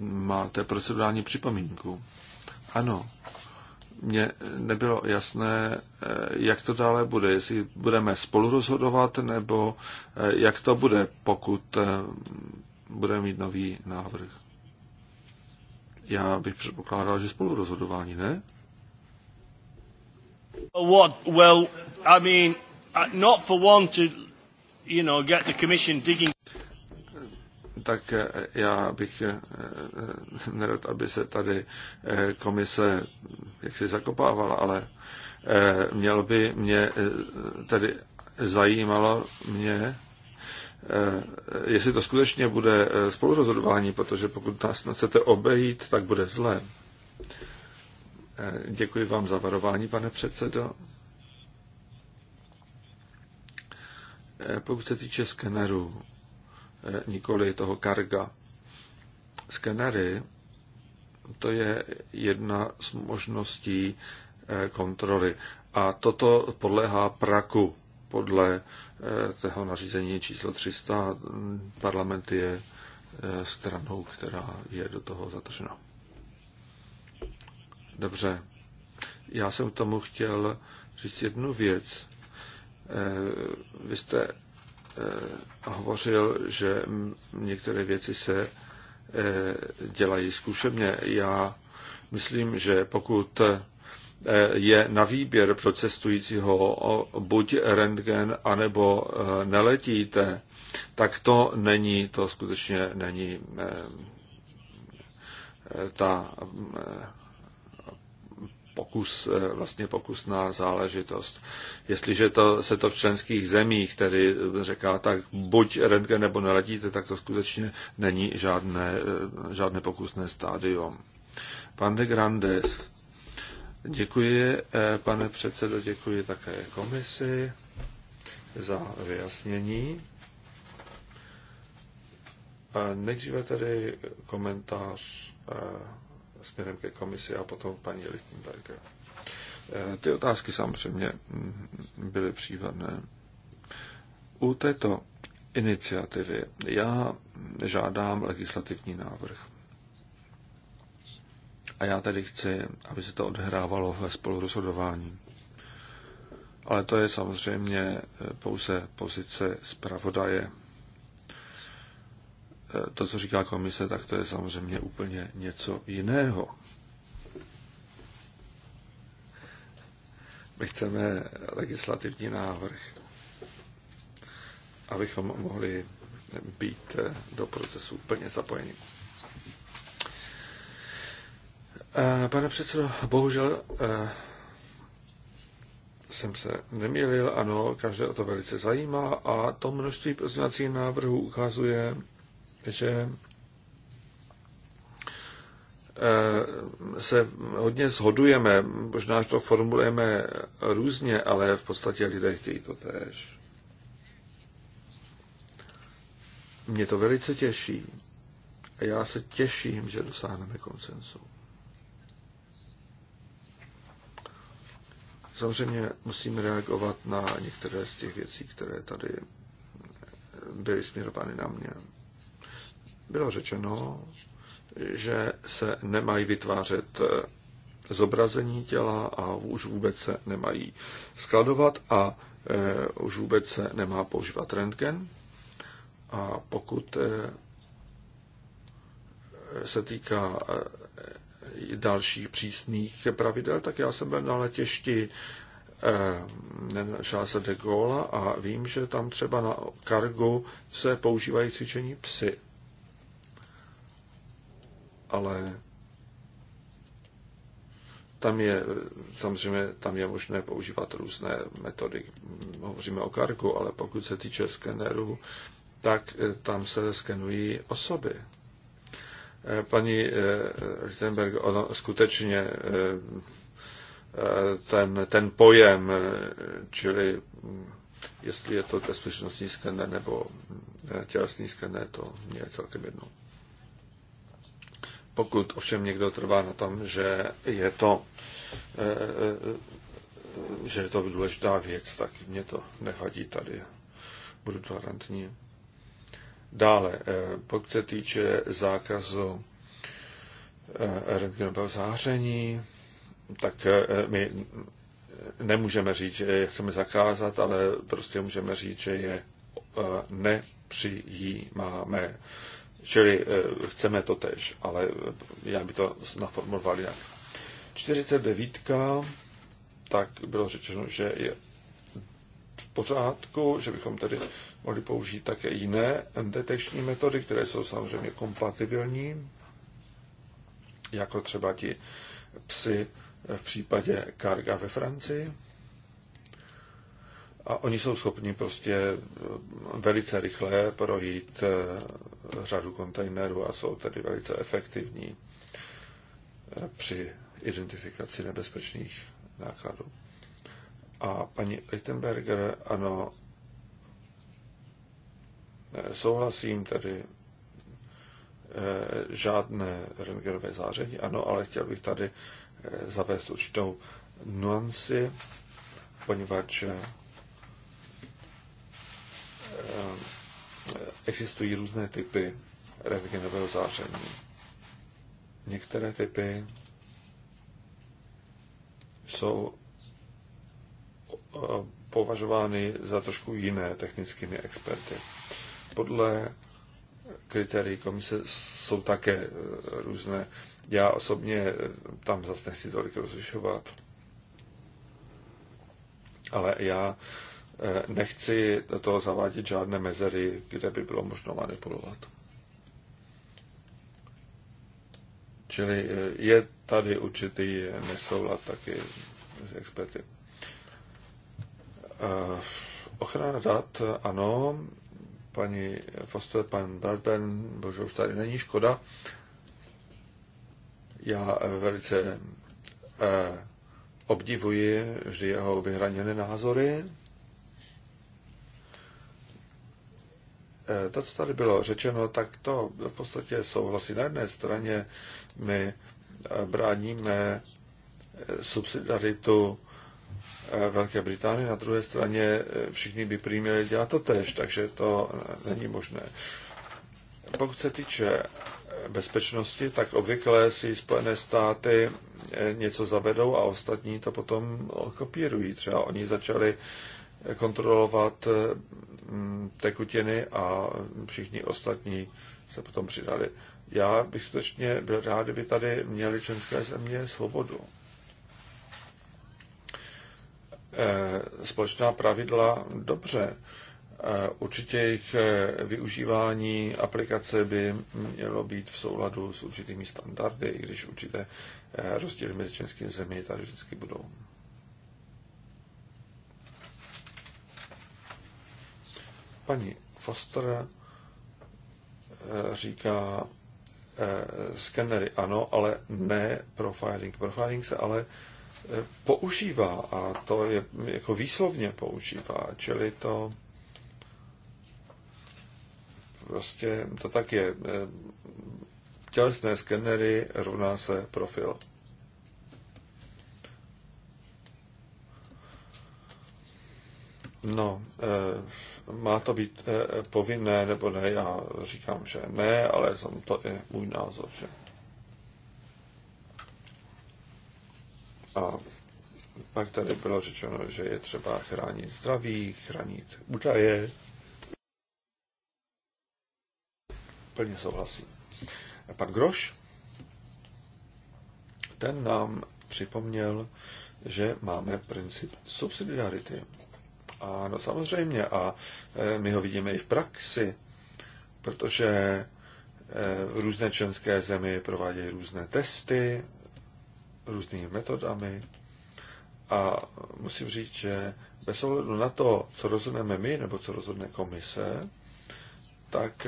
Máte procedurální připomínku? Ano. Mně nebylo jasné, jak to dále bude, jestli budeme spolu rozhodovat, nebo eh, jak to bude, pokud eh, budeme mít nový návrh. Já bych předpokládal, že spolu rozhodování, ne? What? Well, I mean, Uh, not for one to, you know, get the commission digging. Tak eh, já bych eh, eh, nerad, aby se tady komise jak si zakopávala, ale měl by mě tady zajímalo mě, jestli to skutečně bude spolurozhodování, protože pokud nás chcete obejít, tak bude zlé. Děkuji vám za varování, pane předsedo. Eh, pokud se týče skenerů, eh, nikoli toho karga. Skenery, to je jedna z možností eh, kontroly. A toto podléhá praku podle toho nařízení číslo 300. Parlament je stranou, která je do toho zatržena. Dobře. Já jsem k tomu chtěl říct jednu věc. Eh, vy jste eh, hovořil, že některé věci se eh, dělají zkušebně. Já myslím, že pokud je na výběr pro cestujícího buď rentgen, anebo neletíte, tak to není, to skutečně není ta pokus, eh, vlastně pokusná záležitost. Jestliže to, se to v členských zemích tedy řeká, tak buď rentgen nebo neletíte, tak to skutečně není žádné, eh, žádné pokusné stádium. Pan de Grandes, děkuji, eh, pane předsedo, děkuji také komisi za vyjasnění. Nejdříve tedy komentář směrem ke komisi a potom paní Lichtenberger. Eh, ty otázky samozřejmě mm, byly případné. U této iniciativy já žádám legislativní návrh. A já tady chci, aby se to odhrávalo ve spolurozhodování. Ale to je samozřejmě eh, pouze pozice zpravodaje Eh, to, co říká komise, tak to je samozřejmě úplně něco jiného. My chceme legislativní návrh, abychom mohli být eh, do procesu úplně zapojeni. Eh, pane předsedo, bohužel jsem se nemělil, ano, každé o to velice zajímá a to množství pozměňovacích návrhů ukazuje, že eh, se hodně shodujeme, možná, že to formulujeme různě, ale v podstatě lidé chtějí to též. Mě to velice těší. A já se těším, že dosáhneme konsensu. Samozřejmě musím reagovat na některé z těch věcí, které tady byly směrovány na mě bylo řečeno, že se nemají vytvářet eh, zobrazení těla a už vůbec se nemají skladovat a eh, už vůbec se nemá používat rentgen. A pokud eh, se týká dalších přísných pravidel, tak já jsem byl na letišti Charlesa de Gaulle a vím, že tam třeba na kargu se používají cvičení psy ale tam je, samozřejmě, tam je možné používat různé metody. Hovoříme o karku, ale pokud se týče skenerů, tak eh, tam se skenují osoby. Eh, paní Rittenberg, eh, ono skutečně ten, ten pojem, čili mm, jestli je to bezpečnostní skener nebo mm, tělesný skener, to mě je celkem jedno. Pokud ovšem někdo trvá na tom, že je to, eh, eh, že je to důležitá věc, tak mě to nevadí tady. Budu tolerantní. Dále, eh, pokud se týče zákazu rentgenového záření, tak my nemůžeme říct, že je chceme zakázat, ale prostě můžeme říct, že je nepřijímáme. Čili eh, chceme to tež, ale eh, já by to naformoval jinak. 49. Tak bylo řečeno, že je v pořádku, že bychom tedy mohli použít také jiné detekční metody, které jsou samozřejmě kompatibilní, jako třeba ti psy v případě Karga ve Francii. A oni jsou schopni prostě eh, velice rychle projít eh, řadu kontejnerů a jsou tedy velice efektivní eh, při identifikaci nebezpečných nákladů. A paní Lichtenberger, ano, souhlasím tedy žádné rengerové záření, ano, ale chtěl bych tady zavést určitou nuanci, poněvadž Eh, existují různé typy rentgenového záření. Některé typy jsou eh, považovány za trošku jiné technickými experty. Podle kritérií komise jsou také eh, různé. Já osobně tam zase nechci tolik rozlišovat. Ale já Eh, nechci do toho zavádět žádné mezery, kde by bylo možno manipulovat. Čili eh, je tady určitý nesoulad taky s experty. Eh, ochrana dat, ano, paní Foster, pan Bradben, bože, už tady není škoda. Já velice obdivuji vždy jeho vyhraněné názory, Eh, to, co tady bylo řečeno, tak to v podstatě souhlasí. Na jedné straně my eh, bráníme eh, subsidiaritu Velké Británie, na druhé straně všichni by prý měli dělat to tež, takže to není možné. Pokud se týče bezpečnosti, tak obvykle si Spojené státy něco zavedou a ostatní to potom kopírují. Třeba oni začali kontrolovat eh, mm, tekutiny a všichni ostatní se potom přidali. Já bych skutečně byl rád, kdyby tady měli členské země svobodu. Eh, společná pravidla dobře. Eh, určitě jejich využívání aplikace by mělo být v souladu s určitými standardy, i když určité rozdíly mezi členskými zeměmi tady vždycky budou. Paní Foster eh, říká, eh, skenery ano, ale ne profiling. Profiling se ale eh, používá a to je jako výslovně používá, čili to prostě to tak je. Tělesné skenery rovná se profil. No, eh, má to být eh, povinné nebo ne, já říkám, že ne, ale jsem to je můj názor, že. A pak tady bylo řečeno, že je třeba chránit zdraví, chránit údaje. Plně souhlasím. Pan Groš, ten nám připomněl, že máme princip subsidiarity ano, samozřejmě. A e, my ho vidíme i v praxi, protože e, různé členské zemi provádějí různé testy různými metodami. A musím říct, že bez ohledu na to, co rozhodneme my nebo co rozhodne komise, tak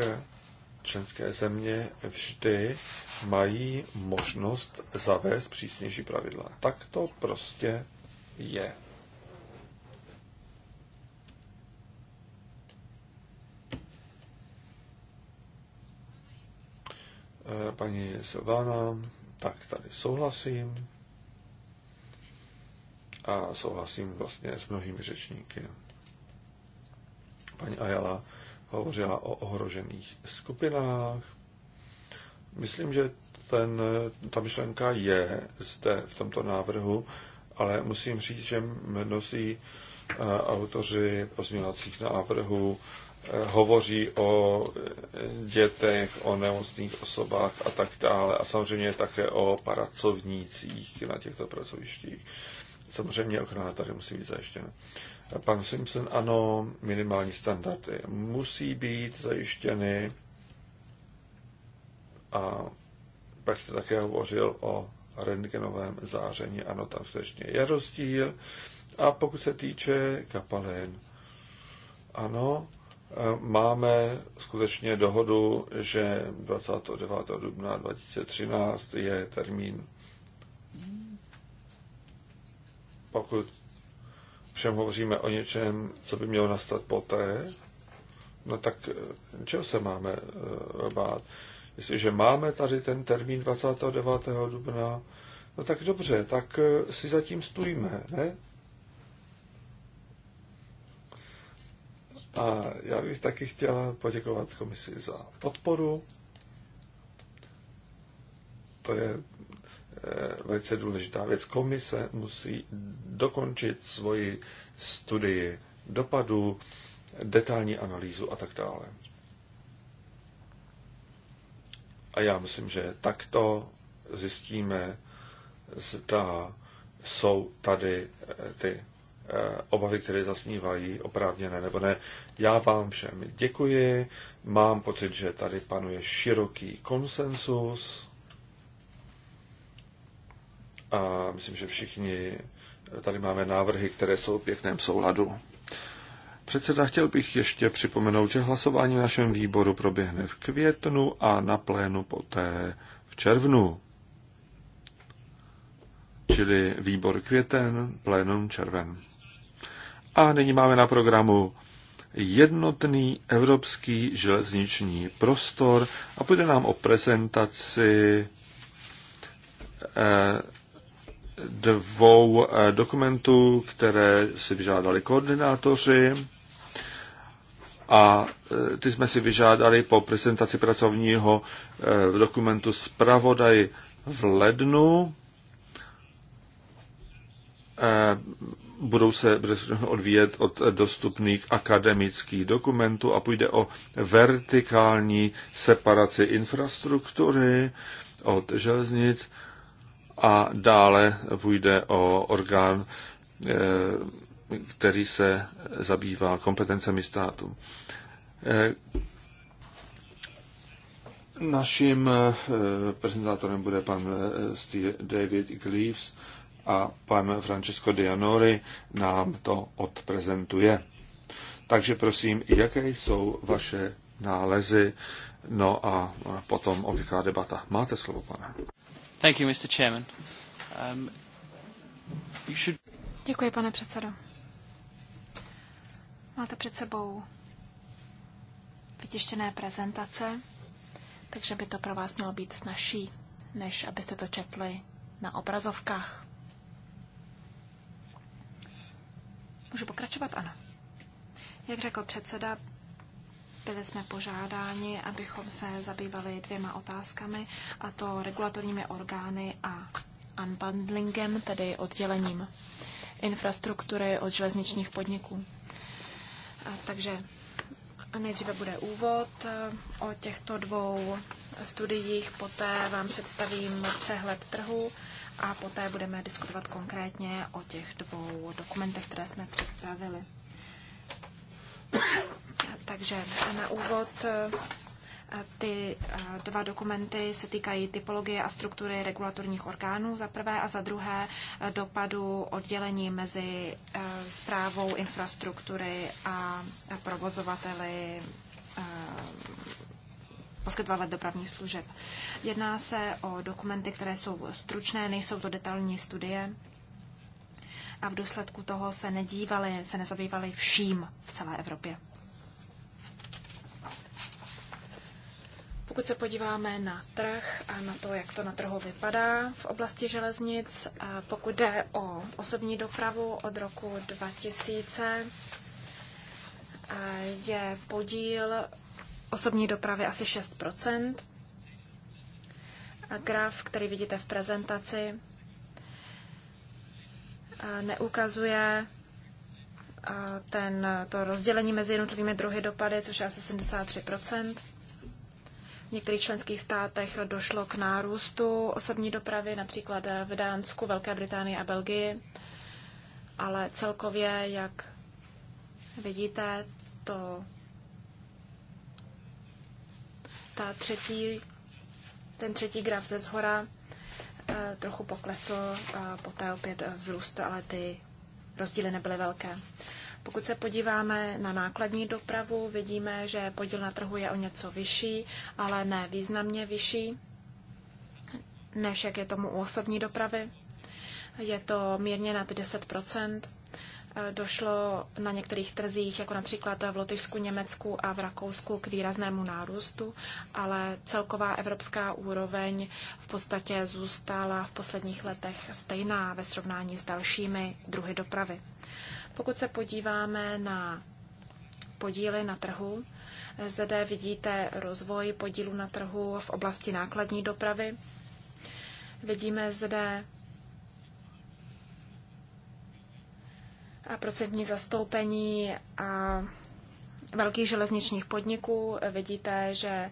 členské země vždy mají možnost zavést přísnější pravidla. Tak to prostě je. Eh, paní Silvána, tak tady souhlasím. A souhlasím vlastně s mnohými řečníky. Paní Ajala hovořila o ohrožených skupinách. Myslím, že ten, ta myšlenka je zde v tomto návrhu, ale musím říct, že mnozí eh, autoři pozměňovacích návrhů hovoří o dětech, o nemocných osobách a tak dále. A samozřejmě také o pracovnících na těchto pracovištích. Samozřejmě ochrana tady musí být zajištěna. Pan Simpson, ano, minimální standardy musí být zajištěny. A pak jste také hovořil o rentgenovém záření. Ano, tam skutečně je rozdíl. A pokud se týče kapalin, ano, Máme skutečně dohodu, že 29. dubna 2013 je termín. Pokud všem hovoříme o něčem, co by mělo nastat poté, no tak eh, čeho se máme eh, bát? Jestliže máme tady ten termín 29. dubna, no tak dobře, tak eh, si zatím stojíme, ne? A já bych taky chtěla poděkovat komisi za podporu. To je eh, velice důležitá věc. Komise musí dokončit svoji studii dopadů, detailní analýzu a tak dále. A já myslím, že takto zjistíme, zda jsou tady eh, ty Eh, obavy, které zasnívají, oprávněné nebo ne. Já vám všem děkuji. Mám pocit, že tady panuje široký konsensus. A myslím, že všichni eh, tady máme návrhy, které jsou v pěkném souladu. Předseda, chtěl bych ještě připomenout, že hlasování v našem výboru proběhne v květnu a na plénu poté v červnu. Čili výbor květen, plénum červen. A nyní máme na programu jednotný evropský železniční prostor a půjde nám o prezentaci eh, dvou eh, dokumentů, které si vyžádali koordinátoři a eh, ty jsme si vyžádali po prezentaci pracovního dokumentu zpravodaj v lednu budou se odvíjet od dostupných akademických dokumentů a půjde o vertikální separaci infrastruktury od železnic a dále půjde o orgán, eh, který se zabývá kompetencemi státu. Eh, naším eh, prezentátorem bude pan Steve David Gleaves, a pan Francesco Dianori nám to odprezentuje. Takže prosím, jaké jsou vaše nálezy, no a potom obvyklá debata. Máte slovo, pane. Thank you, Mr. Chairman. Um, you should... Děkuji, pane předsedo. Máte před sebou vytištěné prezentace, takže by to pro vás mělo být snažší, než abyste to četli na obrazovkách. Můžu pokračovat? Ano. Jak řekl předseda, byli jsme požádáni, abychom se zabývali dvěma otázkami, a to regulatorními orgány a unbundlingem, tedy oddělením infrastruktury od železničních podniků. A takže nejdříve bude úvod e, o těchto dvou studiích, poté vám představím přehled trhu a poté budeme diskutovat konkrétně o těch dvou dokumentech, které jsme připravili. Takže na úvod eh, ty eh, dva dokumenty se týkají typologie a struktury regulatorních orgánů za prvé a za druhé eh, dopadu oddělení mezi zprávou infrastruktury a provozovateli poskytovatele dopravních služeb. Jedná se o dokumenty, které jsou stručné, nejsou to detailní studie a v důsledku toho se nedívali, se nezabývali vším v celé Evropě. Pokud se podíváme na trh a na to, jak to na trhu vypadá v oblasti železnic, pokud jde o osobní dopravu od roku 2000, je podíl osobní dopravy asi 6 graf, který vidíte v prezentaci, neukazuje ten, to rozdělení mezi jednotlivými druhy dopady, což je asi 73 v některých členských státech došlo k nárůstu osobní dopravy, například v Dánsku, Velké Británii a Belgii, ale celkově, jak vidíte, to ta třetí, ten třetí graf ze zhora eh, trochu poklesl, a poté opět vzrůst, ale ty rozdíly nebyly velké. Pokud se podíváme na nákladní dopravu, vidíme, že podíl na trhu je o něco vyšší, ale ne významně vyšší, než jak je tomu u osobní dopravy. Je to mírně nad 10 Eh, došlo na některých trzích, jako například v Lotyšsku, Německu a v Rakousku, k výraznému nárůstu, ale celková evropská úroveň v podstatě zůstala v posledních letech stejná ve srovnání s dalšími druhy dopravy. Pokud se podíváme na podíly na trhu, eh, zde vidíte rozvoj podílu na trhu v oblasti nákladní dopravy. Vidíme zde procentní zastoupení a velkých železničních podniků. Vidíte, že e,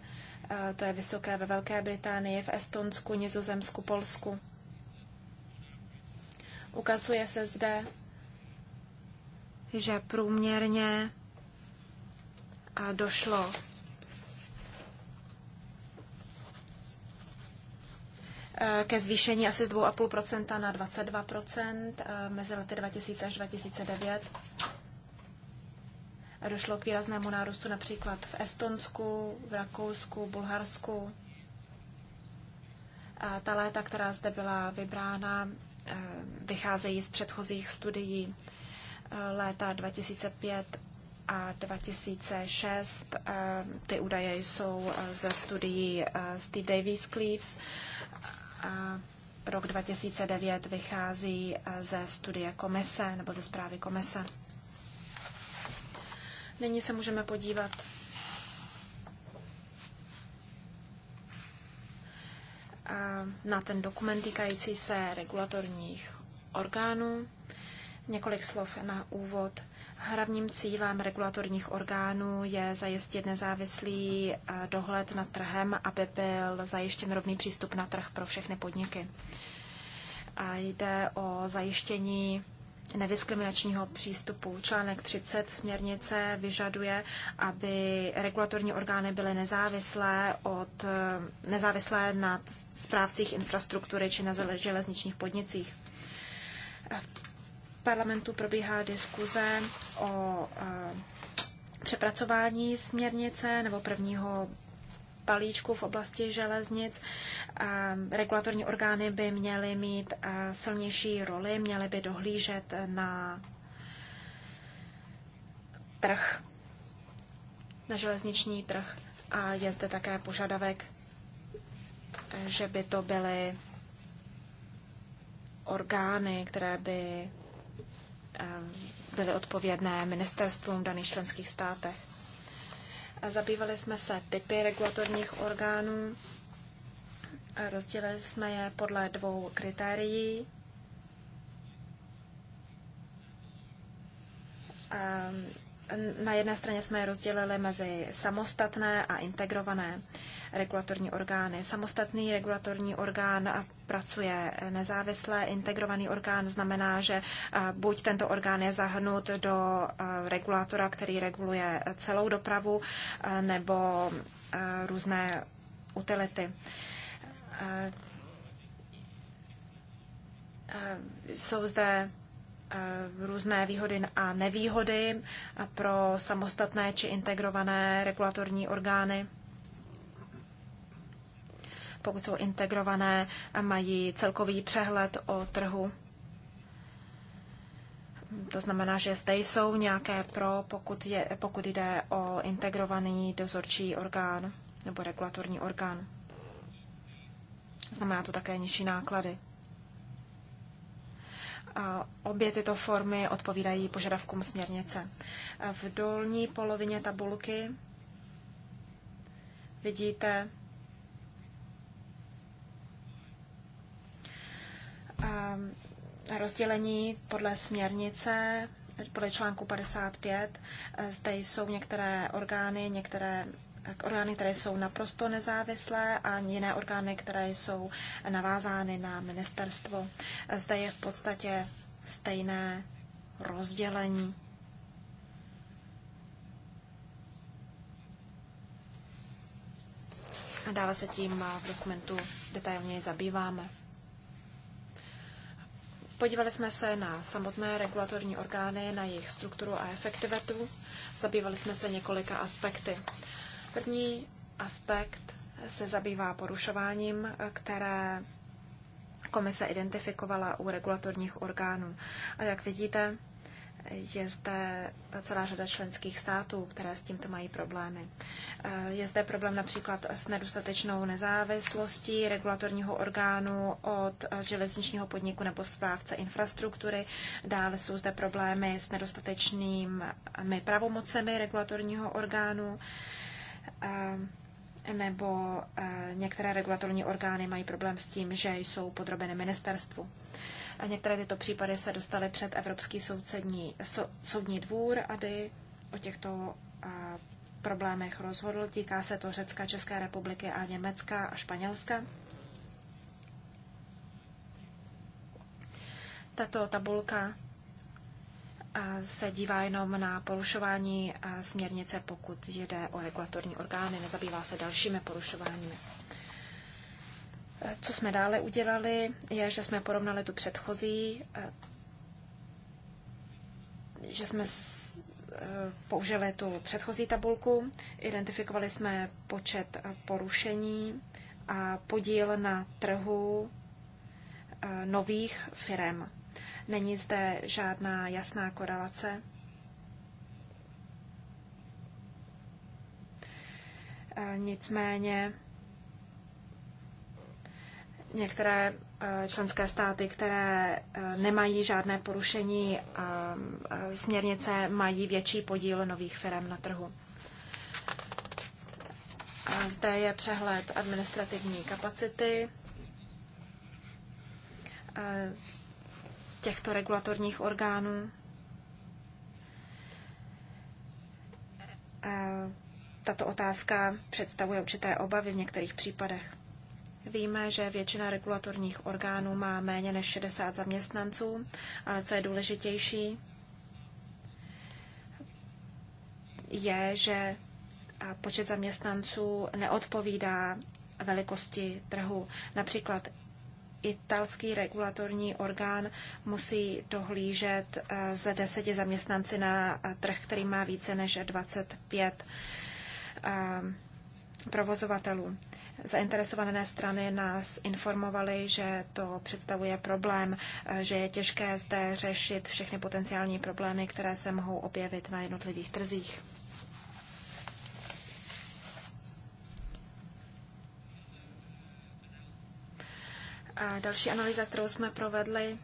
to je vysoké ve Velké Británii, v Estonsku, Nizozemsku, Polsku. Ukazuje se zde, že průměrně došlo Eh, ke zvýšení asi z 2,5% na 22% eh, mezi lety 2000 až 2009. Došlo k výraznému nárůstu například v Estonsku, v Rakousku, Bulharsku. A ta léta, která zde byla vybrána, eh, vycházejí z předchozích studií léta 2005 a 2006. Ty údaje jsou ze studií Steve Davies Cleaves rok 2009 vychází eh, ze studie komise nebo ze zprávy komise. Nyní se můžeme podívat eh, na ten dokument týkající se regulatorních orgánů. Několik slov na úvod. Hlavním cílem regulatorních orgánů je zajistit nezávislý eh, dohled nad trhem, aby byl zajištěn rovný přístup na trh pro všechny podniky. A jde o zajištění nediskriminačního přístupu. Článek 30 směrnice vyžaduje, aby regulatorní orgány byly nezávislé, od, eh, nezávislé na správcích infrastruktury či na železničních podnicích parlamentu probíhá diskuze o eh, přepracování směrnice nebo prvního palíčku v oblasti železnic. Eh, regulatorní orgány by měly mít eh, silnější roli, měly by dohlížet na trh, na železniční trh. A je zde také požadavek, že by to byly orgány, které by Eh, byly odpovědné ministerstvům daných členských státech. Zabývali jsme se typy regulatorních orgánů, rozdělili jsme je podle dvou kritérií. Ehm, na jedné straně jsme je rozdělili mezi samostatné a integrované regulatorní orgány. Samostatný regulatorní orgán pracuje nezávisle, integrovaný orgán znamená, že eh, buď tento orgán je zahrnut do eh, regulátora, který reguluje celou dopravu, eh, nebo různé utility jsou zde Eh, různé výhody a nevýhody pro samostatné či integrované regulatorní orgány. Pokud jsou integrované, mají celkový přehled o trhu. To znamená, že zde jsou nějaké pro, pokud, je, pokud jde o integrovaný dozorčí orgán nebo regulatorní orgán. Znamená to také nižší náklady. Obě tyto formy odpovídají požadavkům směrnice. V dolní polovině tabulky vidíte ehm, rozdělení podle směrnice, podle článku 55. Zde jsou některé orgány, některé k orgány, které jsou naprosto nezávislé a jiné orgány, které jsou navázány na ministerstvo. Zde je v podstatě stejné rozdělení. A dále se tím v dokumentu detailně zabýváme. Podívali jsme se na samotné regulatorní orgány, na jejich strukturu a efektivitu. Zabývali jsme se několika aspekty. První aspekt se zabývá porušováním, které komise identifikovala u regulatorních orgánů. A jak vidíte, je zde celá řada členských států, které s tímto mají problémy. Je zde problém například s nedostatečnou nezávislostí regulatorního orgánu od železničního podniku nebo správce infrastruktury. Dále jsou zde problémy s nedostatečnými pravomocemi regulatorního orgánu. Eh, nebo eh, některé regulatorní orgány mají problém s tím, že jsou podrobeny ministerstvu. A některé tyto případy se dostaly před Evropský soudcední, soudní dvůr, aby o těchto eh, problémech rozhodl. Týká se to Řecka, České republiky a Německa a Španělska. Tato tabulka se dívá jenom na porušování směrnice, pokud jde o regulatorní orgány, nezabývá se dalšími porušováními. E, co jsme dále udělali, je, že jsme porovnali tu předchozí, e, že jsme e, použili tu předchozí tabulku, identifikovali jsme počet porušení a podíl na trhu nových firm Není zde žádná jasná korelace. Eh, nicméně některé eh, členské státy, které eh, nemají žádné porušení směrnice, mají větší podíl nových firm na trhu. Zde je přehled administrativní kapacity těchto regulatorních orgánů. Tato otázka představuje určité obavy v některých případech. Víme, že většina regulatorních orgánů má méně než 60 zaměstnanců, ale co je důležitější, je, že počet zaměstnanců neodpovídá velikosti trhu. Například italský regulatorní orgán musí dohlížet eh, ze deseti zaměstnanci na eh, trh, který má více než 25 eh, provozovatelů. Zainteresované strany nás informovaly, že to představuje problém, že je těžké zde řešit všechny potenciální problémy, které se mohou objevit na jednotlivých trzích. A další analýza, kterou jsme provedli,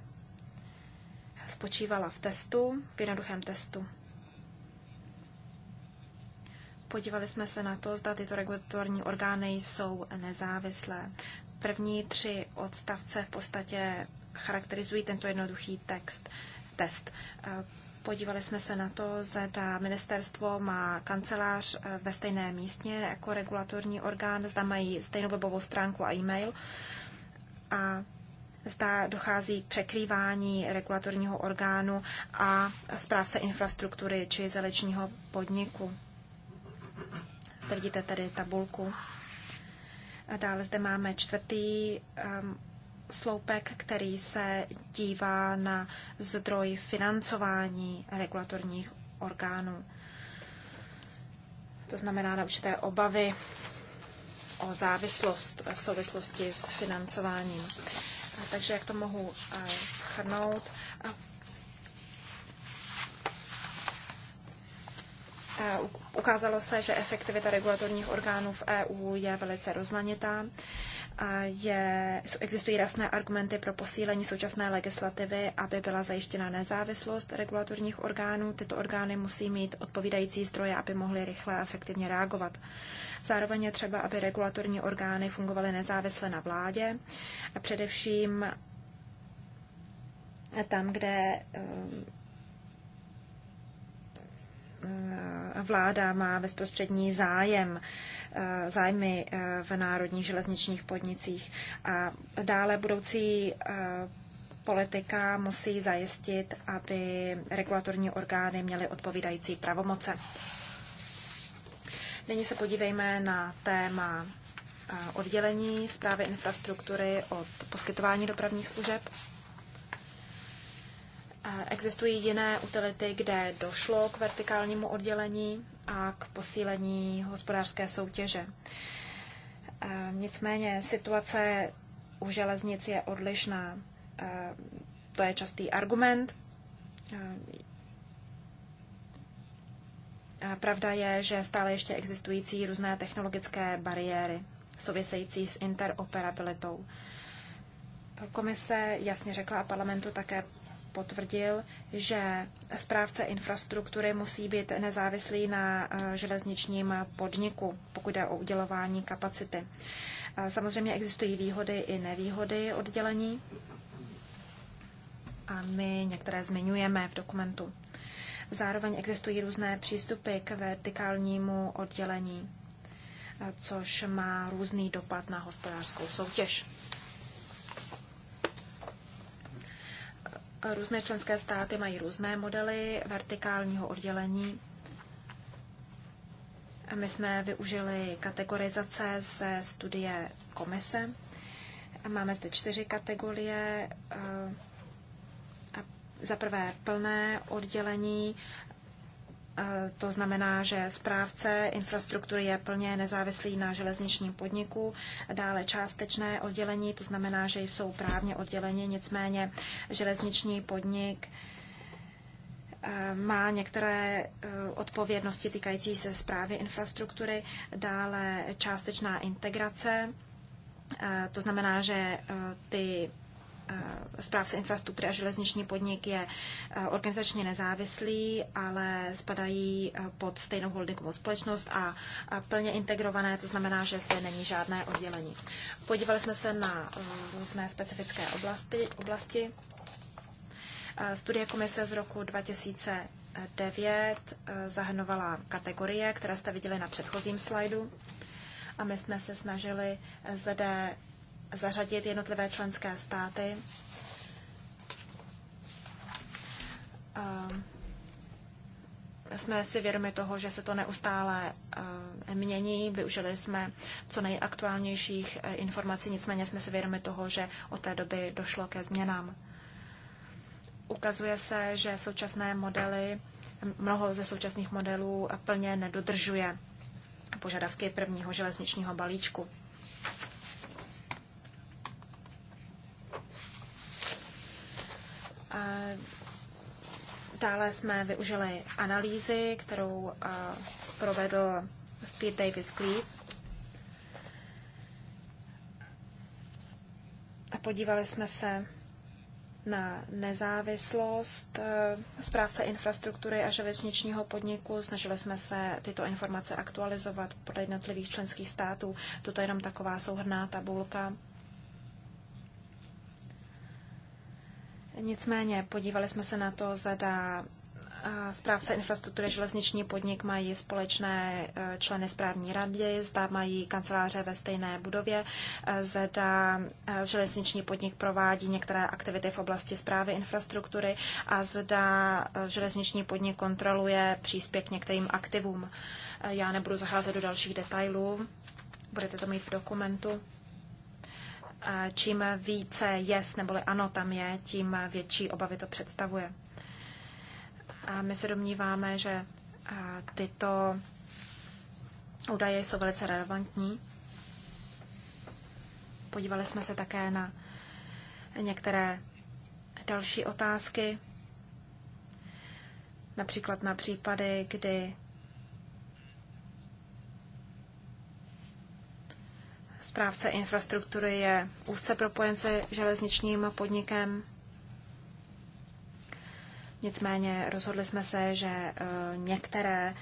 spočívala v testu, v jednoduchém testu. Podívali jsme se na to, zda tyto regulatorní orgány jsou nezávislé. První tři odstavce v podstatě charakterizují tento jednoduchý text, test. Podívali jsme se na to, zda ministerstvo má kancelář eh, ve stejné místě jako regulatorní orgán, zda mají stejnou webovou stránku a e-mail a zda dochází k překrývání regulatorního orgánu a správce infrastruktury či zelečního podniku. Zde vidíte tedy tabulku. A dále zde máme čtvrtý um, sloupek, který se dívá na zdroj financování regulatorních orgánů. To znamená na určité obavy o závislost v souvislosti s financováním. Takže jak to mohu eh, schrnout? Eh, ukázalo se, že efektivita regulatorních orgánů v EU je velice rozmanitá je, existují jasné argumenty pro posílení současné legislativy, aby byla zajištěna nezávislost regulatorních orgánů. Tyto orgány musí mít odpovídající zdroje, aby mohly rychle a efektivně reagovat. Zároveň je třeba, aby regulatorní orgány fungovaly nezávisle na vládě a především tam, kde Eh, vláda má bezprostřední zájem, eh, zájmy eh, v národních železničních podnicích. A dále budoucí politika musí zajistit, aby regulatorní orgány měly odpovídající pravomoce. Nyní se podívejme na téma oddělení zprávy infrastruktury od poskytování dopravních služeb. Existují jiné utility, kde došlo k vertikálnímu oddělení a k posílení hospodářské soutěže. E, nicméně situace u železnic je odlišná. E, to je častý argument. E, pravda je, že stále ještě existující různé technologické bariéry související s interoperabilitou. Komise jasně řekla a parlamentu také potvrdil, že správce infrastruktury musí být nezávislý na eh, železničním podniku, pokud jde o udělování kapacity. Eh, samozřejmě existují výhody i nevýhody oddělení a my některé zmiňujeme v dokumentu. Zároveň existují různé přístupy k vertikálnímu oddělení, eh, což má různý dopad na hospodářskou soutěž. Různé členské státy mají různé modely vertikálního oddělení. My jsme využili kategorizace ze studie komise. Máme zde čtyři kategorie. Eh, za prvé plné oddělení, E, to znamená, že správce infrastruktury je plně nezávislý na železničním podniku, dále částečné oddělení, to znamená, že jsou právně odděleni, nicméně železniční podnik e, má některé e, odpovědnosti týkající se zprávy infrastruktury, dále částečná integrace, to znamená, že ty Eh, zprávce infrastruktury a železniční podnik je eh, organizačně nezávislý, ale spadají eh, pod stejnou holdingovou společnost a plně integrované, to znamená, že zde není žádné oddělení. Podívali jsme se na různé specifické oblasti. oblasti. Studie komise z roku 2009 zahrnovala kategorie, které jste viděli na předchozím slajdu a my jsme se snažili zde zařadit jednotlivé členské státy ehm, jsme si vědomi toho, že se to neustále ehm, mění. Využili jsme co nejaktuálnějších eh, informací, nicméně jsme si vědomi toho, že od té doby došlo ke změnám. Ukazuje se, že současné modely, mnoho ze současných modelů plně nedodržuje požadavky prvního železničního balíčku. Dále jsme využili analýzy, kterou provedl Steve Davis Cleave. A podívali jsme se na nezávislost správce infrastruktury a železničního podniku. Snažili jsme se tyto informace aktualizovat podle jednotlivých členských států. Toto je jenom taková souhrná tabulka Nicméně podívali jsme se na to, zda správce infrastruktury železniční podnik mají společné e, členy správní rady, zda mají kanceláře ve stejné budově, e, zda e, železniční podnik provádí některé aktivity v oblasti zprávy infrastruktury a zda železniční podnik kontroluje příspěch některým aktivům. Já nebudu zacházet do dalších detailů, budete to mít v dokumentu čím více yes neboli ano tam je, tím větší obavy to představuje. A my se domníváme, že tyto údaje jsou velice relevantní. Podívali jsme se také na některé další otázky, například na případy, kdy Správce infrastruktury je úzce propojen se železničním podnikem. Nicméně rozhodli jsme se, že e, některé,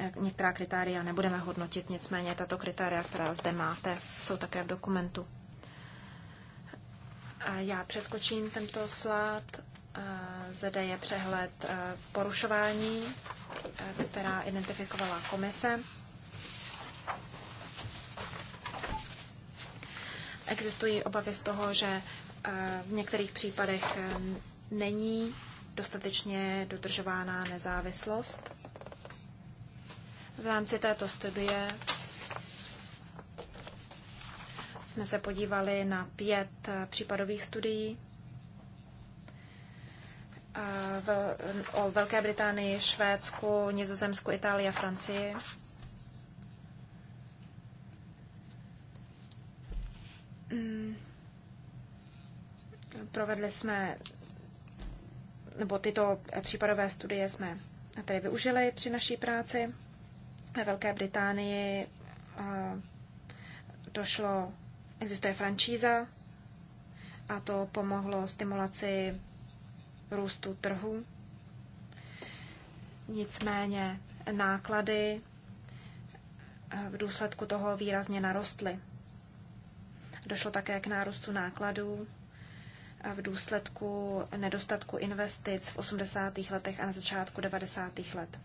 e, některá kritéria nebudeme hodnotit, nicméně tato kritéria, která zde máte, jsou také v dokumentu. Já přeskočím tento slad. E, zde je přehled porušování, která identifikovala komise. Existují obavy z toho, že eh, v některých případech eh, není dostatečně dodržována nezávislost. V rámci této studie jsme se podívali na pět eh, případových studií o Velké Británii, Švédsku, Nizozemsku, Itálii a Francii. Mm. provedli jsme, nebo tyto případové studie jsme tedy využili při naší práci. Ve Velké Británii došlo, existuje franšíza a to pomohlo stimulaci růstu trhu. Nicméně náklady v důsledku toho výrazně narostly. Došlo také k nárůstu nákladů v důsledku nedostatku investic v 80. letech a na začátku 90. let.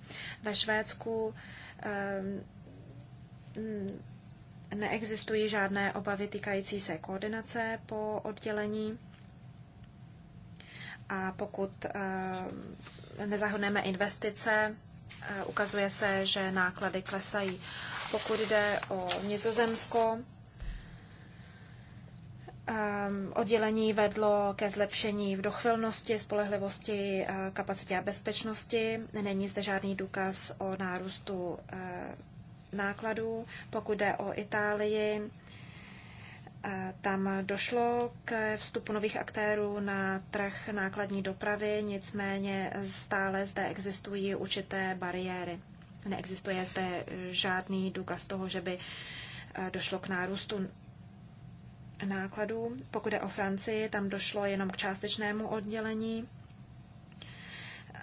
Ve Švédsku ehm, neexistují žádné obavy týkající se koordinace po oddělení. A pokud ehm, nezahodneme investice, eh, ukazuje se, že náklady klesají. Pokud jde o Nizozemsko, Ehm, oddělení vedlo ke zlepšení v dochvilnosti, spolehlivosti, kapacitě a bezpečnosti. Není zde žádný důkaz o nárůstu eh, nákladů. Pokud jde o Itálii, eh, tam došlo k vstupu nových aktérů na trh nákladní dopravy, nicméně stále zde existují určité bariéry. Neexistuje zde žádný důkaz toho, že by eh, došlo k nárůstu nákladů. Pokud je o Francii, tam došlo jenom k částečnému oddělení.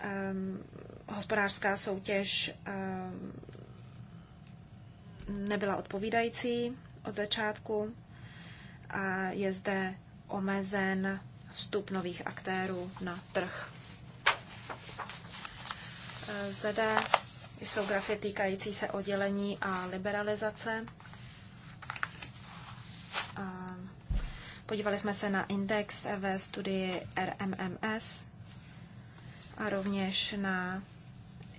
Um, hospodářská soutěž um, nebyla odpovídající od začátku a je zde omezen vstup nových aktérů na trh. Ehm, zde jsou grafy týkající se oddělení a liberalizace. Podívali jsme se na index ve studii RMMS a rovněž na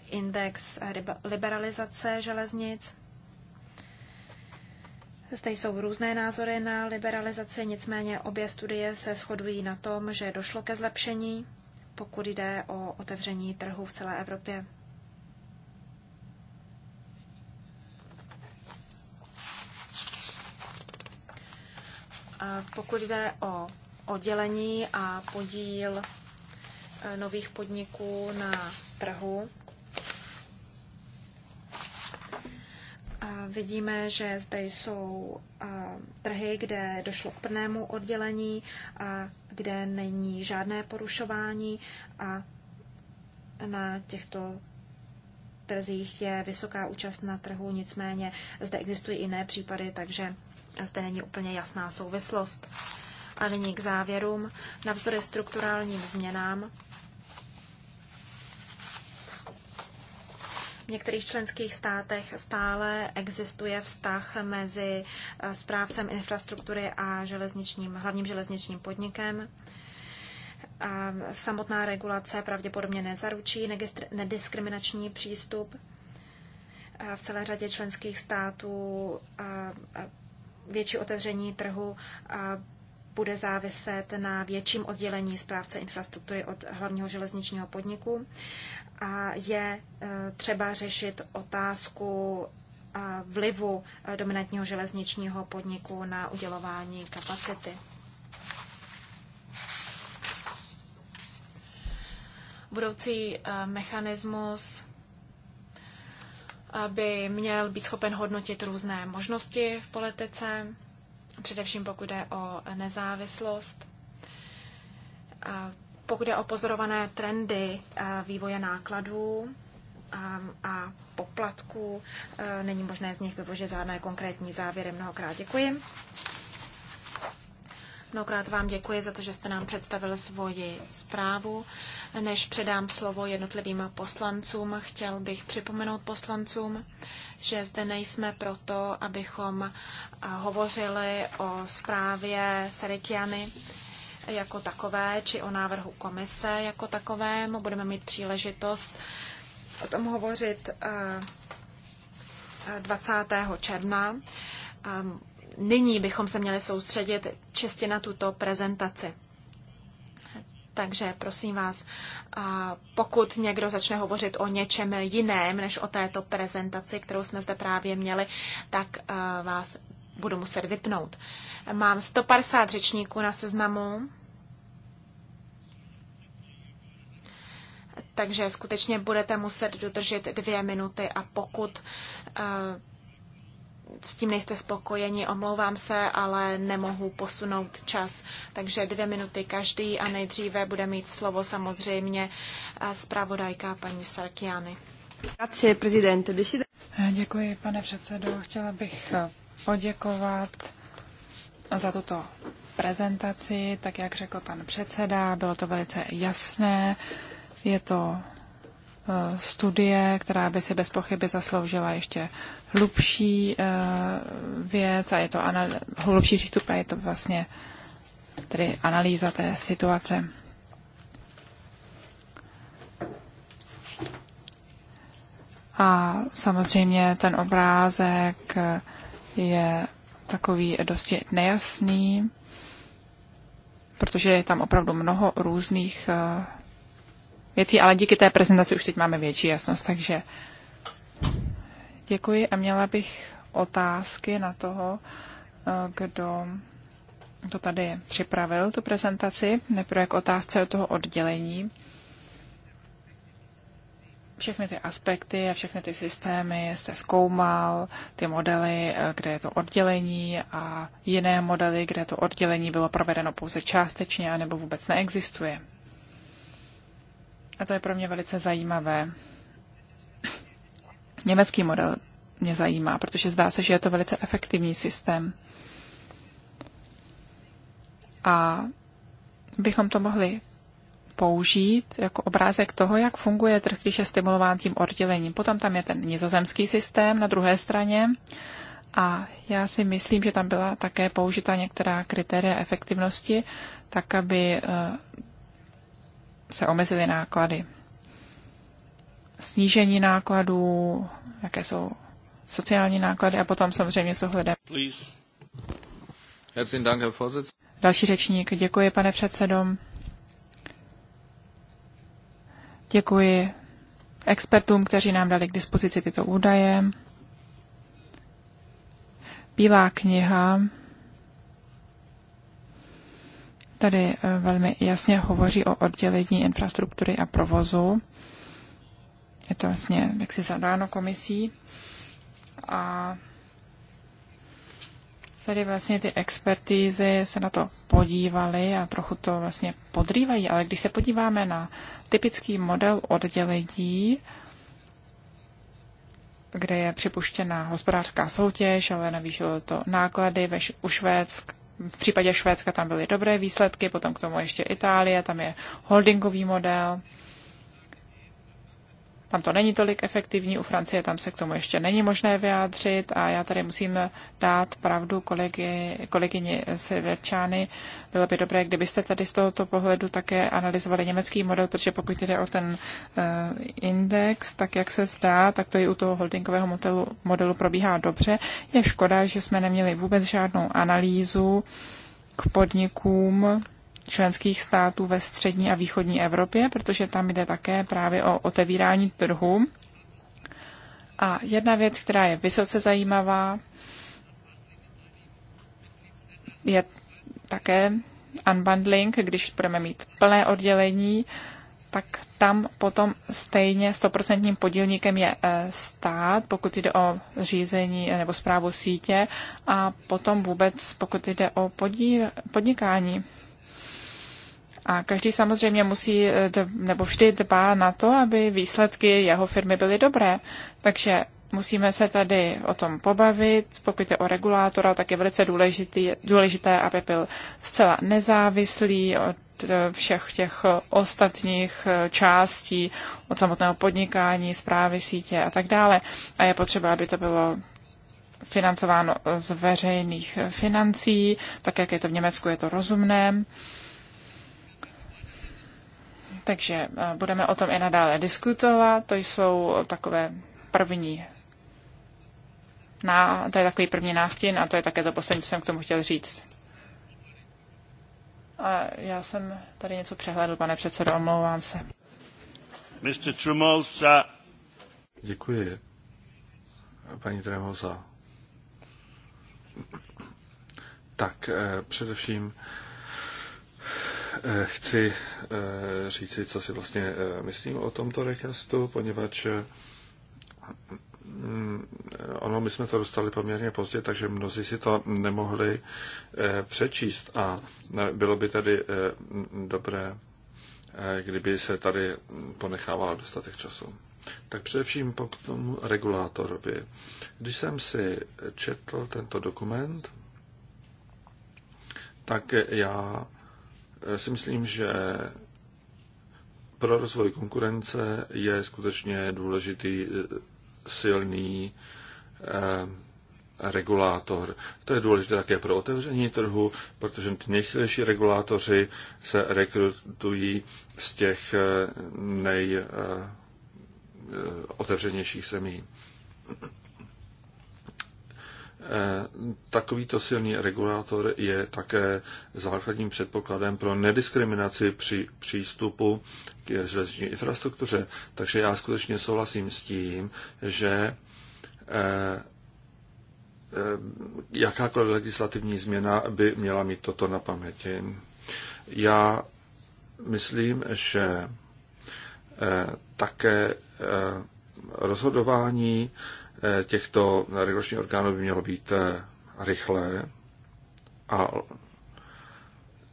index liberalizace železnic. Zde jsou různé názory na liberalizaci, nicméně obě studie se shodují na tom, že došlo ke zlepšení, pokud jde o otevření trhu v celé Evropě. Pokud jde o oddělení a podíl eh, nových podniků na trhu, vidíme, že zde jsou eh, trhy, kde došlo k prvnému oddělení, a kde není žádné porušování a na těchto trzích je vysoká účast na trhu, nicméně zde existují jiné případy, takže zde není úplně jasná souvislost. A nyní k závěrům. Navzdory strukturálním změnám V některých členských státech stále existuje vztah mezi eh, správcem infrastruktury a železničním, hlavním železničním podnikem. A samotná regulace pravděpodobně nezaručí nediskriminační přístup. A v celé řadě členských států větší otevření trhu bude záviset na větším oddělení správce infrastruktury od hlavního železničního podniku. A je e, třeba řešit otázku e, vlivu e, dominantního železničního podniku na udělování kapacity. Budoucí mechanismus by měl být schopen hodnotit různé možnosti v politice, především pokud jde o nezávislost. Pokud jde o pozorované trendy e, vývoje nákladů a poplatků, e, není možné z nich vyvožit žádné konkrétní závěry. Mnohokrát děkuji. Mnohokrát vám děkuji za to, že jste nám představil svoji zprávu. Než předám slovo jednotlivým poslancům, chtěl bych připomenout poslancům, že zde nejsme proto, abychom hovořili o zprávě Serikiany jako takové, či o návrhu komise jako takovém. Budeme mít příležitost o tom hovořit 20. Eh, června ehm, nyní bychom se měli soustředit čistě na tuto prezentaci. Takže prosím vás, pokud někdo začne hovořit o něčem jiném než o této prezentaci, kterou jsme zde právě měli, tak vás budu muset vypnout. Mám 150 řečníků na seznamu, takže skutečně budete muset dodržet dvě minuty a pokud s tím nejste spokojeni, omlouvám se, ale nemohu posunout čas. Takže dvě minuty každý a nejdříve bude mít slovo samozřejmě eh, zpravodajka paní Sarkiany. Eh, děkuji, pane předsedo. Chtěla bych eh, poděkovat za tuto prezentaci. Tak, jak řekl pan předseda, bylo to velice jasné. Je to Eh, studie, která by si bez pochyby zasloužila ještě hlubší eh, věc a je to anal- hlubší přístup a je to vlastně tedy analýza té situace. A samozřejmě ten obrázek je takový dosti nejasný, protože je tam opravdu mnoho různých eh, věcí, ale díky té prezentaci už teď máme větší jasnost, takže děkuji a měla bych otázky na toho, eh, kdo to tady připravil, tu prezentaci, neprve k otázce od toho oddělení. Všechny ty aspekty a všechny ty systémy jste zkoumal, ty modely, eh, kde je to oddělení a jiné modely, kde to oddělení bylo provedeno pouze částečně anebo vůbec neexistuje. A to je pro mě velice zajímavé. Německý model mě zajímá, protože zdá se, že je to velice efektivní systém. A bychom to mohli použít jako obrázek toho, jak funguje trh, když je stimulován tím oddělením. Potom tam je ten nizozemský systém na druhé straně a já si myslím, že tam byla také použita některá kritéria efektivnosti, tak aby eh, se omezily náklady. Snížení nákladů, jaké jsou sociální náklady a potom samozřejmě s ohledem. Další řečník, děkuji pane předsedom. Děkuji expertům, kteří nám dali k dispozici tyto údaje. Bílá kniha tady eh, velmi jasně hovoří o oddělení infrastruktury a provozu. Je to vlastně jaksi zadáno komisí. A tady vlastně ty expertízy se na to podívaly a trochu to vlastně podrývají, ale když se podíváme na typický model oddělení, kde je připuštěna hospodářská soutěž, ale navýšilo to náklady ve, u Švédsk, v případě Švédska tam byly dobré výsledky, potom k tomu ještě Itálie, tam je holdingový model. Tam to není tolik efektivní, u Francie tam se k tomu ještě není možné vyjádřit a já tady musím dát pravdu kolegy, kolegyni Severčány. Bylo by dobré, kdybyste tady z tohoto pohledu také analyzovali německý model, protože pokud jde o ten eh, index, tak jak se zdá, tak to i u toho holdingového modelu, modelu probíhá dobře. Je škoda, že jsme neměli vůbec žádnou analýzu k podnikům, členských států ve střední a východní Evropě, protože tam jde také právě o otevírání trhu. A jedna věc, která je vysoce zajímavá, je také unbundling, když budeme mít plné oddělení, tak tam potom stejně stoprocentním podílníkem je eh, stát, pokud jde o řízení eh, nebo zprávu sítě a potom vůbec, pokud jde o podí, podnikání. A každý samozřejmě musí eh, nebo vždy dbá na to, aby výsledky jeho firmy byly dobré. Takže musíme se tady o tom pobavit. Pokud je o regulátora, tak je velice důležitý, důležité, aby byl zcela nezávislý od eh, všech těch eh, ostatních částí, od samotného podnikání, zprávy sítě a tak dále. A je potřeba, aby to bylo financováno z veřejných financí, tak jak je to v Německu, je to rozumné. Takže eh, budeme o tom i nadále diskutovat. To jsou takové první na, to je takový první nástin a to je také to poslední, co jsem k tomu chtěl říct. A já jsem tady něco přehlédl, pane předsedo, omlouvám se. Mr. Trumosa. Děkuji, paní Tremosa. Tak, eh, především eh, Eh, chci eh, říci, co si vlastně eh, myslím o tomto recastu, poněvadž mm, ono, my jsme to dostali poměrně pozdě, takže mnozí si to nemohli přečíst a bylo by tady dobré, kdyby se tady ponechávalo dostatek času. Tak především po tomu regulátorovi. Když jsem si četl tento dokument, tak já si myslím, že pro rozvoj konkurence je skutečně důležitý eh, silný eh, regulátor. To je důležité také pro otevření trhu, protože ty nejsilnější regulátoři se rekrutují z těch eh, nejotevřenějších zemí. Eh, takovýto silný regulátor je také základním předpokladem pro nediskriminaci při přístupu k železniční infrastruktuře. Takže já skutečně souhlasím s tím, že eh, eh, jakákoliv legislativní změna by měla mít toto na paměti. Já myslím, že také rozhodování Eh, těchto regulačních orgánů by mělo být eh, rychlé. A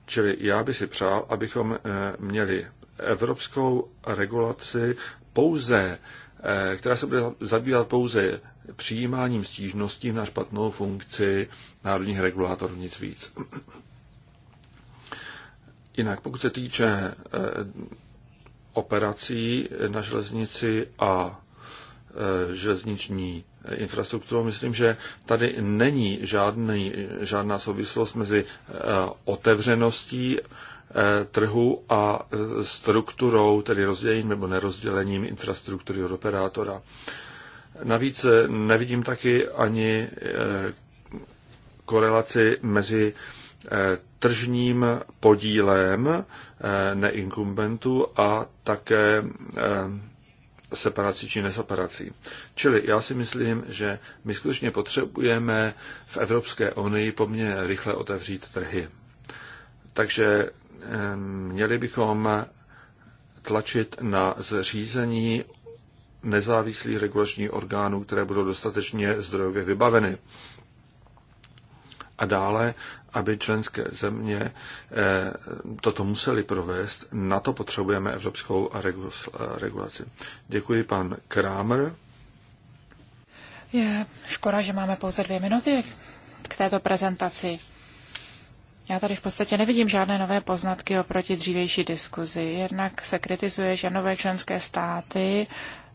čili já bych si přál, abychom eh, měli evropskou regulaci pouze, která se bude zabývat pouze přijímáním stížností na špatnou funkci národních regulátorů, nic víc. Jinak, pokud se týče operací na železnici a Eh, železniční infrastrukturu. Myslím, že tady není žádný, žádná souvislost mezi eh, otevřeností eh, trhu a strukturou, tedy rozdělením nebo nerozdělením infrastruktury od operátora. Navíc nevidím taky ani korelaci mezi tržním podílem neinkumbentů a také separací či neseparací. Čili já si myslím, že my skutečně potřebujeme v Evropské unii poměrně rychle otevřít trhy. Takže měli bychom tlačit na zřízení nezávislých regulačních orgánů, které budou dostatečně zdrojově vybaveny. A dále aby členské země eh, toto museli provést, na to potřebujeme evropskou regulaci. Děkuji pan Kramer. Je škoda, že máme pouze dvě minuty k této prezentaci. Já tady v podstatě nevidím žádné nové poznatky oproti dřívější diskuzi. Jednak se kritizuje, že nové členské státy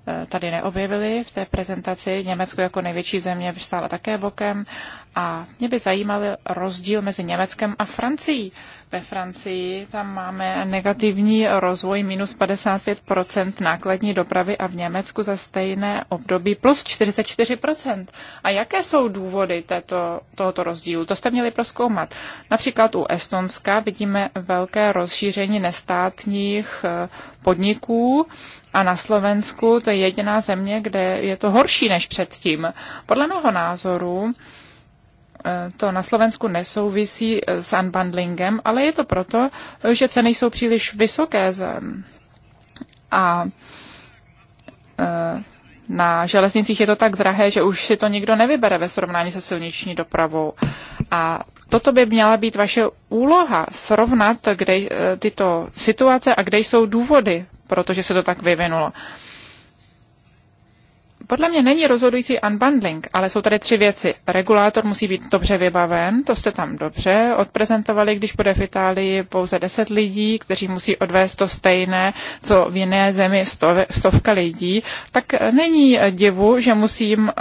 eh, tady neobjevily v té prezentaci. Německo jako největší země stále také bokem a mě by zajímal rozdíl mezi Německem a Francií. Ve Francii tam máme negativní rozvoj minus 55 nákladní dopravy a v Německu za stejné období plus 44 A jaké jsou důvody této, tohoto rozdílu? To jste měli proskoumat. Například u Estonska vidíme velké rozšíření nestátních eh, podniků a na Slovensku to je jediná země, kde je to horší než předtím. Podle mého názoru, to na Slovensku nesouvisí eh, s unbundlingem, ale je to proto, že ceny jsou příliš vysoké eh, a eh, na železnicích je to tak drahé, že už si to nikdo nevybere ve srovnání se silniční dopravou. A toto by měla být vaše úloha, srovnat kde, tyto situace a kde jsou důvody, protože se to tak vyvinulo. Uh, podle mě není rozhodující unbundling, ale jsou tady tři věci. Regulátor musí být dobře vybaven, to jste tam dobře odprezentovali, když bude v Itálii pouze 10 lidí, kteří musí odvést to stejné, co v jiné zemi stov, stovka lidí, tak není divu, že musím uh,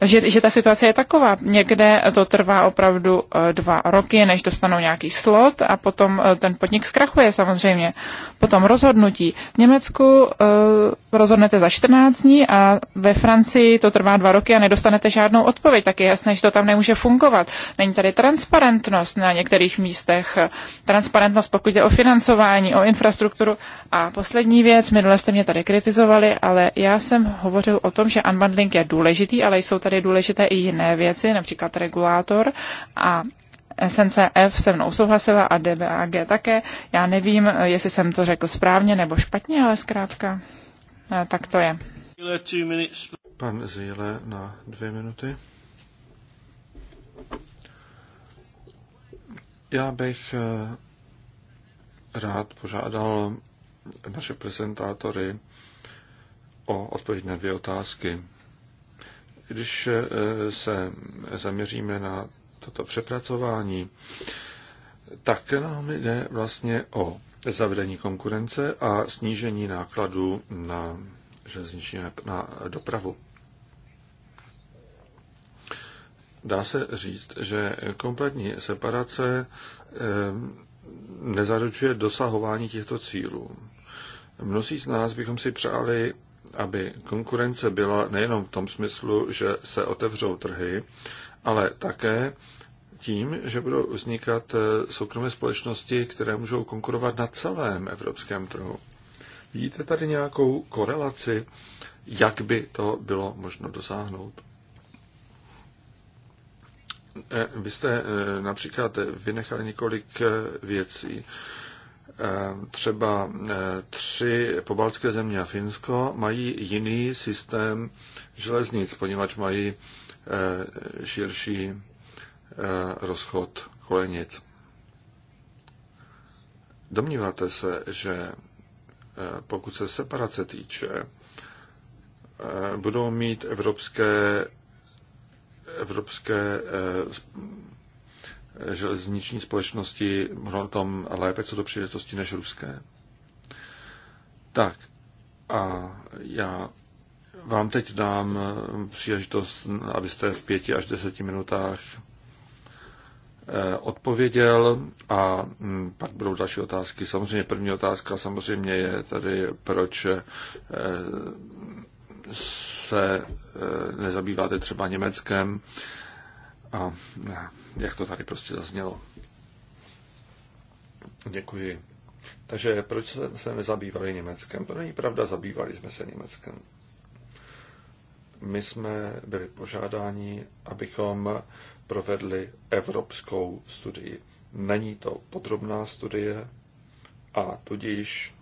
že, že ta situace je taková. Někde to trvá opravdu eh, dva roky, než dostanou nějaký slot a potom eh, ten podnik zkrachuje samozřejmě. Potom rozhodnutí. V Německu eh, rozhodnete za 14 dní a ve Francii to trvá dva roky a nedostanete žádnou odpověď. Tak je jasné, že to tam nemůže fungovat. Není tady transparentnost na některých místech. Transparentnost pokud jde o financování, o infrastrukturu. A poslední věc, minule jste mě tady kritizovali, ale já jsem hovořil o tom, že unbundling je důležitý, ale jsou tady tady důležité i jiné věci, například regulátor a F se mnou souhlasila a DBAG také. Já nevím, jestli jsem to řekl správně nebo špatně, ale zkrátka eh, tak to je. Pan Zíle na dvě minuty. Já bych eh, rád požádal naše prezentátory o odpověď na dvě otázky. Když eh, se zaměříme na toto přepracování, tak nám jde vlastně o zavedení konkurence a snížení nákladů na železniční na dopravu. Dá se říct, že kompletní separace eh, nezaručuje dosahování těchto cílů. Mnozí z nás bychom si přáli aby konkurence byla nejenom v tom smyslu, že se otevřou trhy, ale také tím, že budou vznikat eh, soukromé společnosti, které můžou konkurovat na celém evropském trhu. Vidíte tady nějakou korelaci, jak by to bylo možno dosáhnout? Eh, vy jste eh, například vynechali několik věcí. Eh, třeba eh, tři pobaltské země a Finsko mají jiný systém železnic, poněvadž mají eh, širší rozchod kolejnic. Domníváte se, že pokud se separace týče, budou mít evropské, evropské železniční společnosti možná tom lépe co do příležitosti než ruské. Tak a já vám teď dám příležitost, abyste v pěti až deseti minutách eh, odpověděl a hm, pak budou další otázky. Samozřejmě první otázka samozřejmě je tady, proč eh, se eh, nezabýváte třeba Německem a jak to tady prostě zaznělo. Děkuji. Takže proč se, se nezabývali Německem? To není pravda, zabývali jsme se Německem. My jsme byli požádáni, abychom provedli evropskou studii. Není to podrobná studie a tudíž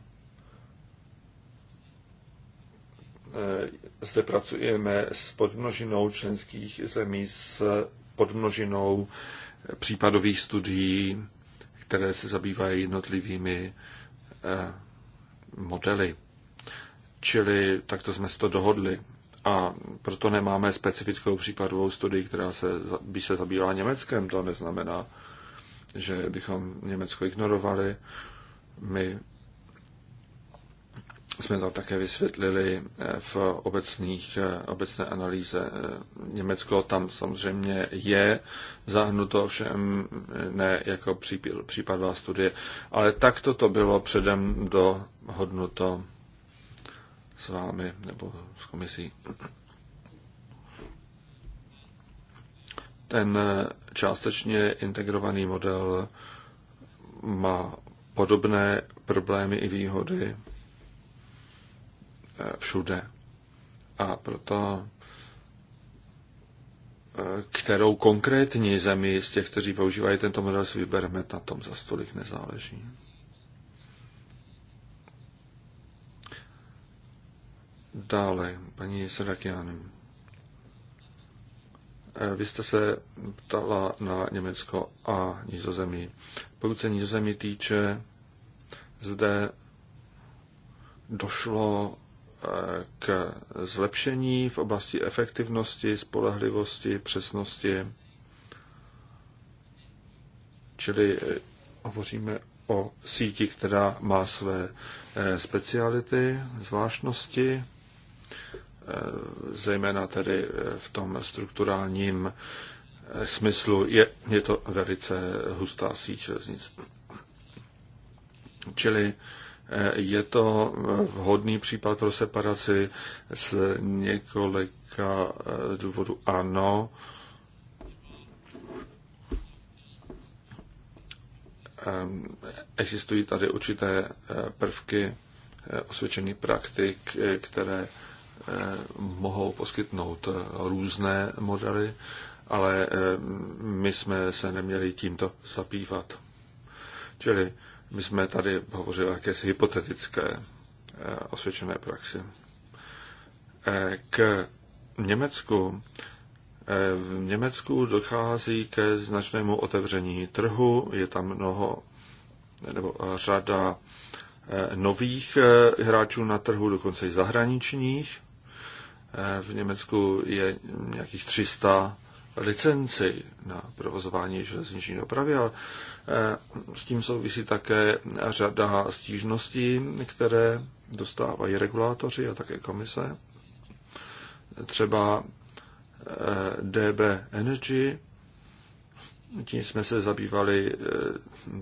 eh, zde pracujeme s podmnožinou členských zemí z podmnožinou případových studií, které se zabývají jednotlivými eh, modely. Čili takto jsme se to dohodli. A proto nemáme specifickou případovou studii, která se, by se zabývala Německem. To neznamená, že bychom Německo ignorovali. My jsme tam také vysvětlili eh, v obecných, eh, obecné analýze. Eh, Německo tam samozřejmě je zahnuto všem, ne jako případová studie, ale takto to bylo předem dohodnuto s vámi nebo s komisí. Ten částečně integrovaný model má podobné problémy i výhody všude. A proto eh, kterou konkrétní zemi z těch, kteří používají tento model, si vybereme, na tom za stolik nezáleží. Dále, paní Sedakiany. Eh, vy jste se ptala na Německo a Nizozemí. Pokud se Nizozemí týče, zde došlo k zlepšení v oblasti efektivnosti, spolehlivosti, přesnosti. Čili eh, hovoříme o síti, která má své eh, speciality, zvláštnosti, eh, zejména tedy v tom strukturálním smyslu. Je, je to velice hustá síť železnic. Čili je to vhodný případ pro separaci z několika eh, důvodů. Ano, ehm, existují tady určité eh, prvky eh, osvědčených praktik, které mohou poskytnout různé modely, ale ehm, my jsme se neměli tímto zapívat. Čili my jsme tady hovořili o jakési hypotetické eh, osvědčené praxi. Eh, k Německu. Eh, v Německu dochází ke značnému otevření trhu, je tam mnoho nebo řada nových hráčů na trhu, dokonce i zahraničních. V Německu je nějakých 300 licenci na provozování železniční dopravy a eh, s tím souvisí také řada stížností, které dostávají regulátoři a také komise. Třeba eh, DB Energy, tím jsme se zabývali eh,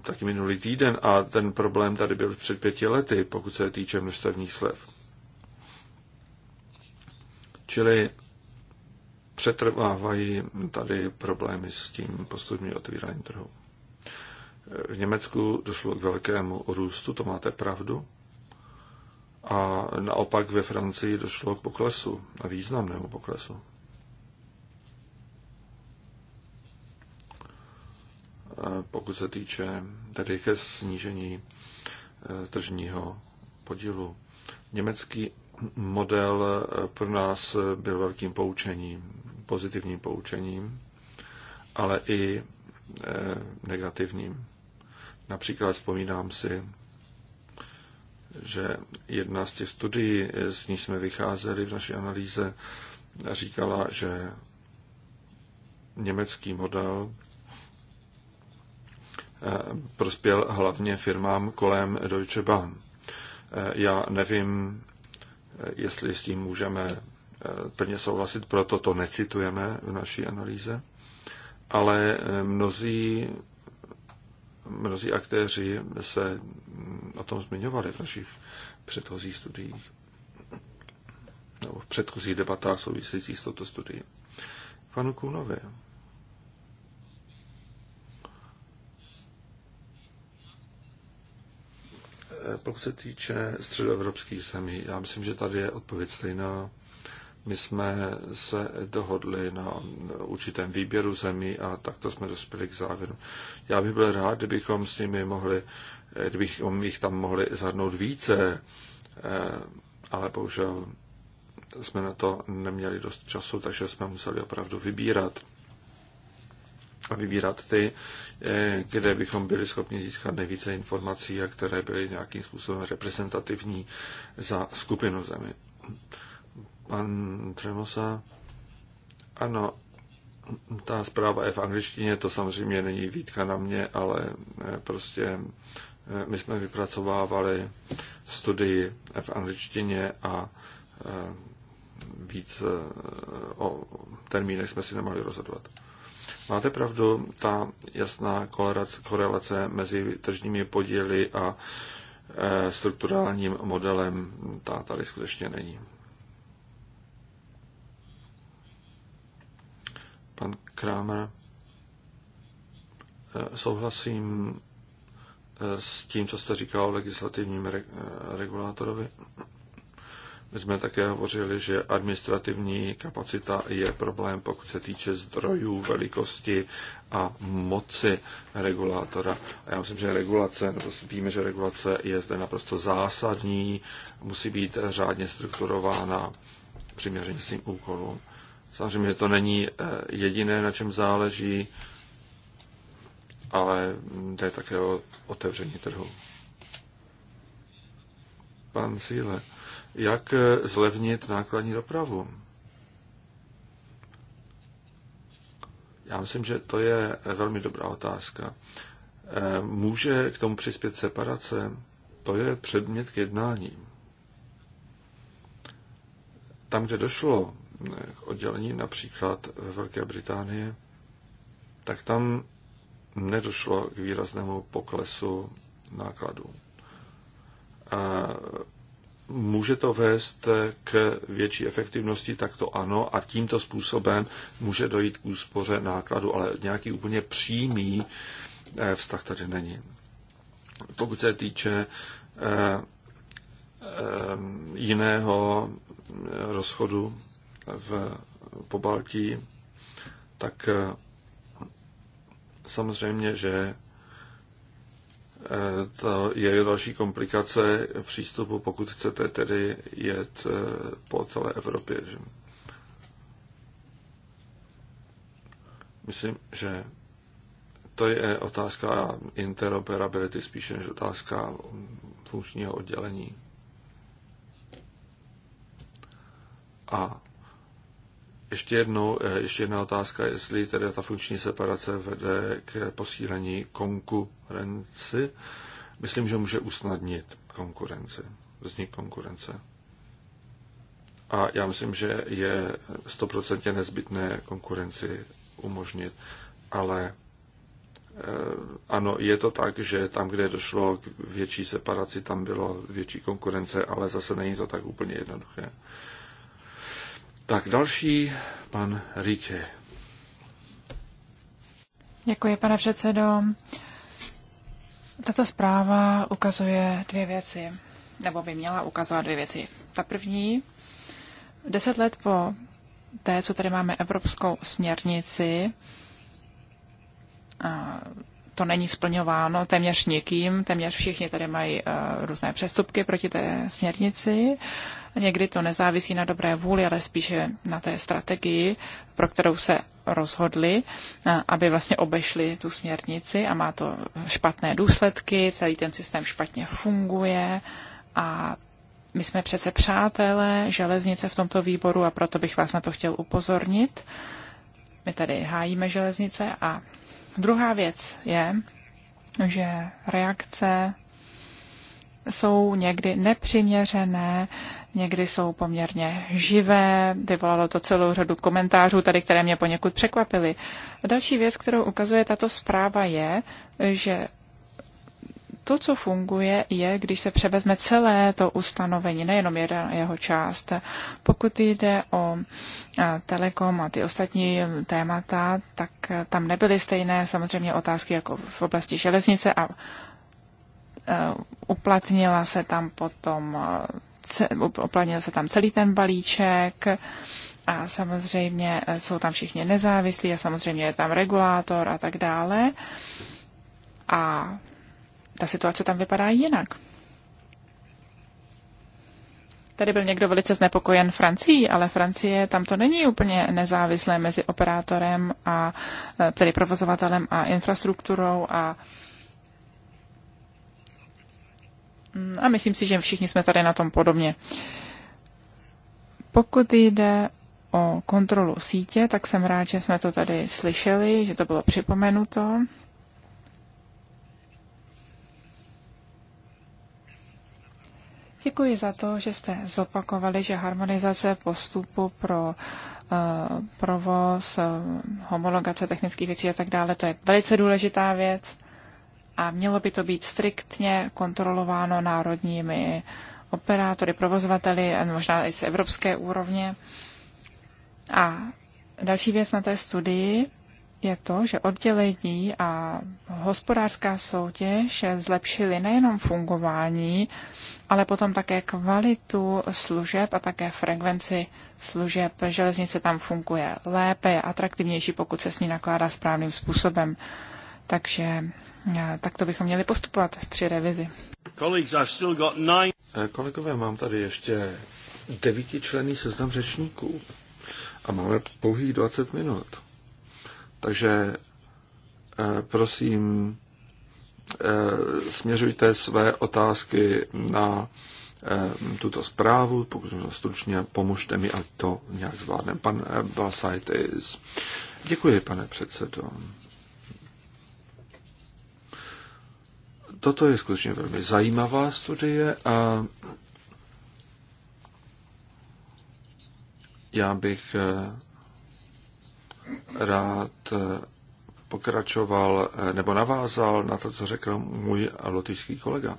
taky minulý týden a ten problém tady byl před pěti lety, pokud se týče množstevních slev. Čili přetrvávají tady problémy s tím postupným otvíráním trhu. V Německu došlo k velkému růstu, to máte pravdu, a naopak ve Francii došlo k poklesu, a významnému poklesu. Pokud se týče tedy ke snížení e, tržního podílu. Německý model e, pro nás byl velkým poučením pozitivním poučením, ale i eh, negativním. Například vzpomínám si, že jedna z těch studií, eh, z níž jsme vycházeli v naší analýze, říkala, že německý model eh, prospěl hlavně firmám kolem Deutsche Bahn. Já nevím, jestli s tím můžeme Eh, plně souhlasit, proto to necitujeme v naší analýze, ale eh, mnozí, mnozí aktéři se mm, o tom zmiňovali v našich předchozích studiích nebo v předchozích debatách souvisejících s touto studií. Panu Kůnovi. Eh, pokud se týče středoevropských zemí, já myslím, že tady je odpověď stejná my jsme se dohodli na určitém výběru zemí a takto jsme dospěli k závěru. Já bych byl rád, kdybychom s nimi mohli, kdybychom jich tam mohli zahrnout více, eh, ale bohužel jsme na to neměli dost času, takže jsme museli opravdu vybírat. A vybírat ty, eh, kde bychom byli schopni získat nejvíce informací a které byly nějakým způsobem reprezentativní za skupinu zemi pan Tremosa. Ano, ta zpráva je v angličtině, to samozřejmě není výtka na mě, ale eh, prostě eh, my jsme vypracovávali studii v angličtině a eh, víc o termínech jsme si nemohli rozhodovat. Máte pravdu, ta jasná korelace mezi tržními podíly a strukturálním modelem, ta tady skutečně není. Pan Kramer. Eh, souhlasím eh, s tím, co jste říkal o legislativním eh, regulátorovi. My jsme také hovořili, že administrativní kapacita je problém, pokud se týče zdrojů, velikosti a moci regulátora. A já myslím, že regulace, víme, že regulace je zde naprosto zásadní, musí být řádně strukturována přiměřeně svým úkolům. Samozřejmě to není eh, jediné, na čem záleží, ale hm, jde také o otevření trhu. Pan Síle, jak eh, zlevnit nákladní dopravu? Já myslím, že to je eh, velmi dobrá otázka. Může k tomu přispět separace? To je předmět k jednání. Tam, kde došlo oddělení, například ve Velké Británii, tak tam nedošlo k výraznému poklesu nákladů. A může to vést k větší efektivnosti, tak to ano, a tímto způsobem může dojít k úspoře nákladu, ale nějaký úplně přímý eh, vztah tady není. Pokud se týče eh, eh, jiného rozchodu v Pobaltí, tak eh, samozřejmě, že eh, to je další komplikace přístupu, pokud chcete tedy jet eh, po celé Evropě. Že? Myslím, že to je otázka interoperability spíše než otázka funkčního oddělení. A ještě, jednou, eh, ještě jedna otázka, jestli tedy ta funkční separace vede k posílení konkurenci. Myslím, že může usnadnit konkurenci, vznik konkurence. A já myslím, že je stoprocentně nezbytné konkurenci umožnit, ale eh, ano, je to tak, že tam, kde došlo k větší separaci, tam bylo větší konkurence, ale zase není to tak úplně jednoduché. Tak další, pan Rike. Děkuji, pane předsedo. Tato zpráva ukazuje dvě věci, nebo by měla ukazovat dvě věci. Ta první, deset let po té, co tady máme evropskou směrnici, to není splňováno téměř nikým, téměř všichni tady mají eh, různé přestupky proti té směrnici Někdy to nezávisí na dobré vůli, ale spíše na té strategii, pro kterou se rozhodli, aby vlastně obešli tu směrnici a má to špatné důsledky, celý ten systém špatně funguje a my jsme přece přátelé železnice v tomto výboru a proto bych vás na to chtěl upozornit. My tady hájíme železnice a druhá věc je, že reakce jsou někdy nepřiměřené, někdy jsou poměrně živé. Vyvolalo to celou řadu komentářů tady, které mě poněkud překvapily. Další věc, kterou ukazuje tato zpráva, je, že to, co funguje, je, když se převezme celé to ustanovení, nejenom jedna jeho část. Pokud jde o telekom a ty ostatní témata, tak tam nebyly stejné samozřejmě otázky jako v oblasti železnice a Eh, uplatnila se tam potom eh, uplatnil se tam celý ten balíček a samozřejmě eh, jsou tam všichni nezávislí a samozřejmě je tam regulátor a tak dále. A ta situace tam vypadá jinak. Tady byl někdo velice znepokojen Francií, ale Francie tam to není úplně nezávislé mezi operátorem a tedy provozovatelem a infrastrukturou a Mm, a myslím si, že všichni jsme tady na tom podobně. Pokud jde o kontrolu sítě, tak jsem rád, že jsme to tady slyšeli, že to bylo připomenuto. Děkuji za to, že jste zopakovali, že harmonizace postupu pro uh, provoz, eh, homologace technických věcí a tak dále, to je velice důležitá věc a mělo by to být striktně kontrolováno národními operátory, provozovateli a možná i z evropské úrovně. A další věc na té studii je to, že oddělení a hospodářská soutěž zlepšily nejenom fungování, ale potom také kvalitu služeb a také frekvenci služeb. Železnice tam funguje lépe, je atraktivnější, pokud se s ní nakládá správným způsobem. Takže Eh, tak to bychom měli postupovat při revizi. Eh, kolegové, mám tady ještě devítičlený seznam řečníků a máme pouhých 20 minut. Takže eh, prosím, směřujte své otázky na tuto zprávu, pokud možno stručně, pomožte mi, ať to nějak zvládne. Pan Balsajtis. Děkuji, pane předsedo. toto je skutečně velmi zajímavá studie a já bych eh, rád eh, pokračoval eh, nebo navázal na to, co řekl můj lotyšský kolega.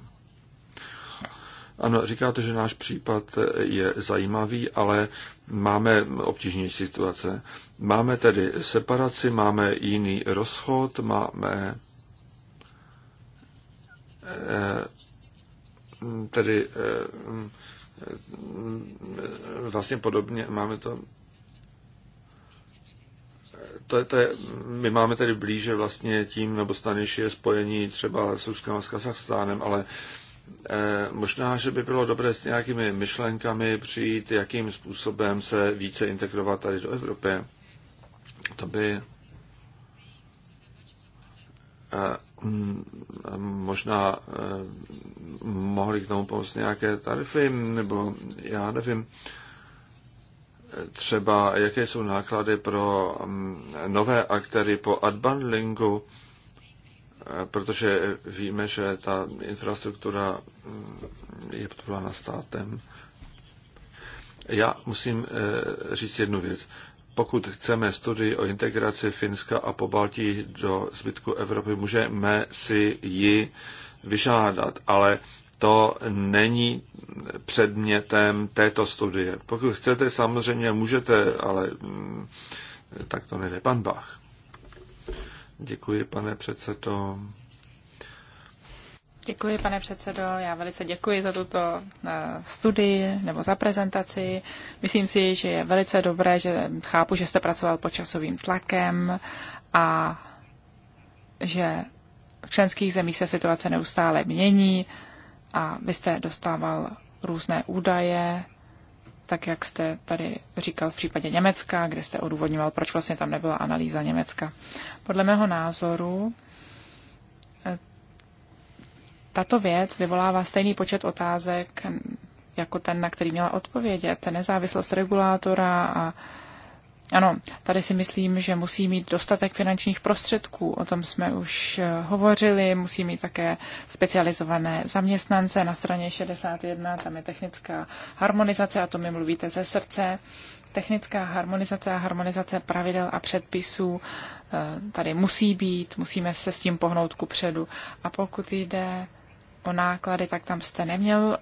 Ano, říkáte, že náš případ je zajímavý, ale máme obtížnější situace. Máme tedy separaci, máme jiný rozchod, máme Eh, tedy eh, vlastně podobně máme to to, je, to je, my máme tedy blíže vlastně tím, nebo stanější je spojení třeba s Ruskem a s Kazachstánem, ale eh, možná, že by bylo dobré s nějakými myšlenkami přijít, jakým způsobem se více integrovat tady do Evropy. To by eh, Mm, možná eh, mohli k tomu pomoct nějaké tarify, nebo já nevím, třeba jaké jsou náklady pro mm, nové aktéry po adbundlingu, eh, protože víme, že ta infrastruktura mm, je podporována státem. Já musím eh, říct jednu věc pokud chceme studii o integraci Finska a Pobaltí do zbytku Evropy, můžeme si ji vyžádat, ale to není předmětem této studie. Pokud chcete, samozřejmě můžete, ale mm, tak to nejde. Pan Bach. Děkuji, pane předsedo. Děkuji, pane předsedo. Já velice děkuji za tuto eh, studii nebo za prezentaci. Myslím si, že je velice dobré, že chápu, že jste pracoval pod časovým tlakem a že v členských zemích se situace neustále mění a vy jste dostával různé údaje, tak jak jste tady říkal v případě Německa, kde jste odůvodňoval, proč vlastně tam nebyla analýza Německa. Podle mého názoru tato věc vyvolává stejný počet otázek mm, jako ten, na který měla odpovědět. Nezávislost regulátora a ano, tady si myslím, že musí mít dostatek finančních prostředků, o tom jsme už eh, hovořili, musí mít také specializované zaměstnance. Na straně 61 tam je technická harmonizace, a to mi mluvíte ze srdce. Technická harmonizace a harmonizace pravidel a předpisů eh, tady musí být, musíme se s tím pohnout ku předu. A pokud jde o náklady, tak tam jste neměl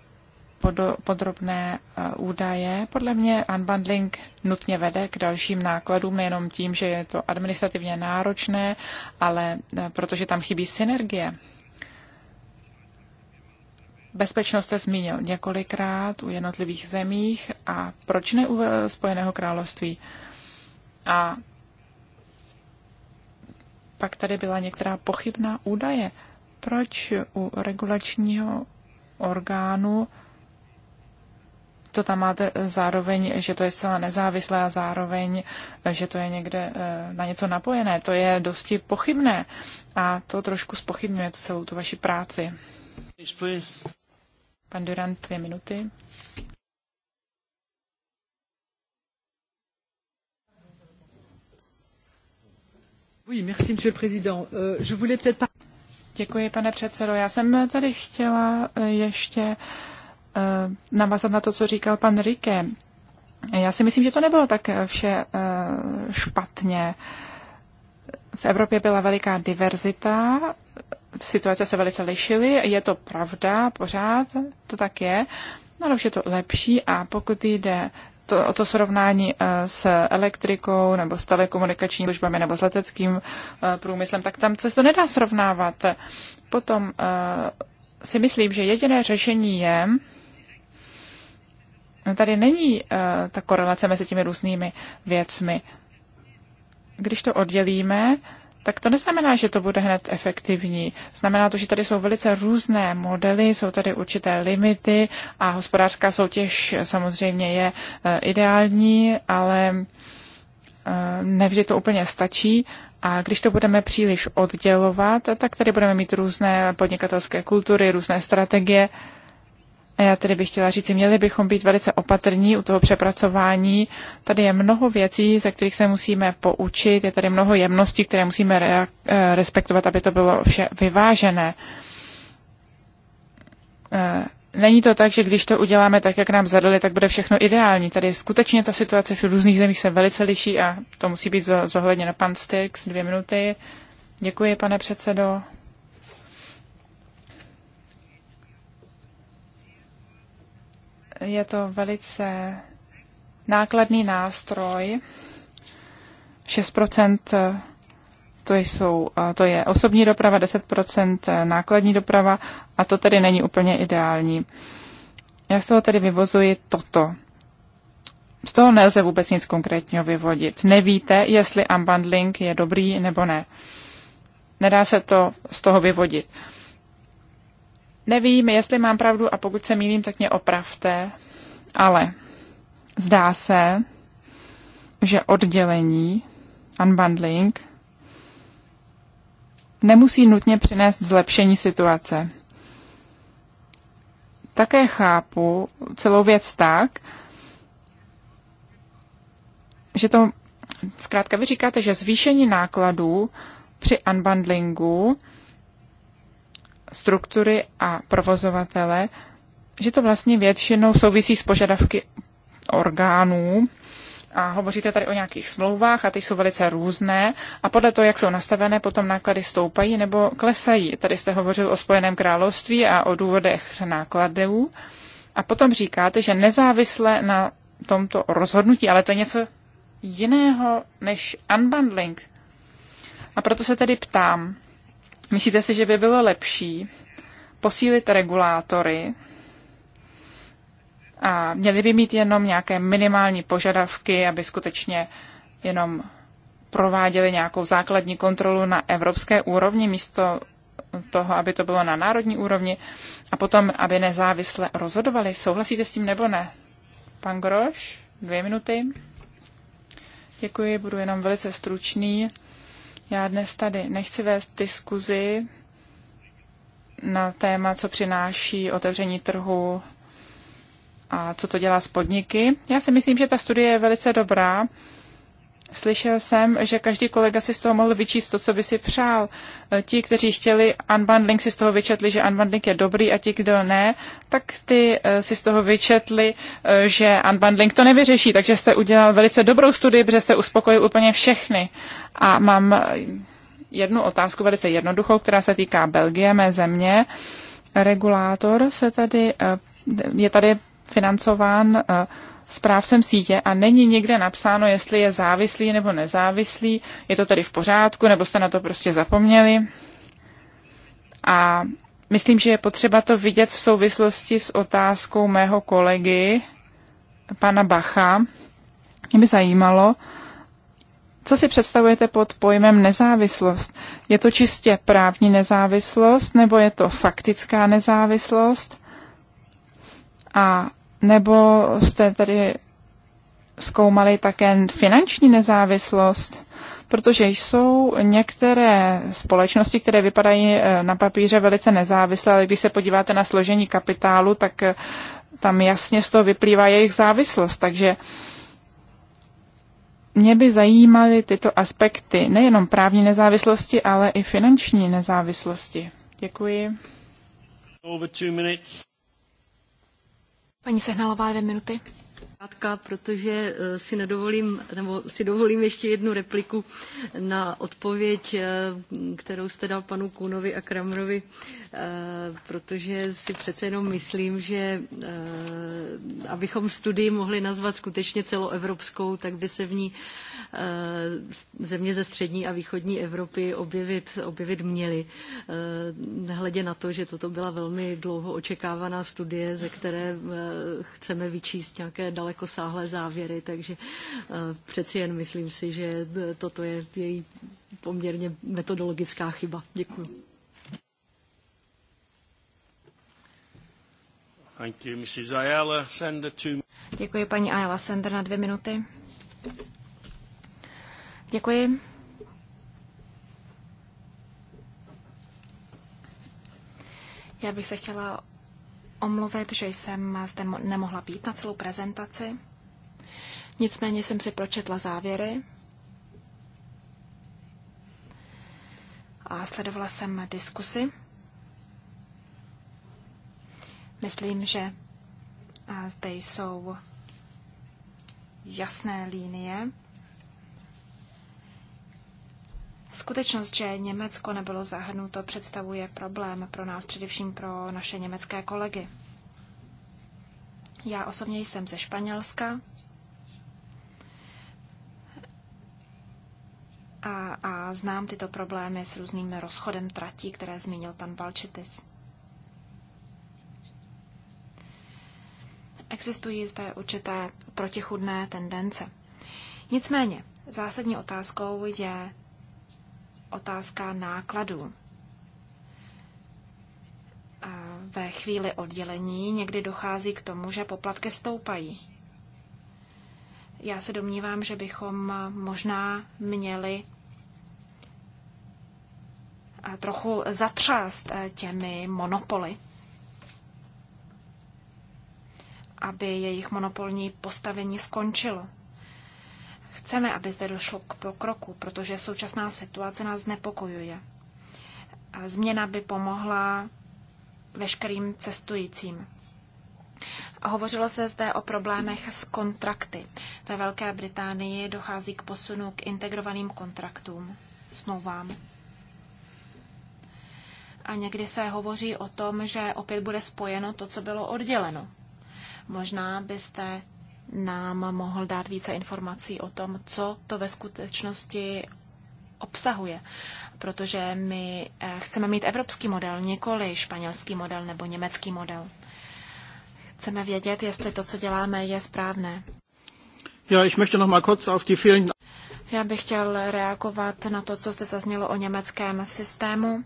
podrobné eh, údaje. Podle mě unbundling nutně vede k dalším nákladům, nejenom tím, že je to administrativně náročné, ale eh, protože tam chybí synergie. Bezpečnost jste zmínil několikrát u jednotlivých zemích a proč ne u eh, Spojeného království? A pak tady byla některá pochybná údaje proč u regulačního orgánu to tam máte zároveň, že to je zcela nezávislé a zároveň, že to je někde eh, na něco napojené. To je dosti pochybné a to trošku spochybňuje celou tu vaši práci. Pan Duran, dvě minuty. Oui, merci, monsieur le président. Euh, je voulais peut-être Děkuji, pane předsedo. Já jsem tady chtěla eh, ještě eh, navázat na to, co říkal pan Rike. Já si myslím, že to nebylo tak eh, vše špatně. V Evropě byla veliká diverzita, situace se velice lišily, je to pravda, pořád to tak je, ale už je to lepší a pokud jde to, o to srovnání eh, s elektrikou nebo s telekomunikačními službami nebo s leteckým eh, průmyslem, tak tam se to nedá srovnávat. Potom eh, si myslím, že jediné řešení je, no tady není ta korelace mezi těmi různými věcmi. Když to oddělíme, tak to neznamená, že to bude hned efektivní. Znamená to, že tady jsou velice různé modely, jsou tady určité limity a hospodářská soutěž samozřejmě je eh, ideální, ale eh, nevždy to úplně stačí. A když to budeme příliš oddělovat, tak tady budeme mít různé podnikatelské kultury, různé strategie. A já tedy bych chtěla říct, měli bychom být velice opatrní u toho přepracování. Tady je mnoho věcí, ze kterých se musíme poučit, je tady mnoho jemností, které musíme re- eh, respektovat, aby to bylo vše vyvážené. Eh, není to tak, že když to uděláme tak, jak nám zadali, tak bude všechno ideální. Tady skutečně ta situace v různých zemích se velice liší a to musí být zohledněno. Pan Styx, dvě minuty. Děkuji, pane předsedo. je to velice nákladný nástroj. 6% eh, to, jsou, eh, to je osobní doprava, 10% eh, nákladní doprava a to tedy není úplně ideální. Já z toho tedy vyvozuji toto. Z toho nelze vůbec nic konkrétního vyvodit. Nevíte, jestli unbundling je dobrý nebo ne. Nedá se to z toho vyvodit. Nevím, jestli mám pravdu a pokud se mýlím, tak mě opravte, ale zdá se, že oddělení, unbundling, nemusí nutně přinést zlepšení situace. Také chápu celou věc tak, že to, zkrátka vy říkáte, že zvýšení nákladů při unbundlingu struktury a provozovatele, že to vlastně většinou souvisí s požadavky orgánů, a hovoříte tady o nějakých smlouvách a ty jsou velice různé a podle toho, jak jsou nastavené, potom náklady stoupají nebo klesají. Tady jste hovořil o Spojeném království a o důvodech nákladů a potom říkáte, že nezávisle na tomto rozhodnutí, ale to je něco jiného než unbundling. A proto se tedy ptám, Myslíte si, že by bylo lepší posílit regulátory a měli by mít jenom nějaké minimální požadavky, aby skutečně jenom prováděli nějakou základní kontrolu na evropské úrovni místo toho, aby to bylo na národní úrovni a potom, aby nezávisle rozhodovali. Souhlasíte s tím nebo ne? Pan Groš, dvě minuty. Děkuji, budu jenom velice stručný. Já dnes tady nechci vést diskuzi na téma, co přináší otevření trhu a co to dělá s podniky. Já si myslím, že ta studie je velice dobrá Slyšel jsem, že každý kolega si z toho mohl vyčíst to, co by si přál. E, ti, kteří chtěli unbundling, si z toho vyčetli, že unbundling je dobrý a ti, kdo ne, tak ty e, si z toho vyčetli, e, že unbundling to nevyřeší. Takže jste udělal velice dobrou studii, protože jste uspokojil úplně všechny. A mám jednu otázku velice jednoduchou, která se týká Belgie, mé země. Regulátor se tady, je tady financován správcem sítě a není někde napsáno, jestli je závislý nebo nezávislý, je to tedy v pořádku, nebo jste na to prostě zapomněli. A myslím, že je potřeba to vidět v souvislosti s otázkou mého kolegy, pana Bacha. Mě by zajímalo, co si představujete pod pojmem nezávislost? Je to čistě právní nezávislost nebo je to faktická nezávislost? A nebo jste tady zkoumali také finanční nezávislost, protože jsou některé společnosti, které vypadají eh, na papíře velice nezávislé, ale když se podíváte na složení kapitálu, tak eh, tam jasně z toho vyplývá jejich závislost. Takže mě by zajímaly tyto aspekty nejenom právní nezávislosti, ale i finanční nezávislosti. Děkuji. Over two minutes. Paní Sehnalová, dvě minuty. Krátka, protože eh, si nedovolím, nebo si dovolím ještě jednu repliku na odpověď, eh, kterou jste dal panu Kůnovi a Kramrovi, eh, protože si přece jenom myslím, že abychom studii mohli nazvat skutečně celoevropskou, tak by se v ní Eh, země ze střední a východní Evropy objevit, objevit měly. Eh, nehledě na to, že toto byla velmi dlouho očekávaná studie, ze které eh, chceme vyčíst nějaké dalekosáhlé závěry, takže přeci jen myslím si, že toto je její poměrně metodologická chyba. Děkuji. Děkuji paní Ayala Sender na dvě minuty. Děkuji. Já bych se chtěla omluvit, že jsem zde nemohla být na celou prezentaci. Nicméně jsem si pročetla závěry a sledovala jsem diskusy. Myslím, že zde jsou jasné linie Skutečnost, že Německo nebylo zahrnuto, představuje problém pro nás, především pro naše německé kolegy. Já osobně jsem ze Španělska a, a znám tyto problémy s různým rozchodem tratí, které zmínil pan Balčitis. Existují zde určité protichudné tendence. Nicméně, zásadní otázkou je otázka nákladů. Ve chvíli oddělení někdy dochází k tomu, že poplatky stoupají. Já se domnívám, že bychom možná měli trochu zatřást e, těmi monopoly, aby jejich monopolní postavení skončilo. Chceme, aby zde došlo k pokroku, protože současná situace nás nepokojuje. Změna by pomohla veškerým cestujícím. Hovořilo se zde o problémech s kontrakty. Ve Velké Británii dochází k posunu k integrovaným kontraktům, smlouvám. A někdy se hovoří o tom, že opět bude spojeno to, co bylo odděleno. Možná byste nám mohl dát více informací o tom, co to ve skutečnosti obsahuje. Protože my eh, chceme mít evropský model, nikoli španělský model nebo německý model. Chceme vědět, jestli to, co děláme, je správné. Já, ich möchte noch mal kurz auf die vielen... Já bych chtěl reagovat na to, co jste zaznělo o německém systému,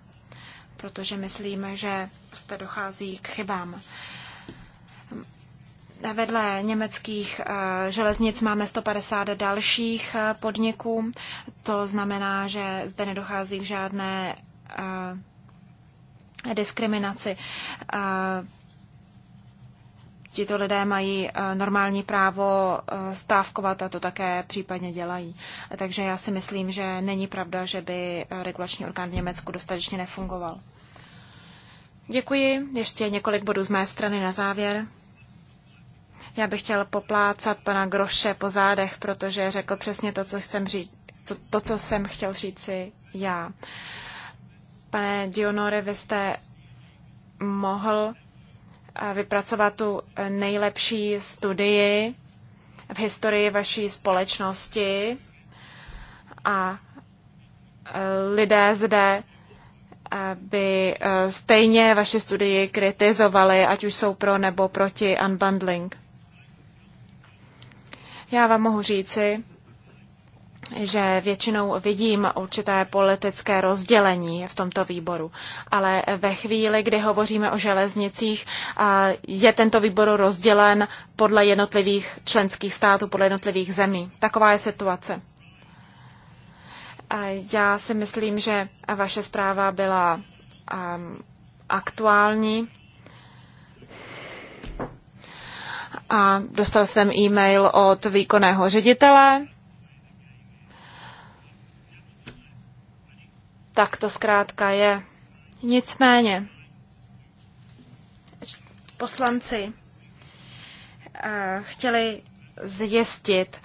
protože myslím, že zde dochází k chybám. Uh, Eh, vedle německých eh, železnic máme 150 dalších eh, podniků. To znamená, že zde nedochází k žádné diskriminaci. Tito lidé mají normální právo stávkovat a to také případně dělají. Takže já si myslím, že není pravda, že by regulační orgán v Německu dostatečně nefungoval. Děkuji. Ještě několik bodů z mé strany na závěr. Já bych chtěl poplácat pana Groše po zádech, protože řekl přesně to, co jsem, ří, co, to, co jsem chtěl říci já. Pane Dionore, vy jste mohl eh, vypracovat tu nejlepší studii v historii vaší společnosti a eh, lidé zde eh, by stejně vaše studii kritizovali, ať už jsou pro nebo proti unbundling. Já vám mohu říci, že většinou vidím určité politické rozdělení v tomto výboru. Ale ve chvíli, kdy hovoříme o železnicích, je tento výbor rozdělen podle jednotlivých členských států, podle jednotlivých zemí. Taková je situace. Já si myslím, že vaše zpráva byla um, aktuální a dostal jsem e-mail od výkonného ředitele. Tak to zkrátka je. Nicméně, poslanci eh, chtěli zjistit,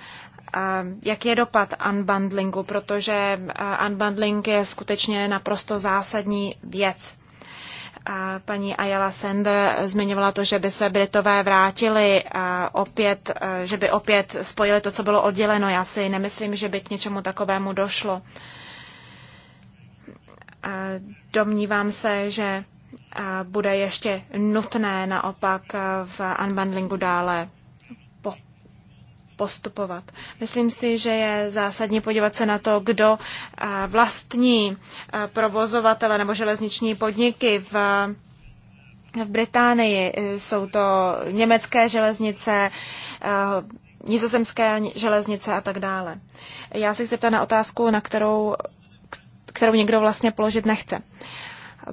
eh, jak je dopad unbundlingu, protože eh, unbundling je skutečně naprosto zásadní věc. Paní Ayala Sender zmiňovala to, že by se Britové vrátili opět, e, že by opět spojili to, co bylo odděleno. Já si nemyslím, že by k něčemu takovému došlo. Domnívám se, že bude ještě nutné naopak e, v unbundlingu dále postupovat. Myslím si, že je zásadní podívat se na to, kdo vlastní provozovatele nebo železniční podniky v v Británii jsou to německé železnice, nizozemské železnice a tak dále. Já se chci na otázku, na kterou, kterou někdo vlastně položit nechce.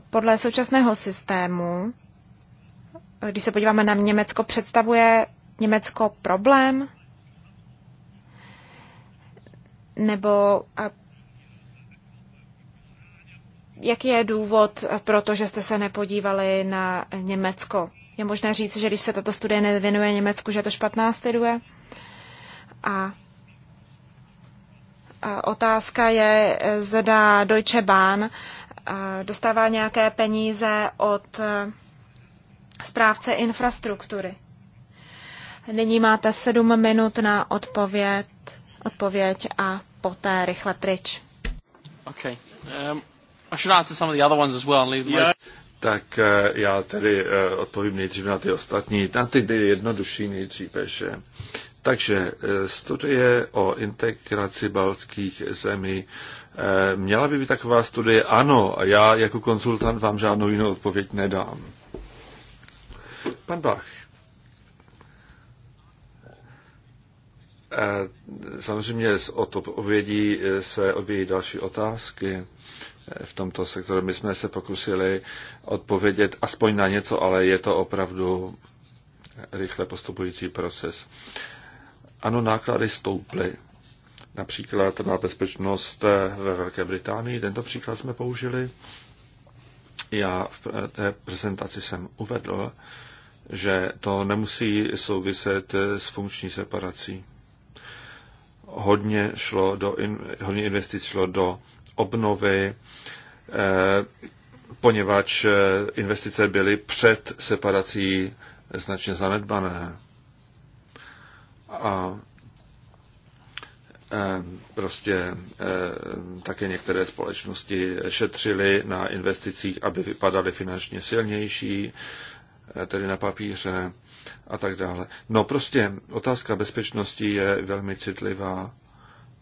Podle současného systému, když se podíváme na Německo, představuje Německo problém? nebo jaký je důvod pro to, že jste se nepodívali na Německo? Je možné říct, že když se tato studie nevěnuje Německu, že to špatná studie? A otázka je, zda Deutsche Bahn dostává nějaké peníze od správce infrastruktury. Nyní máte sedm minut na odpověď, odpověď a poté rychle pryč. Okay. Um, I should answer some of the other ones as well and leave the yeah. most... Tak eh, já tedy eh, odpovím nejdřív na ty ostatní, na ty jednodušší nejdříve, že. Takže eh, studie o integraci baltských zemí. Měla by být taková studie? Ano, a já jako konzultant vám žádnou jinou odpověď nedám. Pan Bach. Samozřejmě to povědí se odvíjí další otázky e, v tomto sektoru. My jsme se pokusili odpovědět aspoň na něco, ale je to opravdu rychle postupující proces. Ano, náklady stouply. Například na bezpečnost e, ve Velké Británii. Tento příklad jsme použili. Já v e, té prezentaci jsem uvedl, že to nemusí souviset s funkční separací hodně, šlo do, hodně investic šlo do obnovy, eh, poněvadž eh, investice byly před separací značně zanedbané. A eh, prostě také některé společnosti šetřily na investicích, aby vypadaly finančně silnější, tedy na papíře a tak dále. No prostě otázka bezpečnosti je velmi citlivá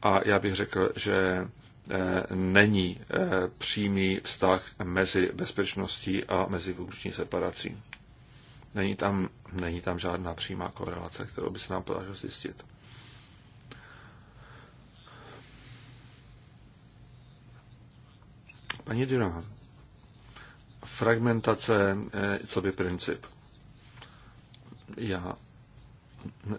a já bych řekl, že eh, není eh, přímý vztah mezi bezpečností a mezi vůční separací. Není tam, není tam žádná přímá korelace, kterou by se nám podařilo zjistit. Paní Durán, fragmentace, eh, co by princip. Já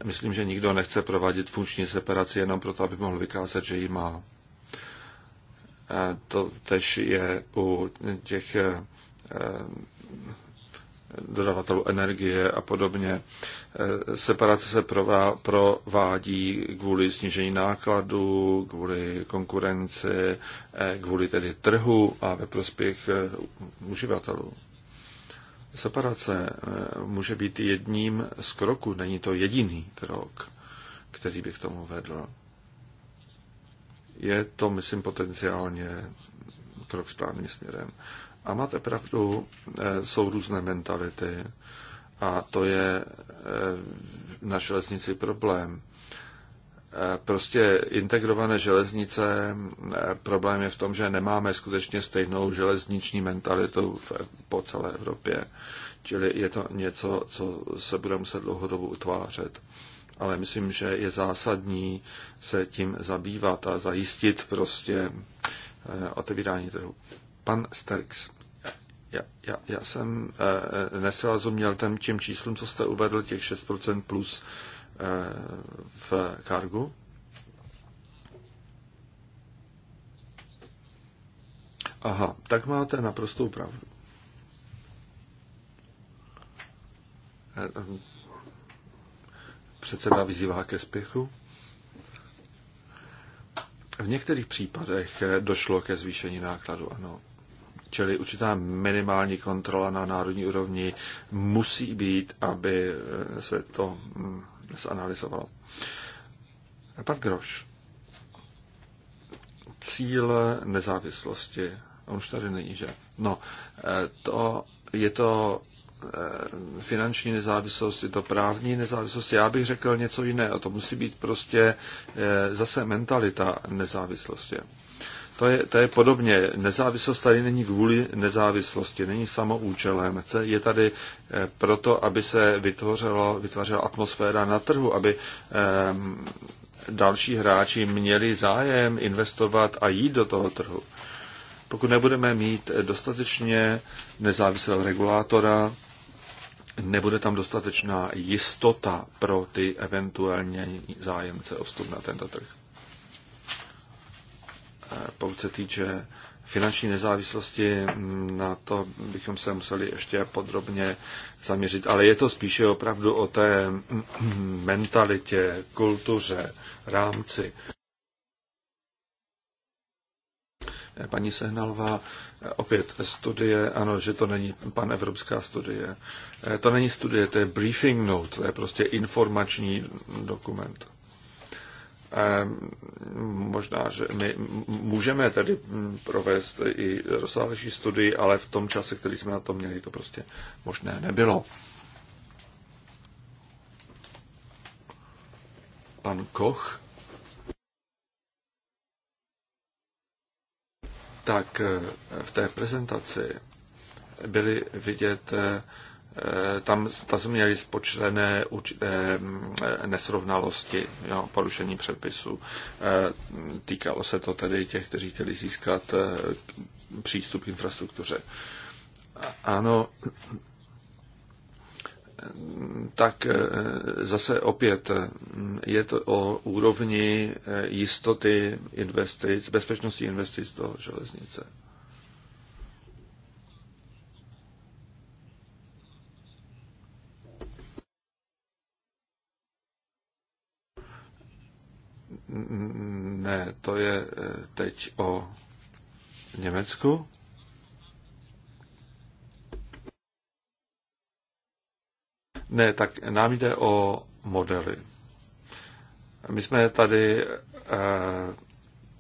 myslím, že nikdo nechce provádět funkční separaci jenom proto, aby mohl vykázat, že ji má. E, to tež je u těch e, dodavatelů energie a podobně. E, separace se provádí kvůli snížení nákladů, kvůli konkurenci, kvůli tedy trhu a ve prospěch uživatelů separace eh, může být jedním z kroků, není to jediný krok, který by k tomu vedl. Je to, myslím, potenciálně krok správným směrem. A máte pravdu, eh, jsou různé mentality a to je eh, na železnici problém prostě integrované železnice, problém je v tom, že nemáme skutečně stejnou železniční mentalitu v, po celé Evropě. Čili je to něco, co se bude muset dlouhodobu utvářet. Ale myslím, že je zásadní se tím zabývat a zajistit prostě eh, otevírání trhu. Pan Sterks, já, já, já jsem eh, nesrozuměl tím číslům, co jste uvedl, těch 6% plus v Kargu. Aha, tak máte naprostou pravdu. Předseda vyzývá ke spěchu. V některých případech došlo ke zvýšení nákladu, ano. Čili určitá minimální kontrola na národní úrovni musí být, aby se to mm, zanalizovalo. Pat Groš. Cíle nezávislosti. On už tady není, že? No, eh, to je to eh, finanční nezávislost, je to právní nezávislost. Já bych řekl něco jiného. To musí být prostě eh, zase mentalita nezávislosti. To je, to je podobně. Nezávislost tady není kvůli nezávislosti, není samoučelem. Je tady eh, proto, aby se vytvořilo, vytvořila atmosféra na trhu, aby um, další hráči měli zájem investovat a jít do toho trhu. Pokud nebudeme mít dostatečně nezávislého regulátora, nebude tam dostatečná jistota pro ty eventuální zájemce o vstup na tento trh pokud se týče finanční nezávislosti, na to bychom se museli ještě podrobně zaměřit. Ale je to spíše opravdu o té mentalitě, kultuře, rámci. Paní Sehnalová, opět studie, ano, že to není pan evropská studie. To není studie, to je briefing note, to je prostě informační dokument. Ehm, možná, že my můžeme tedy provést i rozsáhlejší studii, ale v tom čase, který jsme na to měli, to prostě možné nebylo. Pan Koch. Tak eh, v té prezentaci byly vidět eh, Eh, tam, tam jsme měli spočtené určité mm, eh, nesrovnalosti, jo, porušení předpisů. Eh, týkalo se to tedy těch, kteří chtěli získat přístup k infrastruktuře. Ano, tak zase opět je to o úrovni jistoty investic, bezpečnosti investic do železnice. Ne, to je eh, teď o Německu. Ne, tak nám jde o modely. My jsme tady eh,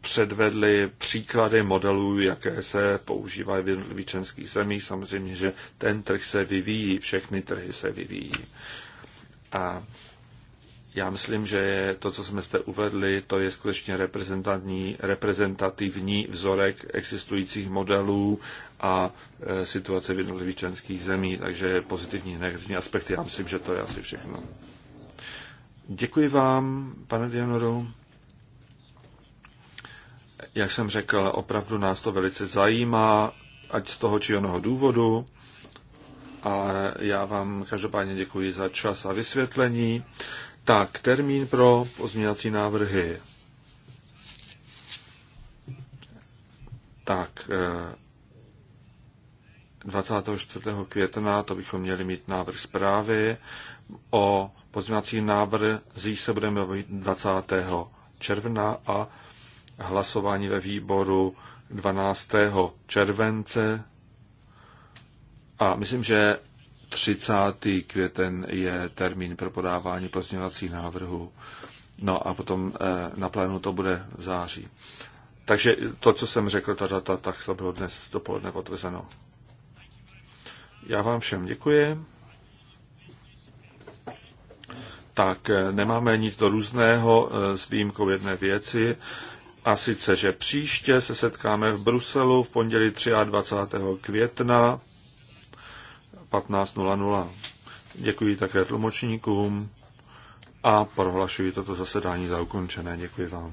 předvedli příklady modelů, jaké se používají v jednotlivých zemích. Samozřejmě, že ten trh se vyvíjí, všechny trhy se vyvíjí. A já myslím, že to, co jsme zde uvedli, to je skutečně reprezentativní vzorek existujících modelů a e, situace v jednotlivých členských zemí, takže pozitivní negativní aspekty. Já myslím, že to je asi všechno. Děkuji vám, pane Dianoru. Jak jsem řekl, opravdu nás to velice zajímá, ať z toho či onoho důvodu. A já vám každopádně děkuji za čas a vysvětlení. Tak, termín pro pozměňovací návrhy. Tak, eh, 24. května to bychom měli mít návrh zprávy. O pozměňovací návrh zíž se budeme bavit 20. června a hlasování ve výboru 12. července. A myslím, že 30. květen je termín pro podávání pozměňovacích návrhů. No a potom eh, na plénu to bude v září. Takže to, co jsem řekl, ta data, tak to bylo dnes dopoledne potvrzeno. Já vám všem děkuji. Tak eh, nemáme nic do různého eh, s výjimkou jedné věci. A sice, že příště se setkáme v Bruselu v pondělí 23. května 15.00. Děkuji také tlumočníkům a prohlašuji toto zasedání za ukončené. Děkuji vám.